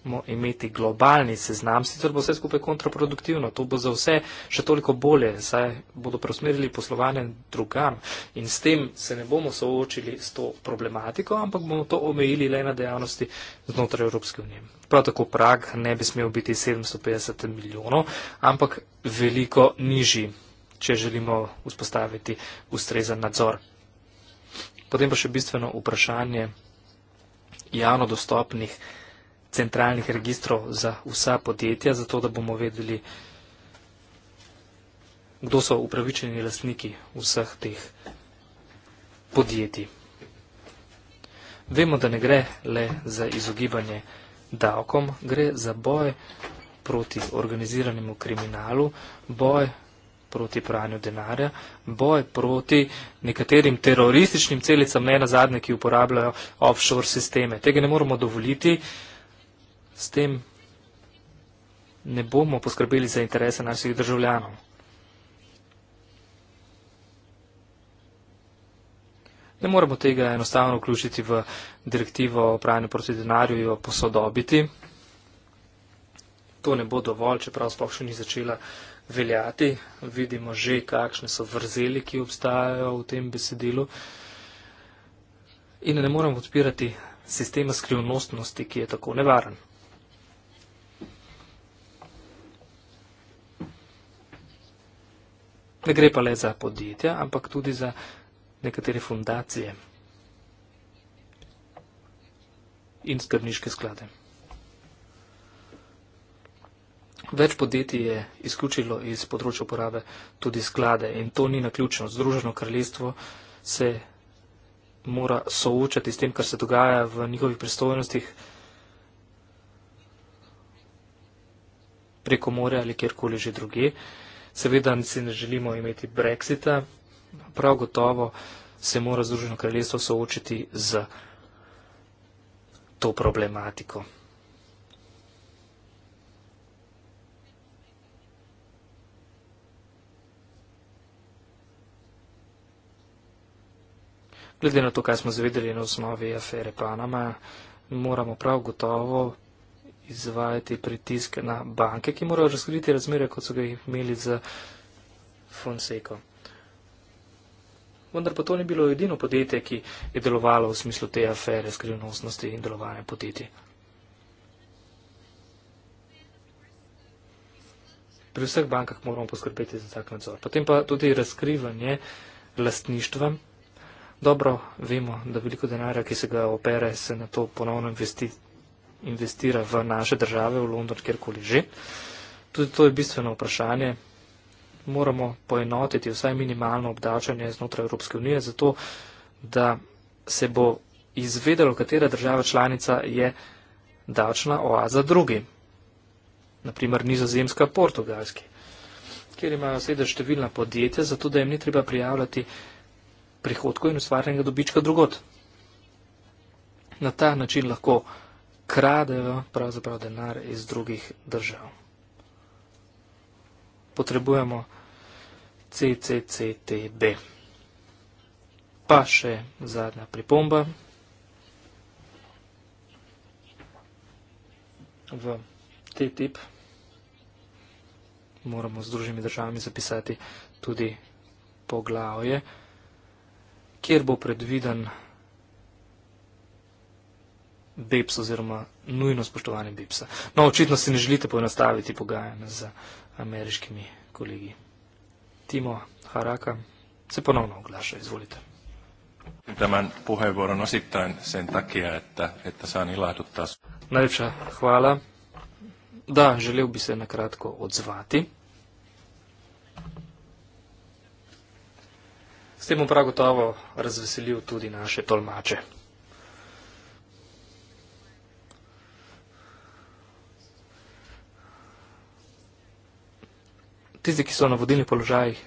moramo imeti globalni seznam, sicer bo vse skupaj kontraproduktivno, to bo za vse še toliko bolje, saj bodo preusmerili poslovanje drugam in s tem se ne bomo soočili s to problematiko, ampak bomo to omejili le na dejavnosti znotraj Evropske unije. Prav tako prag ne bi smel biti 750 milijonov, ampak veliko nižji, če želimo vzpostaviti ustrezen nadzor. Potem pa še bistveno vprašanje javno dostopnih centralnih registrov za vsa podjetja, zato da bomo vedeli, kdo so upravičeni lastniki vseh teh podjetij. Vemo, da ne gre le za izogibanje davkom, gre za boj proti organiziranemu kriminalu, boj proti pranju denarja, boj proti nekaterim terorističnim celicam, ne na zadnje, ki uporabljajo offshore sisteme. Tega ne moramo dovoliti. S tem ne bomo poskrbeli za interese naših državljanov. Ne moremo tega enostavno vključiti v direktivo o pravnem proti denarju in jo posodobiti. To ne bo dovolj, čeprav sploh še ni začela veljati. Vidimo že, kakšne so vrzeli, ki obstajajo v tem besedilu. In ne moremo odpirati sistema skrivnostnosti, ki je tako nevaren. Ne gre pa le za podjetja, ampak tudi za nekatere fundacije in skrbniške sklade. Več podjetij je izključilo iz področja uporabe tudi sklade in to ni naključno. Združeno kraljestvo se mora soočati s tem, kar se dogaja v njihovih pristojnostih preko morja ali kjerkoli že druge. Seveda si ne želimo imeti brexita, prav gotovo se mora Združeno kraljestvo soočiti z to problematiko. Glede na to, kaj smo zvedeli na osnovi afere Panama, moramo prav gotovo izvajati pritiske na banke, ki morajo razkriti razmere, kot so ga imeli z Fonseko. Vendar pa to ni bilo edino podjetje, ki je delovalo v smislu te afere skrivnostnosti in delovanja podjetij. Pri vseh bankah moramo poskrbeti za tak nadzor. Potem pa tudi razkrivanje lastništva. Dobro vemo, da veliko denarja, ki se ga opere, se na to ponovno investi, investira v naše države, v London, kjerkoli že. Tudi to je bistveno vprašanje. Moramo poenotiti vsaj minimalno obdavčanje znotraj Evropske unije, zato da se bo izvedelo, katera država članica je davčna oaza drugim. Naprimer nizozemska, portugalski, kjer imajo sedež številna podjetja, zato da jim ni treba prijavljati prihodkov in ustvarjenega dobička drugot. Na ta način lahko kradejo pravzaprav denar iz drugih držav. Potrebujemo CCCTB. Pa še zadnja pripomba. V TTIP moramo z družimi državami zapisati tudi poglavje, kjer bo predviden vsega, BEPS oziroma nujno spoštovanje BEPS-a. No, očitno si ne želite poenostaviti pogajanj z ameriškimi kolegi. Timo Haraka, se ponovno oglaša, izvolite. Tämän puheenvuoron osittain sen takia, että, että saan ilahduttaa. Najlepša hvala. Da, želel bi se na kratko odzvati. S tem bom prav gotovo razveselil tudi naše tolmače. Tisti, ki so na vodilnih položajih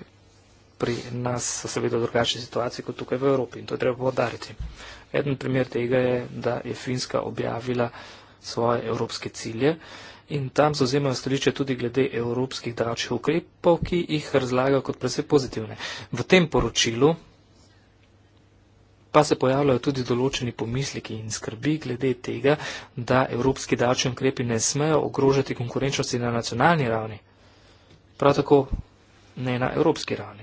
pri nas, so seveda v drugačni situaciji kot tukaj v Evropi in to je treba povdariti. Eden primer tega je, da je Finska objavila svoje evropske cilje in tam zauzemajo stoličje tudi glede evropskih davčnih ukrepov, ki jih razlagajo kot predvsej pozitivne. V tem poročilu pa se pojavljajo tudi določeni pomisliki in skrbi glede tega, da evropski davčni ukrepi ne smejo ogrožati konkurenčnosti na nacionalni ravni prav tako ne na evropski ravni.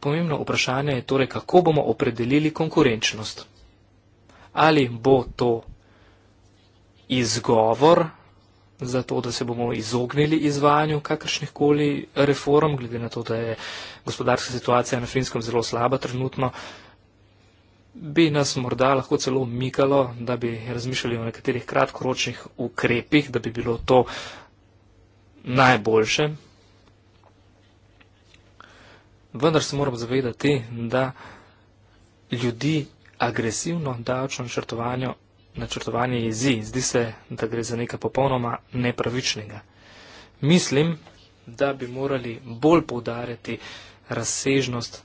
Pomembno vprašanje je torej, kako bomo opredelili konkurenčnost. Ali bo to izgovor za to, da se bomo izognili izvajanju kakršnih koli reform, glede na to, da je gospodarska situacija na Finskem zelo slaba trenutno, bi nas morda lahko celo umikalo, da bi razmišljali o nekaterih kratkoročnih ukrepih, da bi bilo to najboljše vendar se moramo zavedati, da ljudi agresivno davčno načrtovanje jezi. Zdi se, da gre za nekaj popolnoma nepravičnega. Mislim, da bi morali bolj povdarjati razsežnost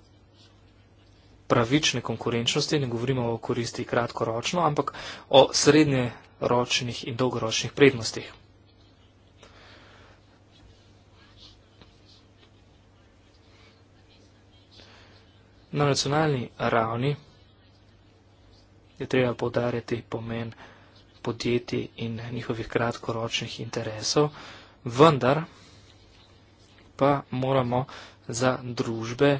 pravične konkurenčnosti, ne govorimo o koristi kratkoročno, ampak o srednjeročnih in dolgoročnih prednostih. Na nacionalni ravni je treba podarjati pomen podjetij in njihovih kratkoročnih interesov, vendar pa moramo za družbe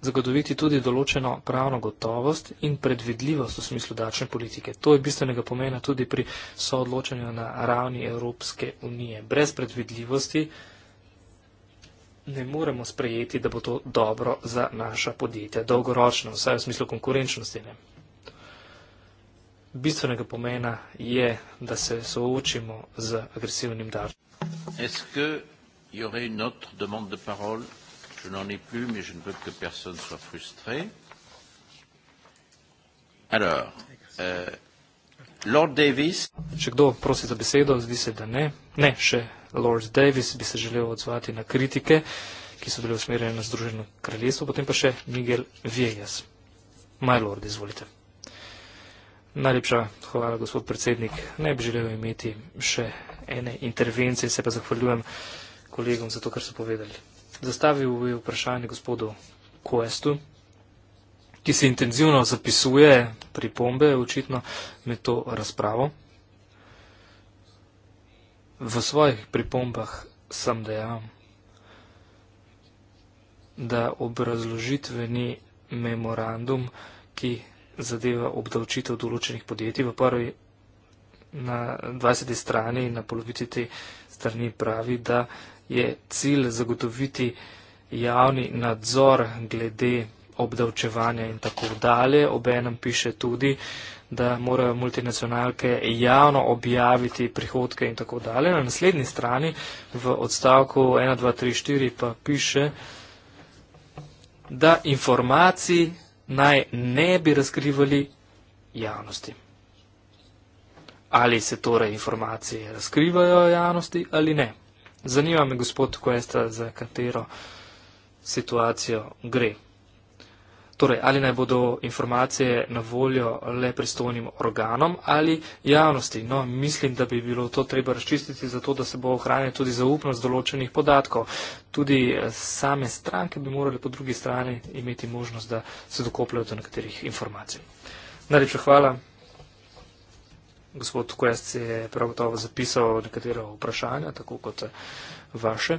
zagotoviti tudi določeno pravno gotovost in predvidljivost v smislu dačne politike. To je bistvenega pomena tudi pri soodločanju na ravni Evropske unije. Brez predvidljivosti ne moremo sprejeti, da bo to dobro za naša podjetja, dolgoročno, vsaj v smislu konkurenčnosti. Ne. Bistvenega pomena je, da se soočimo z agresivnim davkom. Est-ce qu'il y aurait une autre demande de parole Je n'en ai plus, mais je ne veux que personne soit frustré. Alors, euh, Lord Davis. Če kdo prosi za besedo, zdi se, da ne. Ne, še Lord Davis bi se želel odzvati na kritike, ki so bile usmerjene na Združeno kraljestvo, potem pa še Miguel Viejas. My Lord, izvolite. Najlepša hvala, gospod predsednik. Ne bi želel imeti še ene intervencije, se pa zahvaljujem kolegom za to, kar so povedali. Zastavil bi vprašanje gospodu Koestu, ki se intenzivno zapisuje pripombe, očitno med to razpravo v svojih pripombah sem dejal, da obrazložitveni memorandum, ki zadeva obdavčitev določenih podjetij v prvi na 20. strani in na polovici te strani pravi, da je cilj zagotoviti javni nadzor glede obdavčevanja in tako dalje. Obenem piše tudi, da morajo multinacionalke javno objaviti prihodke in tako dalje. Na naslednji strani v odstavku 1, 2, 3, 4 pa piše, da informacij naj ne bi razkrivali javnosti. Ali se torej informacije razkrivajo javnosti ali ne? Zanima me, gospod Kuesta, za katero situacijo gre. Torej, ali naj bodo informacije na voljo le pristojnim organom ali javnosti. No, mislim, da bi bilo to treba razčistiti, zato da se bo ohranila tudi zaupnost določenih podatkov. Tudi eh, same stranke bi morali po drugi strani imeti možnost, da se dokopljajo do nekaterih informacij. Najlepša hvala. Gospod Kujas je prav gotovo zapisal nekatera vprašanja, tako kot eh, vaše.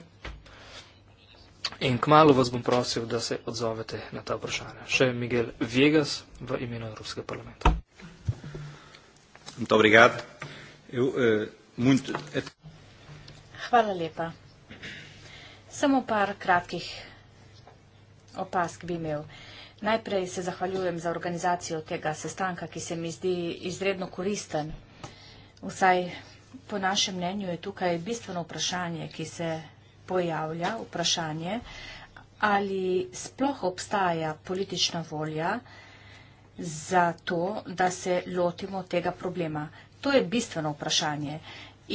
In kmalo vas bom prosil, da se odzovete na ta vprašanja. Še Miguel Viegas v imenu Evropskega parlamenta. Eh, eh, Hvala lepa. Samo par kratkih opask bi imel. Najprej se zahvaljujem za organizacijo tega sestanka, ki se mi zdi izredno koristen. Vsaj po našem mnenju je tukaj bistveno vprašanje, ki se pojavlja vprašanje, ali sploh obstaja politična volja za to, da se lotimo tega problema. To je bistveno vprašanje.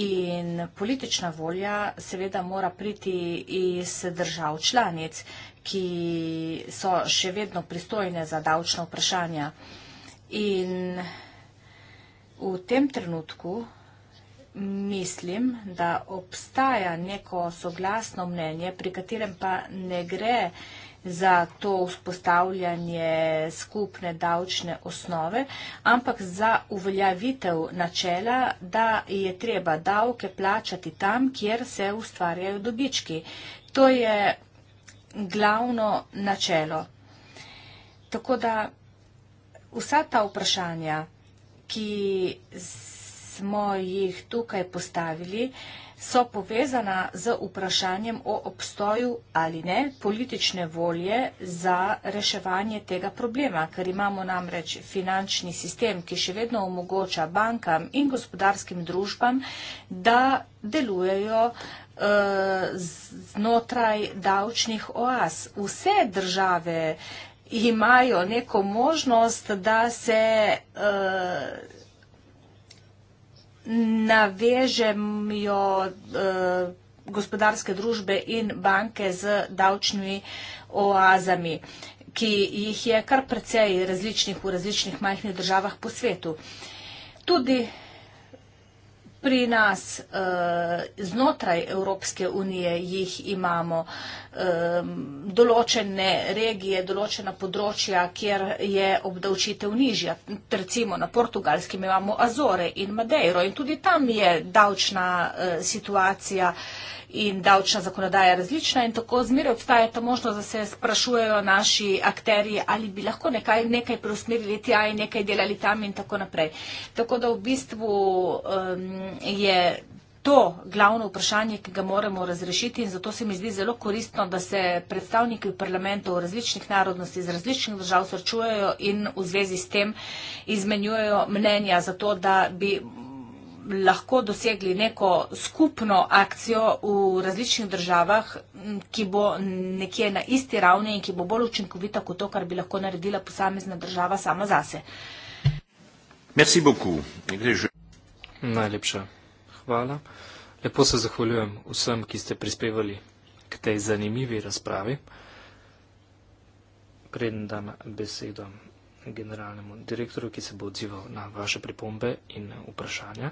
In politična volja seveda mora priti iz držav članic, ki so še vedno pristojne za davčna vprašanja. In v tem trenutku mislim, da obstaja neko soglasno mnenje, pri katerem pa ne gre za to vzpostavljanje skupne davčne osnove, ampak za uveljavitev načela, da je treba davke plačati tam, kjer se ustvarjajo dobički. To je glavno načelo. Tako da vsa ta vprašanja, ki smo jih tukaj postavili, so povezana z vprašanjem o obstoju ali ne politične volje za reševanje tega problema, ker imamo namreč finančni sistem, ki še vedno omogoča bankam in gospodarskim družbam, da delujejo eh, znotraj davčnih oaz. Vse države imajo neko možnost, da se. Uh, navežemo eh, gospodarske družbe in banke z davčnimi oazami, ki jih je kar precej različnih v različnih majhnih državah po svetu. Tudi pri nas eh, znotraj Evropske unije jih imamo eh, določene regije, določena področja, kjer je obdavčitev nižja. Recimo na portugalskem imamo Azore in Madeiro in tudi tam je davčna eh, situacija in davčna zakonodaja različna in tako zmeraj obstaja ta možnost, da se sprašujejo naši akteri, ali bi lahko nekaj, nekaj preusmerili tja in nekaj delali tam in tako naprej. Tako da v bistvu um, je. To glavno vprašanje, ki ga moramo razrešiti in zato se mi zdi zelo koristno, da se predstavniki parlamentov različnih narodnosti iz različnih držav srečujejo in v zvezi s tem izmenjujejo mnenja za to, da bi lahko dosegli neko skupno akcijo v različnih državah, ki bo nekje na isti ravni in ki bo bolj učinkovita kot to, kar bi lahko naredila posamezna država sama zase. Merci Najlepša hvala. Lepo se zahvaljujem vsem, ki ste prispevali k tej zanimivi razpravi. Preden dam besedo generalnemu direktorju, ki se bo odzival na vaše pripombe in vprašanja.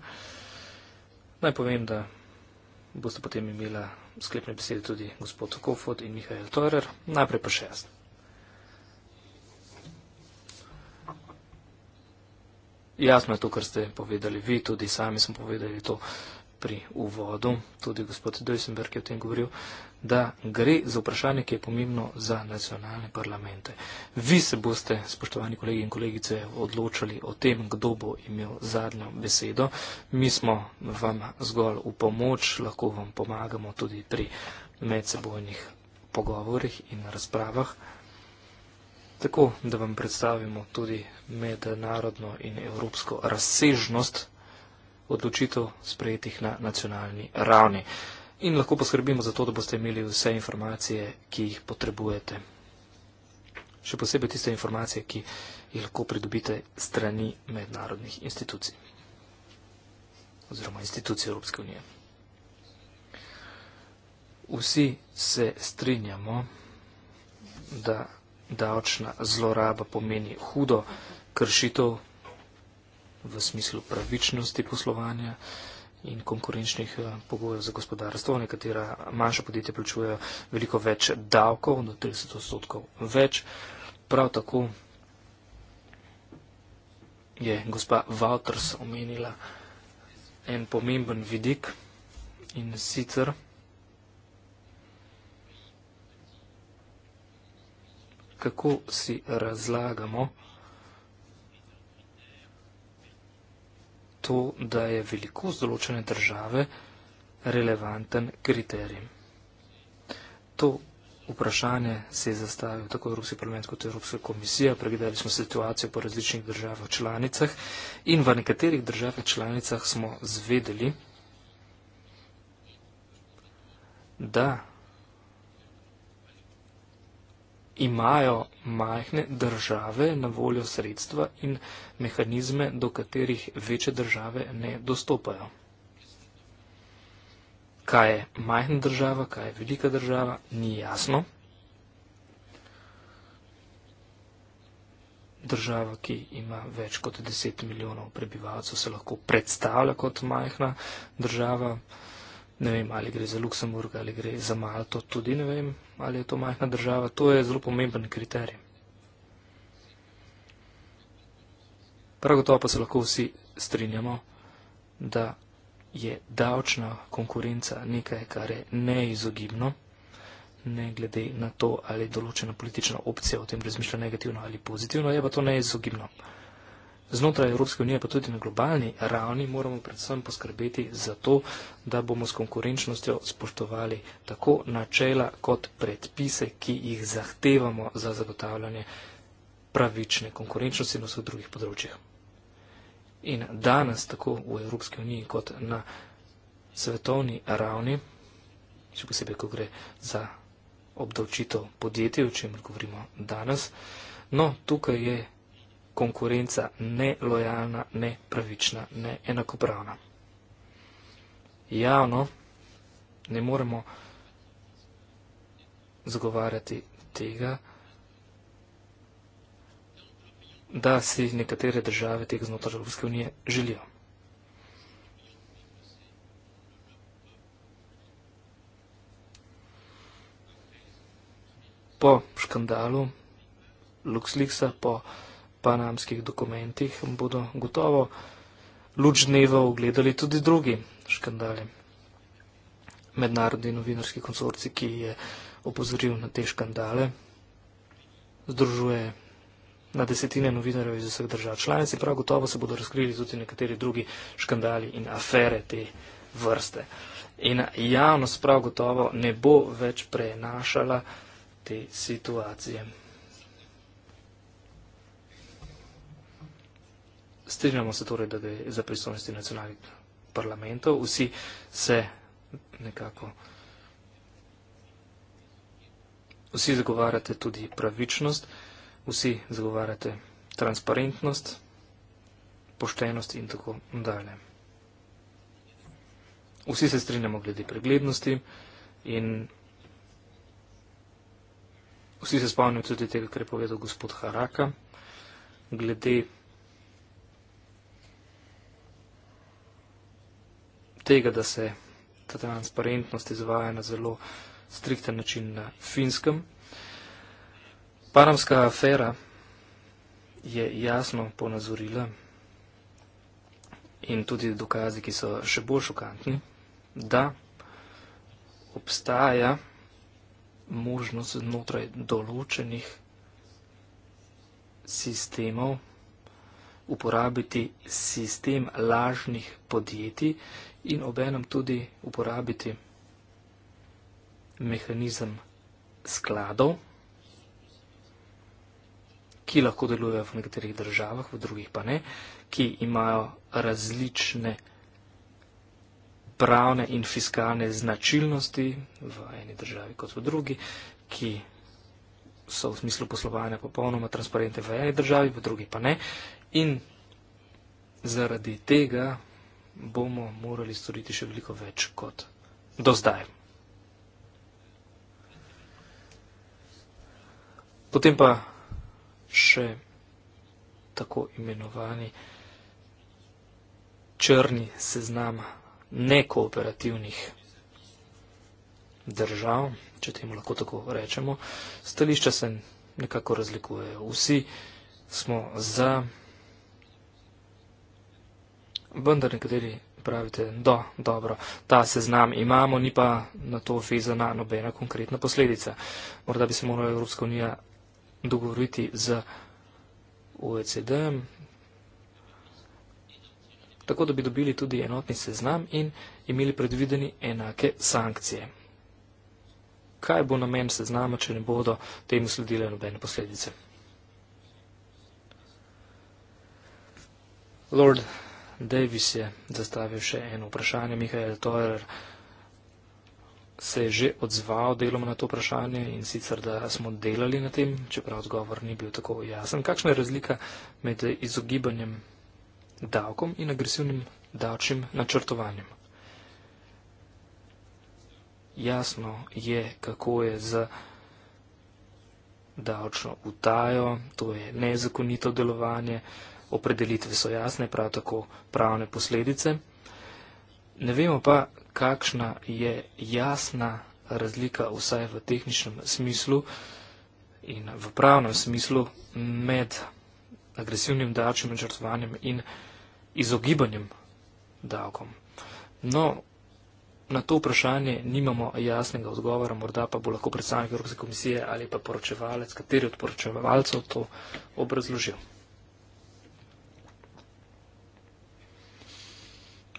Naj povem, da boste potem imela sklepne besede tudi gospod Kofod in Mihajl Torer. Najprej pa še jaz. Jasno je to, kar ste povedali vi, tudi sami smo povedali to. Uh, pri uvodu, tudi gospod Dojsenberg je o tem govoril, da gre za vprašanje, ki je pomembno za nacionalne parlamente. Vi se boste, spoštovani kolegi in kolegice, odločali o tem, kdo bo imel zadnjo besedo. Mi smo vam zgolj v pomoč, lahko vam pomagamo tudi pri medsebojnih pogovorih in razpravah. Tako, da vam predstavimo tudi mednarodno in evropsko razsežnost odločitev sprejetih na nacionalni ravni. In lahko poskrbimo za to, da boste imeli vse informacije, ki jih potrebujete. Še posebej tiste informacije, ki jih lahko pridobite strani mednarodnih institucij oziroma institucij Evropske unije. Vsi se strinjamo, da davčna zloraba pomeni hudo kršitev v smislu pravičnosti poslovanja in konkurenčnih eh, pogojev za gospodarstvo. Nekatera manjša podjetja plačujejo veliko več davkov, do 30 odstotkov več. Prav tako je gospa Walters omenila en pomemben vidik in sicer kako si razlagamo, to, da je velikost določene države relevanten kriterij. To vprašanje se je zastavil tako Evropski parlament kot Evropska komisija. Pregledali smo situacijo po različnih državah članicah in v nekaterih državah članicah smo zvedeli, da imajo majhne države na voljo sredstva in mehanizme, do katerih večje države ne dostopajo. Kaj je majhna država, kaj je velika država, ni jasno. Država, ki ima več kot 10 milijonov prebivalcev, se lahko predstavlja kot majhna država ne vem, ali gre za Luksemburg, ali gre za Malto, tudi ne vem, ali je to majhna država. To je zelo pomemben kriterij. Prav gotovo pa se lahko vsi strinjamo, da je davčna konkurenca nekaj, kar je neizogibno, ne glede na to, ali določena politična opcija o tem razmišlja negativno ali pozitivno, je pa to neizogibno znotraj Evropske unije, pa tudi na globalni ravni, moramo predvsem poskrbeti za to, da bomo s konkurenčnostjo spoštovali tako načela kot predpise, ki jih zahtevamo za zagotavljanje pravične konkurenčnosti na vseh drugih področjih. In danes, tako v Evropski uniji kot na svetovni ravni, še posebej, ko gre za obdavčitev podjetij, o čem govorimo danes, no, tukaj je konkurenca ne lojalna, ne pravična, ne enakopravna. Javno ne moremo zagovarjati tega, da si nekatere države tega znotraj Evropske unije želijo. Po škandalu LuxLeaksa, po škandalu, panamskih dokumentih bodo gotovo luč dneva ugledali tudi drugi škandali. Mednarodni novinarski konsorci, ki je opozoril na te škandale, združuje na desetine novinarjev iz vseh držav članic in prav gotovo se bodo razkrili tudi nekateri drugi škandali in afere te vrste. In javnost prav gotovo ne bo več prenašala te situacije. Strinjamo se torej, da gre za pristojnosti nacionalnih parlamentov. Vsi se nekako. Vsi zagovarjate tudi pravičnost, vsi zagovarjate transparentnost, poštenost in tako dalje. Vsi se strinjamo glede preglednosti in vsi se spomnimo tudi tega, kar je povedal gospod Haraka, glede tega, da se ta transparentnost izvaja na zelo strikten način na finskem. Panamska afera je jasno ponazorila in tudi dokazi, ki so še bolj šokantni, da obstaja možnost znotraj določenih sistemov uporabiti sistem lažnih podjetij, in obenem tudi uporabiti mehanizem skladov, ki lahko delujejo v nekaterih državah, v drugih pa ne, ki imajo različne pravne in fiskalne značilnosti v eni državi kot v drugi, ki so v smislu poslovanja popolnoma transparente v eni državi, v drugi pa ne. In zaradi tega bomo morali storiti še veliko več kot do zdaj. Potem pa še tako imenovani črni seznam nekooperativnih držav, če temu lahko tako rečemo. Stališča se nekako razlikujejo. Vsi smo za vendar nekateri pravite, da dobro, ta seznam imamo, ni pa na to vezana nobena konkretna posledica. Morda bi se morala Evropska unija dogovoriti z OECD, tako da bi dobili tudi enotni seznam in imeli predvideni enake sankcije. Kaj bo namen seznama, če ne bodo temu sledile nobene posledice? Lord Davis je zastavil še eno vprašanje. Mihajl Torer se je že odzval deloma na to vprašanje in sicer, da smo delali na tem, čeprav odgovor ni bil tako jasen. Kakšna je razlika med izogibanjem davkom in agresivnim davčnim načrtovanjem? Jasno je, kako je z davčno utajo, to je nezakonito delovanje opredelitve so jasne, prav tako pravne posledice. Ne vemo pa, kakšna je jasna razlika, vsaj v tehničnem smislu in v pravnem smislu, med agresivnim davčnim načrtovanjem in izogibanjem davkom. No, na to vprašanje nimamo jasnega odgovora, morda pa bo lahko predstavnik Evropske komisije ali pa poročevalec, kateri od poročevalcev to obrazložil.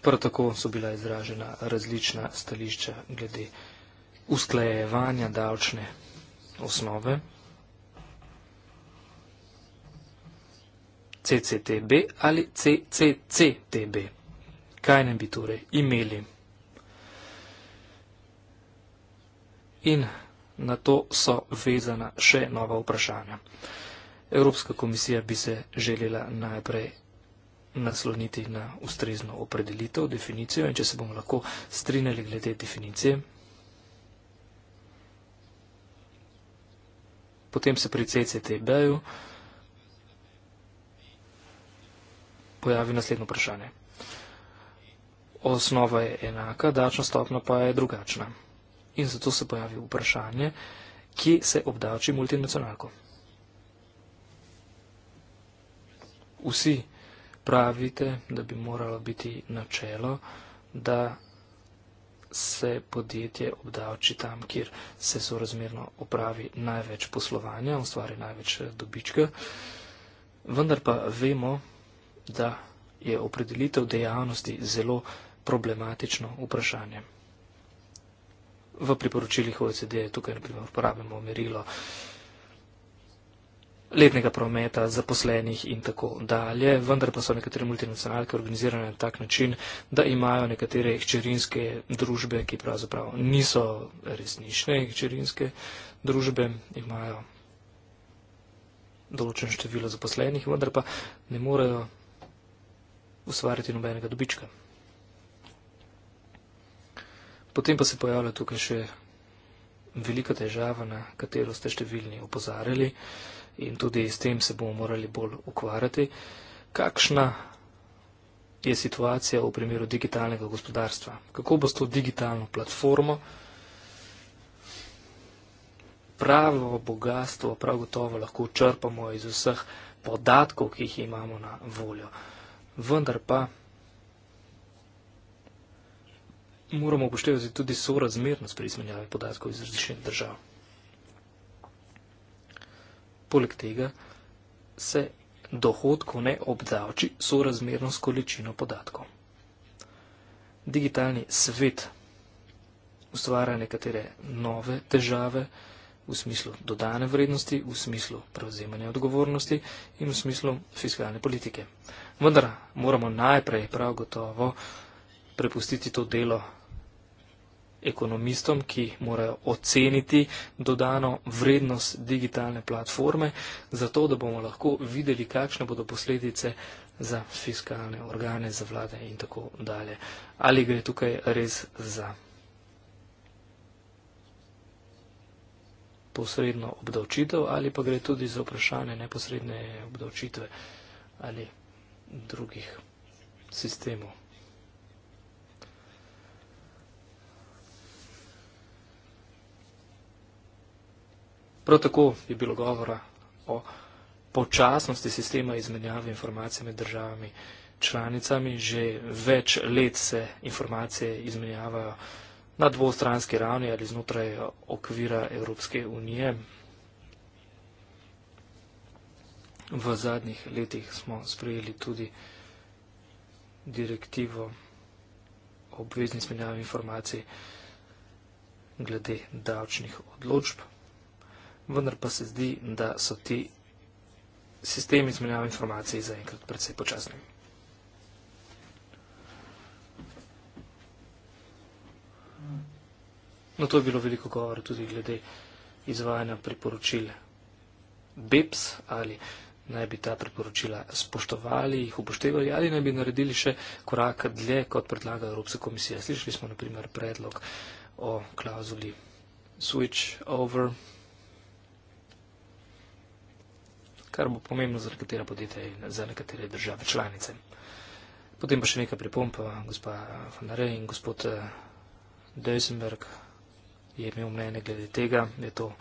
Prav tako so bila izražena različna stališča glede usklajevanja davčne osnove. CCTB ali CCCTB. Kaj ne bi torej imeli? In na to so vezana še nova vprašanja. Evropska komisija bi se želela najprej nasloniti na ustrezno opredelitev, definicijo in če se bomo lahko strinjali glede definicije, potem se pri CCTB-ju pojavi naslednje vprašanje. Osnova je enaka, davčna stopna pa je drugačna. In zato se pojavi vprašanje, kje se obdavči multinacionalko. Vsi pravite, da bi moralo biti načelo, da se podjetje obdavči tam, kjer se sorazmerno opravi največ poslovanja, ustvari največ eh, dobička. Vendar pa vemo, da je opredelitev dejavnosti zelo problematično vprašanje. V priporočilih OECD je tukaj, na primer, uporabljamo merilo letnega prometa, zaposlenih in tako dalje. Vendar pa so nekatere multinacionalke organizirane na tak način, da imajo nekatere hčerinske družbe, ki pravzaprav niso resnične hčerinske družbe, imajo določen število zaposlenih, vendar pa ne morejo ustvariti nobenega dobička. Potem pa se pojavlja tukaj še velika težava, na katero ste številni opozarjali. Uh, in tudi s tem se bomo morali bolj ukvarjati. Kakšna je situacija v primeru digitalnega gospodarstva? Kako bo s to digitalno platformo pravo bogatstvo, prav gotovo lahko črpamo iz vseh podatkov, ki jih imamo na voljo. Vendar pa moramo upoštevati tudi sorazmernost pri izmenjavi podatkov iz različnih držav. Poleg tega se dohodkov ne obdavči sorazmerno s količino podatkov. Digitalni svet ustvarja nekatere nove težave v smislu dodane vrednosti, v smislu prevzemanja odgovornosti in v smislu fiskalne politike. Vendar moramo najprej prav gotovo prepustiti to delo ekonomistom, ki morajo oceniti dodano vrednost digitalne platforme, zato da bomo lahko videli, kakšne bodo posledice za fiskalne organe, za vlade in tako dalje. Ali gre tukaj res za posredno obdavčitev ali pa gre tudi za vprašanje neposredne obdavčitve ali drugih sistemov. Prav tako je bilo govora o počasnosti sistema izmenjave informacij med državami članicami. Že več let se informacije izmenjavajo na dvostranski ravni ali znotraj okvira Evropske unije. V zadnjih letih smo sprejeli tudi direktivo o obvezni izmenjavi informacij glede davčnih odločb vendar pa se zdi, da so ti sistemi izmenjave informacij zaenkrat precej počasni. No, to je bilo veliko govora tudi glede izvajanja priporočil BEPS ali naj bi ta priporočila spoštovali, jih upoštevali ali naj bi naredili še korak dlje, kot predlaga Evropska komisija. Slišali smo naprimer predlog o klauzuli switch over. kar bo pomembno za nekatera podjetja in za nekatere države članice. Potem pa še nekaj pripomp, eh, gospa Fandare in gospod eh, Deisenberg je imel mnenje glede tega, je to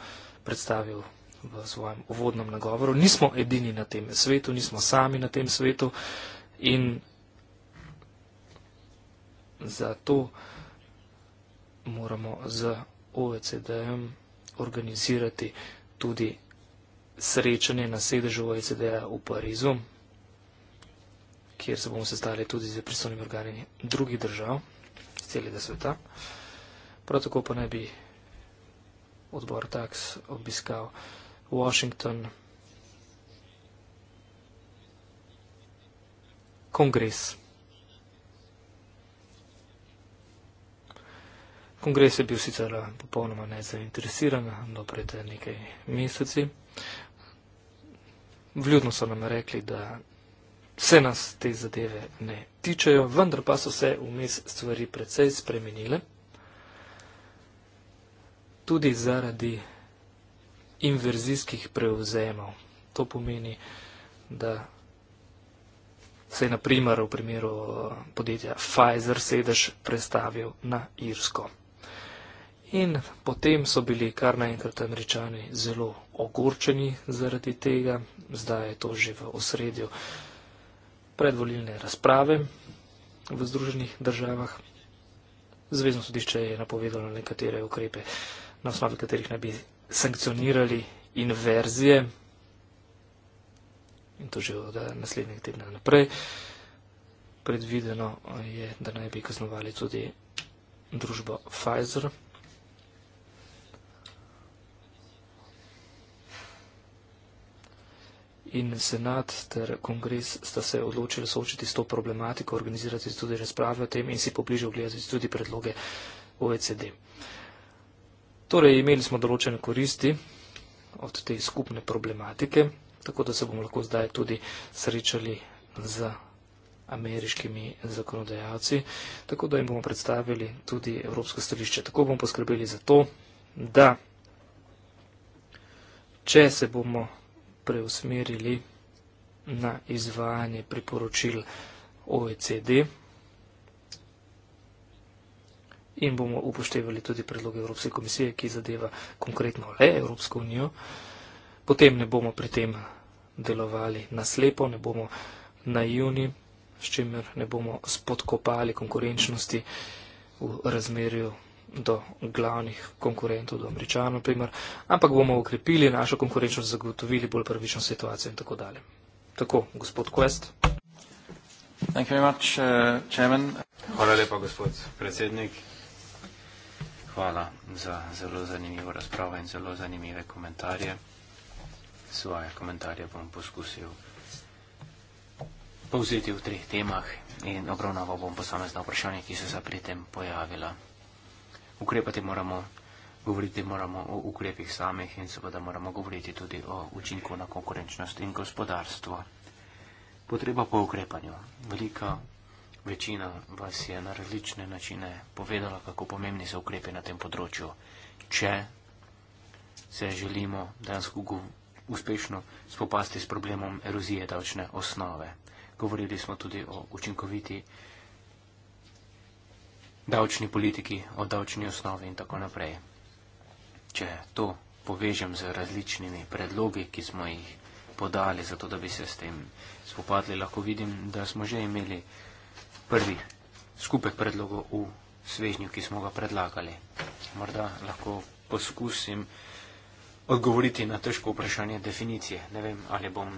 predstavil v svojem uvodnem nagovoru. Nismo edini na tem svetu, nismo sami na tem svetu in zato moramo z OECD-jem organizirati tudi srečanje na sedežu OECD-a v Parizu, kjer se bomo sestali tudi z pristojnimi organi drugih držav iz celega sveta. Prav tako pa naj bi odbor tax obiskal Washington, kongres. Kongres je bil sicer popolnoma nezainteresiran, dopred no, nekaj meseci vljudno so nam rekli, da se nas te zadeve ne tičejo, vendar pa so se vmes stvari precej spremenile, tudi zaradi inverzijskih prevzemov. To pomeni, da se je na primer v primeru podjetja Pfizer sedež prestavil na Irsko. In potem so bili kar naenkrat američani zelo ogorčeni zaradi tega, zdaj je to že v osredju predvolilne razprave v Združenih državah. Zvezdno sodišče je napovedalo nekatere ukrepe, na osnovi katerih naj bi sankcionirali inverzije in to že od naslednjega tedna naprej. Predvideno je, da naj bi kaznovali tudi družbo Pfizer. in senat ter kongres sta se odločili soočiti s to problematiko, organizirati tudi razprave o tem in si pobliže ogledati tudi predloge OECD. Torej, imeli smo določene koristi od te skupne problematike, tako da se bomo lahko zdaj tudi srečali z ameriškimi zakonodajalci, tako da jim bomo predstavili tudi evropsko stališče. Tako bomo poskrbeli za to, da če se bomo preusmerili na izvajanje priporočil OECD in bomo upoštevali tudi predloge Evropske komisije, ki zadeva konkretno le Evropsko unijo. Potem ne bomo pri tem delovali naslepo, ne bomo naivni, s čimer ne bomo spodkopali konkurenčnosti v razmerju do glavnih konkurentov, do američanov, naprimer, ampak bomo ukrepili našo konkurenčnost, zagotovili bolj pravično situacijo in tako dalje. Tako, gospod Quest. Much, uh, Hvala lepa, gospod predsednik. Hvala za zelo zanimivo razpravo in zelo zanimive komentarje. Svoje komentarje bom poskusil povzeti v treh temah in obravnaval bom posamezna vprašanja, ki so se pri tem pojavila ukrepati moramo, govoriti moramo o ukrepih samih in seveda moramo govoriti tudi o učinku na konkurenčnost in gospodarstvo. Potreba po ukrepanju. Velika večina vas je na različne načine povedala, kako pomembni so ukrepi na tem področju. Če se želimo danes uspešno spopasti s problemom erozije davčne osnove. Govorili smo tudi o učinkoviti davčni politiki, o davčni osnovi in tako naprej. Če to povežem z različnimi predlogi, ki smo jih podali, zato da bi se s tem spopadli, lahko vidim, da smo že imeli prvi skupek predlogov v svežnju, ki smo ga predlagali. Morda lahko poskusim odgovoriti na težko vprašanje definicije. Ne vem, ali bom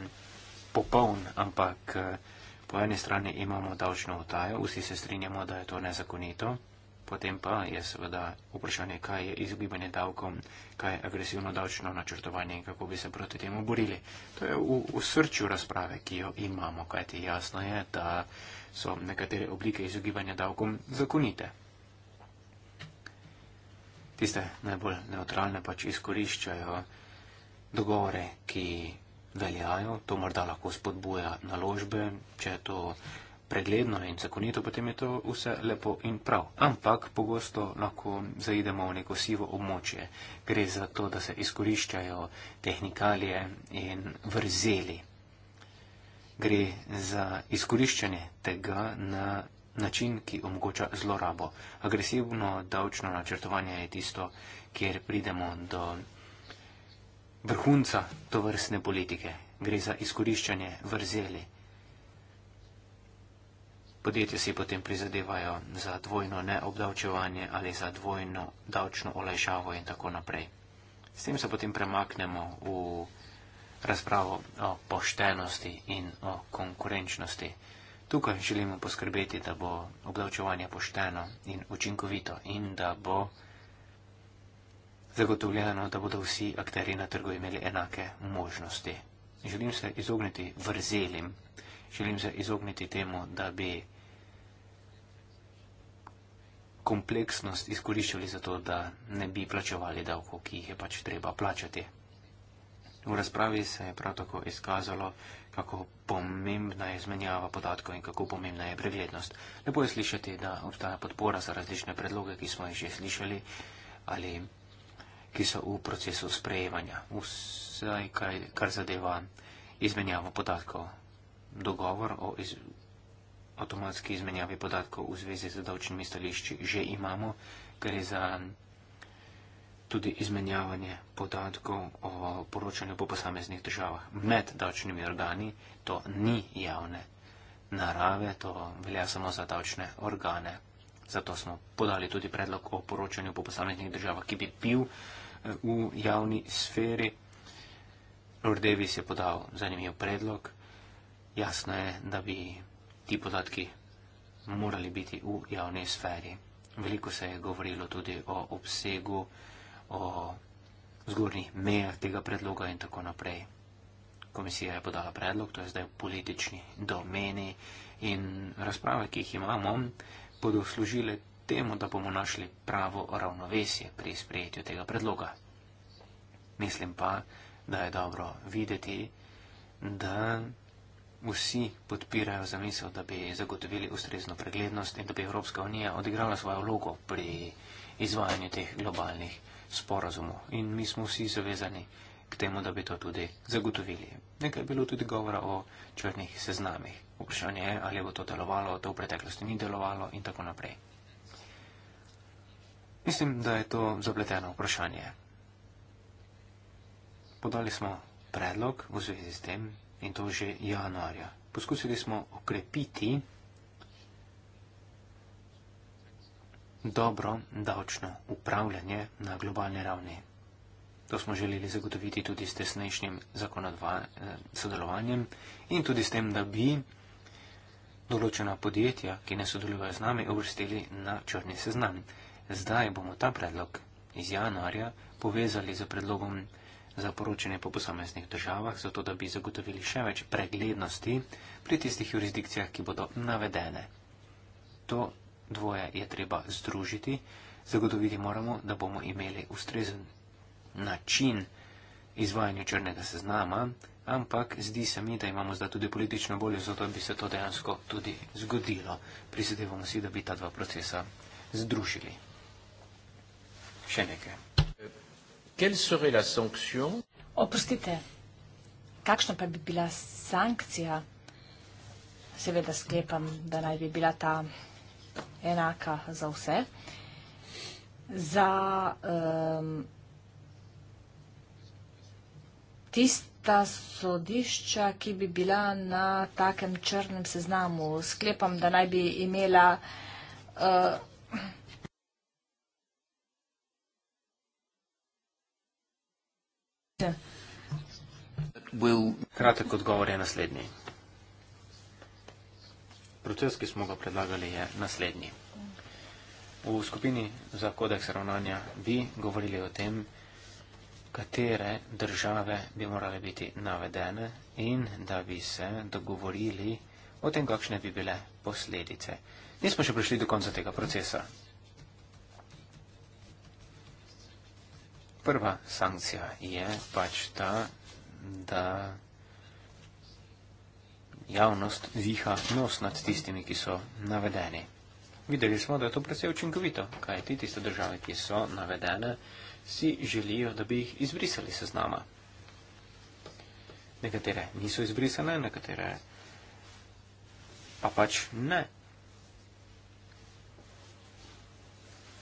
popoln, ampak. Uh, Po eni strani imamo davčno utajo, vsi se strinjamo, da je to nezakonito, potem pa je seveda vprašanje, kaj je izogibanje davkom, kaj je agresivno davčno načrtovanje in kako bi se proti temu borili. To je v, v srču razprave, ki jo imamo, kajti jasno je, da so nekatere oblike izogibanja davkom zakonite. Tiste najbolj neutralne pač izkoriščajo dogovore, ki veljajo, to morda lahko spodbuja naložbe, če je to pregledno in zakonito, potem je to vse lepo in prav. Ampak pogosto lahko zaidemo v neko sivo območje. Gre za to, da se izkoriščajo tehnikalije in vrzeli. Gre za izkoriščanje tega na način, ki omogoča zlorabo. Agresivno davčno načrtovanje je tisto, kjer pridemo do vrhunca to vrstne politike. Gre za izkoriščanje vrzeli. Podjetje si potem prizadevajo za dvojno neobdavčevanje ali za dvojno davčno olajšavo in tako naprej. S tem se potem premaknemo v razpravo o poštenosti in o konkurenčnosti. Tukaj želimo poskrbeti, da bo obdavčevanje pošteno in učinkovito in da bo zagotovljeno, da bodo vsi akteri na trgu imeli enake možnosti. Želim se izogniti vrzelim, želim se izogniti temu, da bi kompleksnost izkoriščali za to, da ne bi plačevali davko, ki jih je pač treba plačati. V razpravi se je prav tako izkazalo, kako pomembna je izmenjava podatkov in kako pomembna je preglednost. Lepo je slišati, da obstaja podpora za različne predloge, ki smo jih že slišali ali ki so v procesu sprejevanja, vsaj kaj, kar zadeva izmenjavo podatkov. Dogovor o iz, avtomatski izmenjavi podatkov v zvezi z davčnimi stališči že imamo, ker je za tudi izmenjavanje podatkov o poročanju po posameznih državah med davčnimi organi, to ni javne narave, to velja samo za davčne organe. Zato smo podali tudi predlog o poročanju po posameznih državah, ki bi bil v javni sferi. Lord Davis je podal zanimiv predlog. Jasno je, da bi ti podatki morali biti v javni sferi. Veliko se je govorilo tudi o obsegu, o zgornjih mejah tega predloga in tako naprej. Komisija je podala predlog, to je zdaj v politični domeni in razprave, ki jih imamo, bodo služile temu, da bomo našli pravo ravnovesje pri sprejetju tega predloga. Mislim pa, da je dobro videti, da vsi podpirajo zamisel, da bi zagotovili ustrezno preglednost in da bi Evropska unija odigrala svojo vlogo pri izvajanju teh globalnih sporazumov. In mi smo vsi zavezani k temu, da bi to tudi zagotovili. Nekaj je bilo tudi govora o črnih seznamih. Vprašanje je, ali bo to delovalo, to v preteklosti ni delovalo in tako naprej. Mislim, da je to zapleteno vprašanje. Podali smo predlog v zvezi s tem in to že januarja. Poskusili smo okrepiti dobro davčno upravljanje na globalni ravni. To smo želeli zagotoviti tudi s tesnejšim eh, sodelovanjem in tudi s tem, da bi določena podjetja, ki ne sodelujejo z nami, uvrstili na črni seznam. Zdaj bomo ta predlog iz januarja povezali z predlogom za poročanje po posameznih državah, zato da bi zagotovili še več preglednosti pri tistih jurisdikcijah, ki bodo navedene. To dvoje je treba združiti, zagotoviti moramo, da bomo imeli ustrezen način izvajanja črnega seznama, ampak zdi se mi, da imamo zdaj tudi politično voljo, zato da bi se to dejansko tudi zgodilo. Prisedevamo si, da bi ta dva procesa združili. Šeneke. Kel sore la sankcion? Oprostite, kakšna pa bi bila sankcija? Seveda sklepam, da naj bi bila ta enaka za vse. Za um, tista sodišča, ki bi bila na takem črnem seznamu, sklepam, da naj bi imela uh, Kratek odgovor je naslednji. Proces, ki smo ga predlagali, je naslednji. V skupini za kodeks ravnanja bi govorili o tem, katere države bi morale biti navedene in da bi se dogovorili o tem, kakšne bi bile posledice. Nismo še prišli do konca tega procesa. prva sankcija je pač ta, da javnost viha nos nad tistimi, ki so navedeni. Videli smo, da je to precej učinkovito, kaj ti tiste države, ki so navedene, si želijo, da bi jih izbrisali se z nama. Nekatere niso izbrisane, nekatere pa pač ne.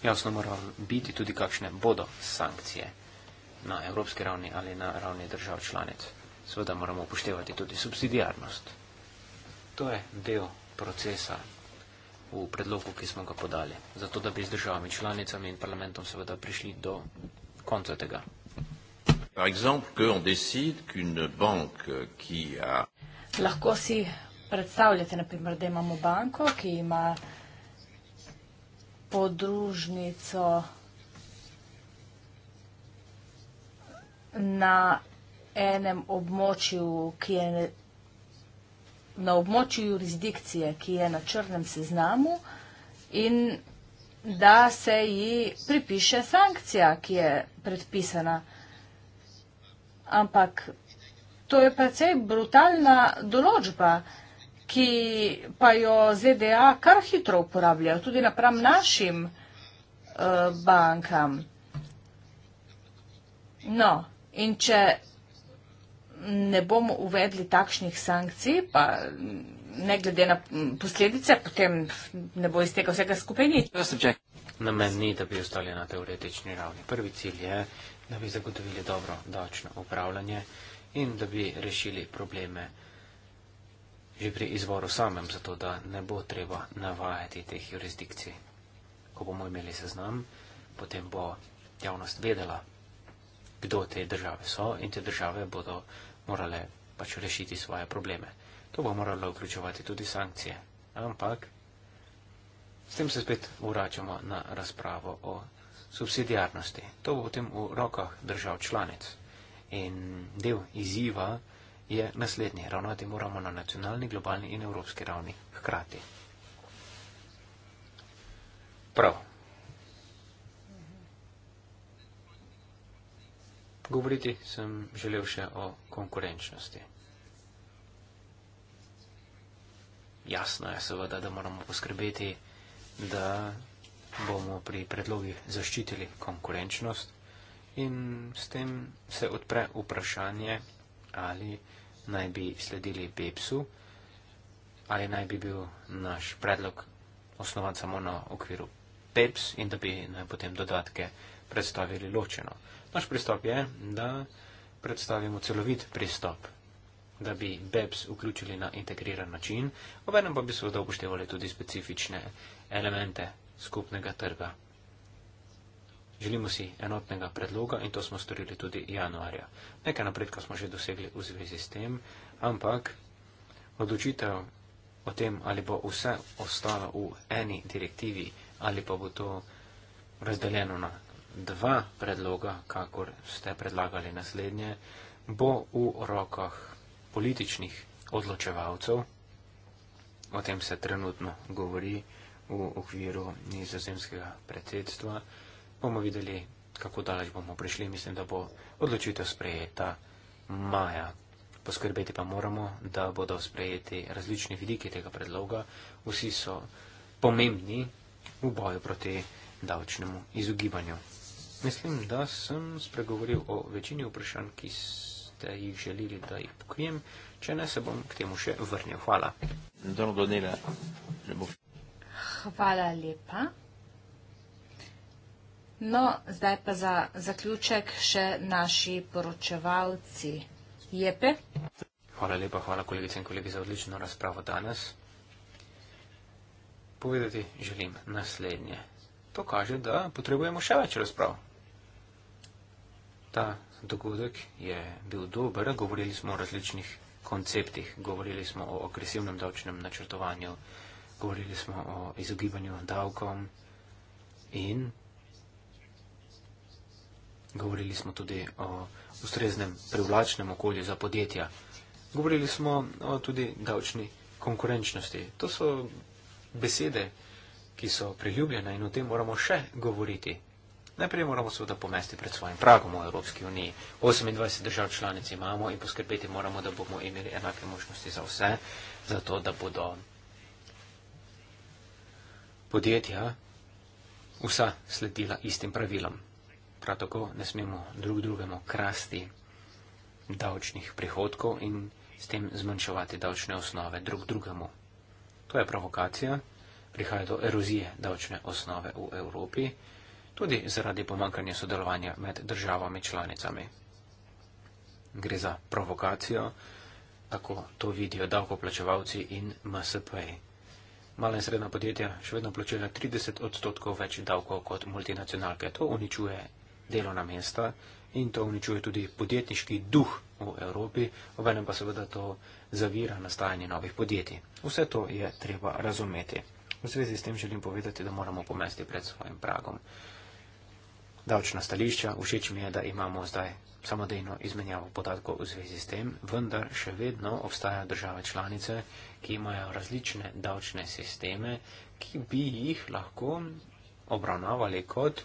jasno mora biti tudi, kakšne bodo sankcije na evropski ravni ali na ravni držav članic. Seveda moramo upoštevati tudi subsidijarnost. To je del procesa v predlogu, ki smo ga podali, zato da bi z državami članicami in parlamentom seveda prišli do konca tega. Lahko si predstavljate, naprimer, da imamo banko, ki ima podružnico na enem območju, ki je na območju jurisdikcije, ki je na črnem seznamu in da se ji pripiše sankcija, ki je predpisana. Ampak to je precej brutalna določba ki pa jo ZDA kar hitro uporabljajo, tudi napram našim uh, bankam. No, in če ne bomo uvedli takšnih sankcij, pa ne glede na posledice, potem ne bo iz tega vsega skupaj nič. Namen ni, da bi ostali na teoretični ravni. Prvi cilj je, da bi zagotovili dobro davčno upravljanje in da bi rešili probleme že pri izvoru samem, zato da ne bo treba navajati teh jurisdikcij. Ko bomo imeli seznam, potem bo javnost vedela, kdo te države so in te države bodo morale pač rešiti svoje probleme. To bo moralo vključevati tudi sankcije. Ampak s tem se spet vračamo na razpravo o subsidijarnosti. To bo potem v rokah držav članic. In del izziva, je naslednji. Ravnati moramo na nacionalni, globalni in evropski ravni hkrati. Prav. Govoriti sem želel še o konkurenčnosti. Jasno je seveda, da moramo poskrbeti, da bomo pri predlogih zaščitili konkurenčnost in s tem se odpre vprašanje ali naj bi sledili Pepsu, ali naj bi bil naš predlog osnovan samo na okviru Peps in da bi naj potem dodatke predstavili ločeno. Naš pristop je, da predstavimo celovit pristop, da bi Peps vključili na integriran način, obenem pa bi seveda upoštevali tudi specifične elemente skupnega trga. Želimo si enotnega predloga in to smo storili tudi januarja. Nekaj napredka smo že dosegli v zvezi s tem, ampak odločitev o tem, ali bo vse ostalo v eni direktivi ali pa bo to razdeljeno na dva predloga, kakor ste predlagali naslednje, bo v rokah političnih odločevalcev. O tem se trenutno govori v okviru nizozemskega predsedstva bomo videli, kako daleč bomo prišli. Mislim, da bo odločitev sprejeta maja. Poskrbeti pa moramo, da bodo sprejeti različni vidiki tega predloga. Vsi so pomembni v boju proti davčnemu izogibanju. Mislim, da sem spregovoril o večini vprašanj, ki ste jih želili, da jih pokrijem. Če ne, se bom k temu še vrnil. Hvala. Hvala lepa. No, zdaj pa za zaključek še naši poročevalci. Jepe. Hvala lepa, hvala kolegice in kolegi za odlično razpravo danes. Povedati želim naslednje. To kaže, da potrebujemo še več razprav. Ta dogodek je bil dober, govorili smo o različnih konceptih, govorili smo o agresivnem davčnem načrtovanju, govorili smo o izogibanju davkom in Govorili smo tudi o ustreznem privlačnem okolju za podjetja. Govorili smo o tudi davčni konkurenčnosti. To so besede, ki so priljubljene in o tem moramo še govoriti. Najprej moramo seveda pomesti pred svojim pragom v Evropski uniji. 28 držav članic imamo in poskrbeti moramo, da bomo imeli enake možnosti za vse, zato da bodo podjetja vsa sledila istim pravilom prav tako ne smemo drug drugemu krasti davčnih prihodkov in s tem zmanjševati davčne osnove drug drugemu. To je provokacija, prihaja do erozije davčne osnove v Evropi, tudi zaradi pomankanja sodelovanja med državami članicami. Gre za provokacijo, tako to vidijo davkoplačevalci in MSP. Mala in sredna podjetja še vedno plačujejo 30 odstotkov več davkov kot multinacionalke. To uničuje delovna mesta in to uničuje tudi podjetniški duh v Evropi, obenem pa seveda to zavira nastajanje novih podjetij. Vse to je treba razumeti. V zvezi s tem želim povedati, da moramo pomesti pred svojim pragom. Davčna stališča, všeč mi je, da imamo zdaj samodejno izmenjavo podatkov v zvezi s tem, vendar še vedno obstajajo države članice, ki imajo različne davčne sisteme, ki bi jih lahko obravnavali kot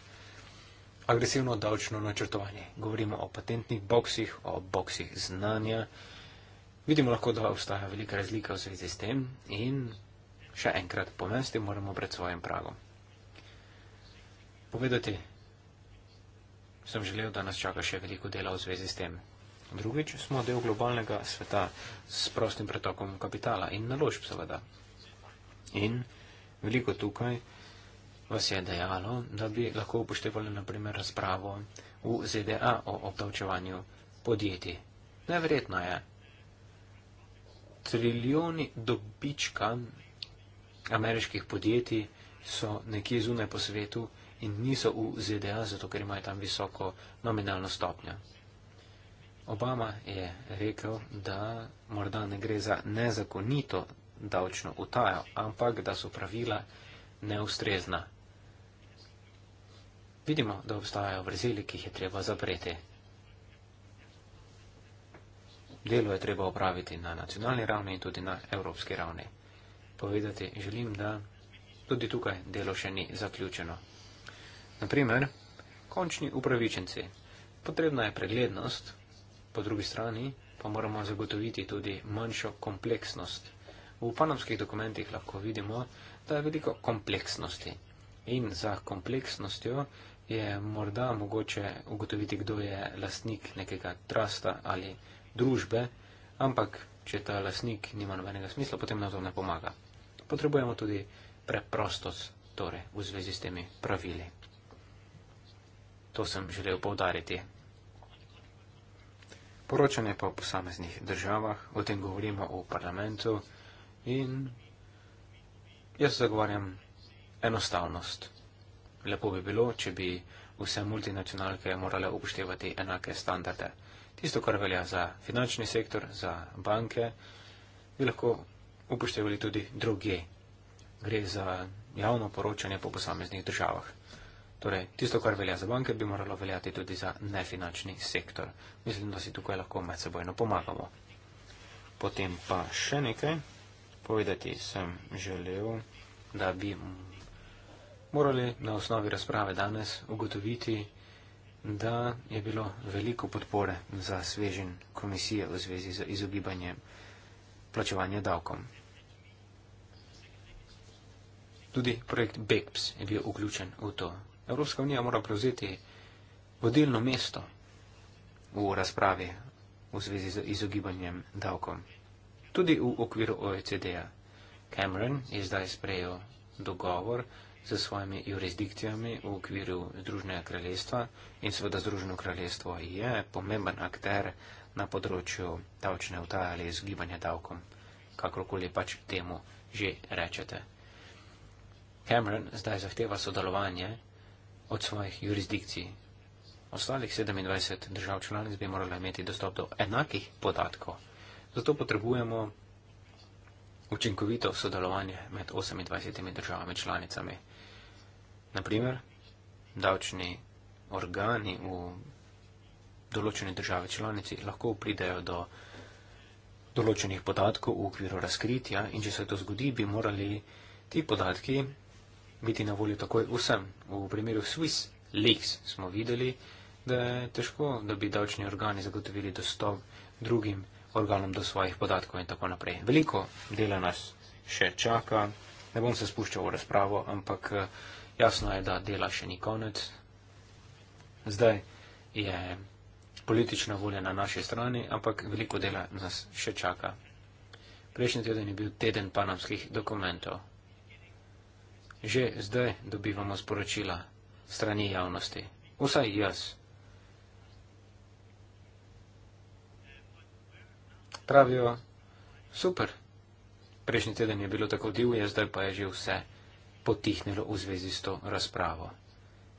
agresivno davčno načrtovanje. Govorimo o patentnih boksih, o boksih znanja. Vidimo lahko, da obstaja velika razlika v zvezi s tem in še enkrat pomesti moramo pred svojim pragom. Povedati sem želel, da nas čaka še veliko dela v zvezi s tem. Drugič smo del globalnega sveta s prostim pretokom kapitala in naložb seveda. In veliko tukaj vas je dejalo, da bi lahko upoštevali naprimer razpravo v ZDA o obdavčevanju podjetij. Neverjetno je. Triljoni dobička ameriških podjetij so nekje zunaj po svetu in niso v ZDA, zato ker imajo tam visoko nominalno stopnjo. Obama je rekel, da morda ne gre za nezakonito davčno utajo, ampak da so pravila neustrezna vidimo, da obstajajo vrzeli, ki jih je treba zapreti. Delo je treba opraviti na nacionalni ravni in tudi na evropski ravni. Povedati želim, da tudi tukaj delo še ni zaključeno. Naprimer, končni upravičenci. Potrebna je preglednost, po drugi strani pa moramo zagotoviti tudi manjšo kompleksnost. V panamskih dokumentih lahko vidimo, da je veliko kompleksnosti. In za kompleksnostjo je morda mogoče ugotoviti, kdo je lastnik nekega trusta ali družbe, ampak če ta lastnik nima nobenega smisla, potem nam to ne pomaga. Potrebujemo tudi preprostost, torej v zvezi s temi pravili. To sem želel povdariti. Poročanje pa po posameznih državah, o tem govorimo v parlamentu in jaz zagovarjam enostavnost lepo bi bilo, če bi vse multinacionalke morale upoštevati enake standarde. Tisto, kar velja za finančni sektor, za banke, bi lahko upoštevali tudi druge. Gre za javno poročanje po posameznih državah. Torej, tisto, kar velja za banke, bi moralo veljati tudi za nefinančni sektor. Mislim, da si tukaj lahko med sebojno pomagamo. Potem pa še nekaj. Povedati sem želel, da bi morali na osnovi razprave danes ugotoviti, da je bilo veliko podpore za svežen komisije v zvezi z izogibanjem plačevanja davkom. Tudi projekt BEPS je bil vključen v to. Evropska unija mora prevzeti vodilno mesto v razpravi v zvezi z izogibanjem davkom. Tudi v okviru OECD-a. Cameron je zdaj sprejel dogovor, z svojimi jurisdikcijami v okviru Združenega kraljestva in seveda Združeno kraljestvo je pomemben akter na področju davčne utaje ali izgibanja davkom, kakorkoli pač temu že rečete. Cameron zdaj zahteva sodelovanje od svojih jurisdikcij. Ostalih 27 držav članic bi morala imeti dostop do enakih podatkov. Zato potrebujemo učinkovito sodelovanje med 28 državami članicami. Naprimer, davčni organi v določeni državi članici lahko pridejo do določenih podatkov v okviru razkritja in če se to zgodi, bi morali ti podatki biti na voljo takoj vsem. V primeru Swiss Leaks smo videli, da je težko, da bi davčni organi zagotovili dostop drugim organom do svojih podatkov in tako naprej. Veliko dela nas še čaka, ne bom se spuščal v razpravo, ampak uh, Jasno je, da dela še ni konec. Zdaj je politična volja na naši strani, ampak veliko dela nas še čaka. Prejšnji teden je bil teden panamskih dokumentov. Že zdaj dobivamo sporočila strani javnosti. Vsaj jaz. Pravijo, super. Prejšnji teden je bilo tako divje, zdaj pa je že vse potihnilo v zvezi s to razpravo.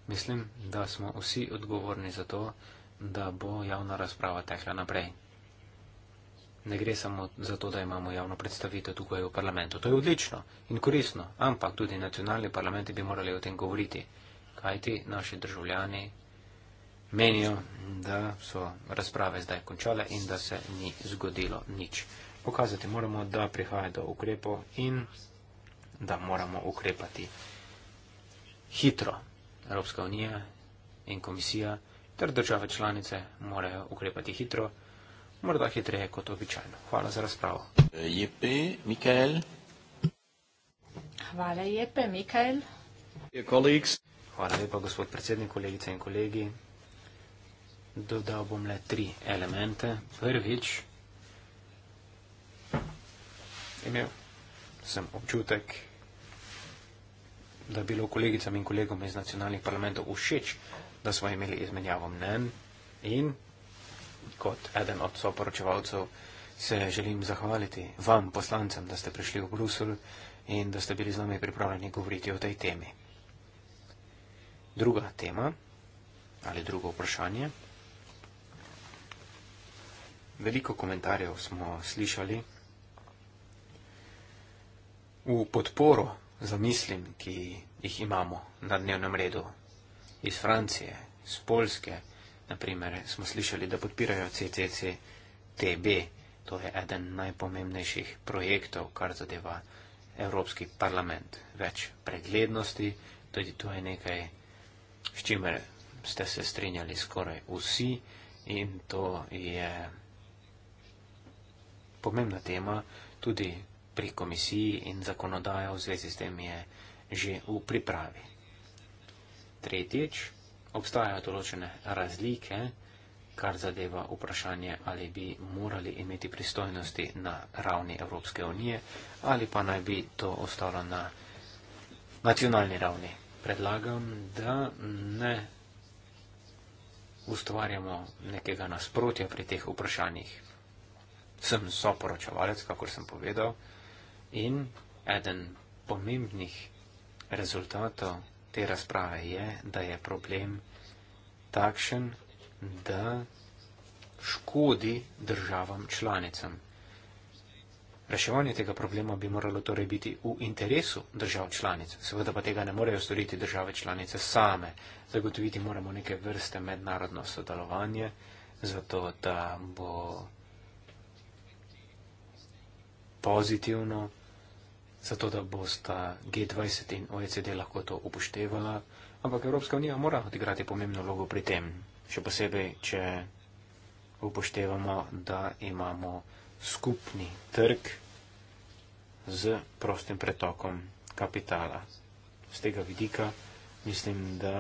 Mislim, da smo vsi odgovorni za to, da bo javna razprava tekla naprej. Ne gre samo za to, da imamo javno predstavitev tukaj v parlamentu. To je odlično in korisno, ampak tudi nacionalni parlamenti bi morali o tem govoriti, kajti naši državljani menijo, da so razprave zdaj končale in da se ni zgodilo nič. Pokazati moramo, da prihaja do ukrepov in da moramo ukrepati hitro. Evropska unija in komisija ter države članice morajo ukrepati hitro, morda hitreje kot običajno. Hvala za razpravo. Jepe, Mikael. Hvala, Jepe, Mikael. Je Hvala lepa, gospod predsednik, kolegice in kolegi. Dodal bom le tri elemente. Prvič, imel sem občutek, da je bilo kolegicam in kolegom iz nacionalnih parlamentov všeč, da smo imeli izmenjavo mnen in kot eden od soporočevalcev se želim zahvaliti vam, poslancem, da ste prišli v Brusel in da ste bili z nami pripravljeni govoriti o tej temi. Druga tema ali drugo vprašanje. Veliko komentarjev smo slišali v podporo zamislim, ki jih imamo na dnevnem redu iz Francije, iz Polske, naprimer, smo slišali, da podpirajo CCCTB, to je eden najpomembnejših projektov, kar zadeva Evropski parlament. Več preglednosti, tudi to je nekaj, s čimer ste se strinjali skoraj vsi in to je pomembna tema, tudi pri komisiji in zakonodaja v zvezi s tem je že v pripravi. Tretjič, obstajajo določene razlike, kar zadeva vprašanje, ali bi morali imeti pristojnosti na ravni Evropske unije ali pa naj bi to ostalo na nacionalni ravni. Predlagam, da ne ustvarjamo nekega nasprotja pri teh vprašanjih. Sem soporočevalec, kakor sem povedal. In eden pomembnih rezultatov te razprave je, da je problem takšen, da škodi državam članicam. Reševanje tega problema bi moralo torej biti v interesu držav članic. Seveda pa tega ne morejo storiti države članice same. Zagotoviti moramo neke vrste mednarodno sodelovanje, zato da bo pozitivno zato da bosta G20 in OECD lahko to upoštevala, ampak Evropska unija mora odigrati pomembno vlogo pri tem, še posebej, če upoštevamo, da imamo skupni trg z prostim pretokom kapitala. Z tega vidika mislim, da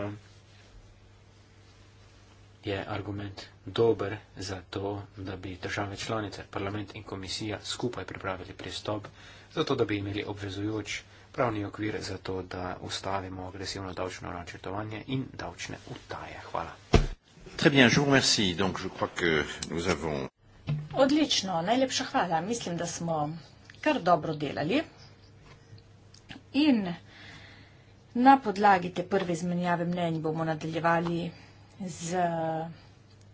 je argument dober za to, da bi države članice, parlament in komisija skupaj pripravili pristop, zato da bi imeli obvezujoč pravni okvir za to, da ustavimo agresivno davčno načrtovanje in davčne utaje. Hvala. Odlično, najlepša hvala. Mislim, da smo kar dobro delali. In na podlagi te prve izmenjave mnenj bomo nadaljevali z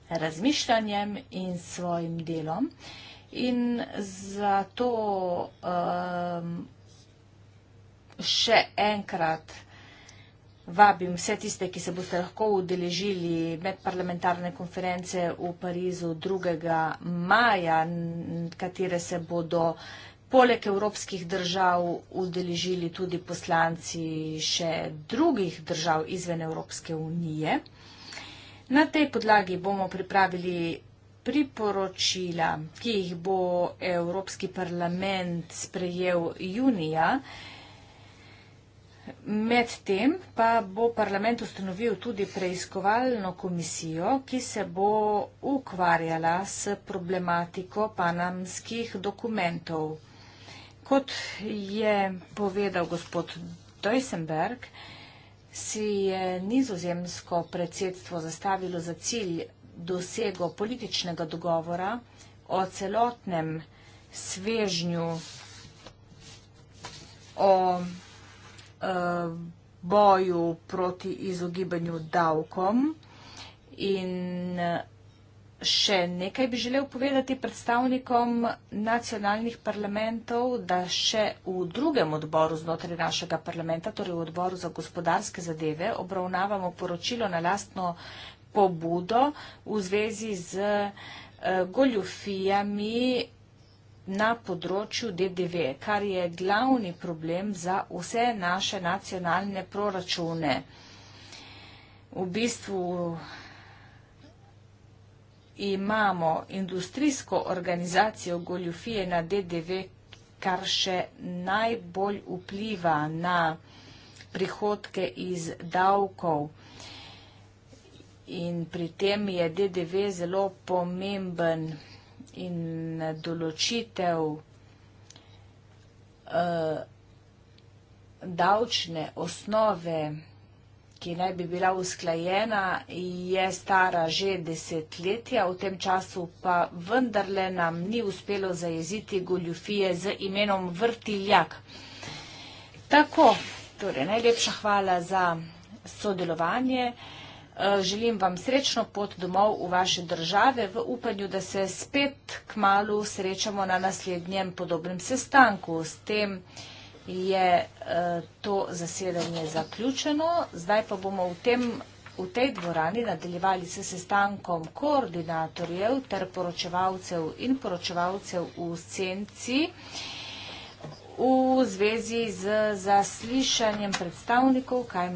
razmišljanjem in svojim delom in zato um, še enkrat vabim vse tiste, ki se boste lahko udeležili medparlamentarne konference v Parizu 2. maja, katere se bodo poleg evropskih držav udeležili tudi poslanci še drugih držav izven Evropske unije. Na tej podlagi bomo pripravili priporočila, ki jih bo Evropski parlament sprejel junija. Medtem pa bo parlament ustanovil tudi preiskovalno komisijo, ki se bo ukvarjala s problematiko panamskih dokumentov. Kot je povedal gospod Deusenberg, si je nizozemsko predsedstvo zastavilo za cilj dosego političnega dogovora o celotnem svežnju o eh, boju proti izogibanju davkom in eh, še nekaj bi želel povedati predstavnikom nacionalnih parlamentov, da še v drugem odboru znotraj našega parlamenta, torej v odboru za gospodarske zadeve, obravnavamo poročilo na lastno pobudo v zvezi z eh, goljufijami na področju DDV, kar je glavni problem za vse naše nacionalne proračune. V bistvu imamo industrijsko organizacijo goljufije na DDV, kar še najbolj vpliva na prihodke iz davkov. In pri tem je DDV zelo pomemben in določitev uh, davčne osnove, ki naj bi bila usklajena, je stara že desetletja, v tem času pa vendarle nam ni uspelo zajeziti goljufije z imenom Vrtiljak. Tako, torej, najlepša hvala za sodelovanje. Eh, želim vam srečno pot domov v vaše države v upanju, da se spet k malu srečamo na naslednjem podobnem sestanku. S tem je eh, to zasedanje zaključeno. Zdaj pa bomo v, tem, v tej dvorani nadaljevali se sestankom koordinatorjev ter poročevalcev in poročevalcev v senci v zvezi z zaslišanjem predstavnikov, kaj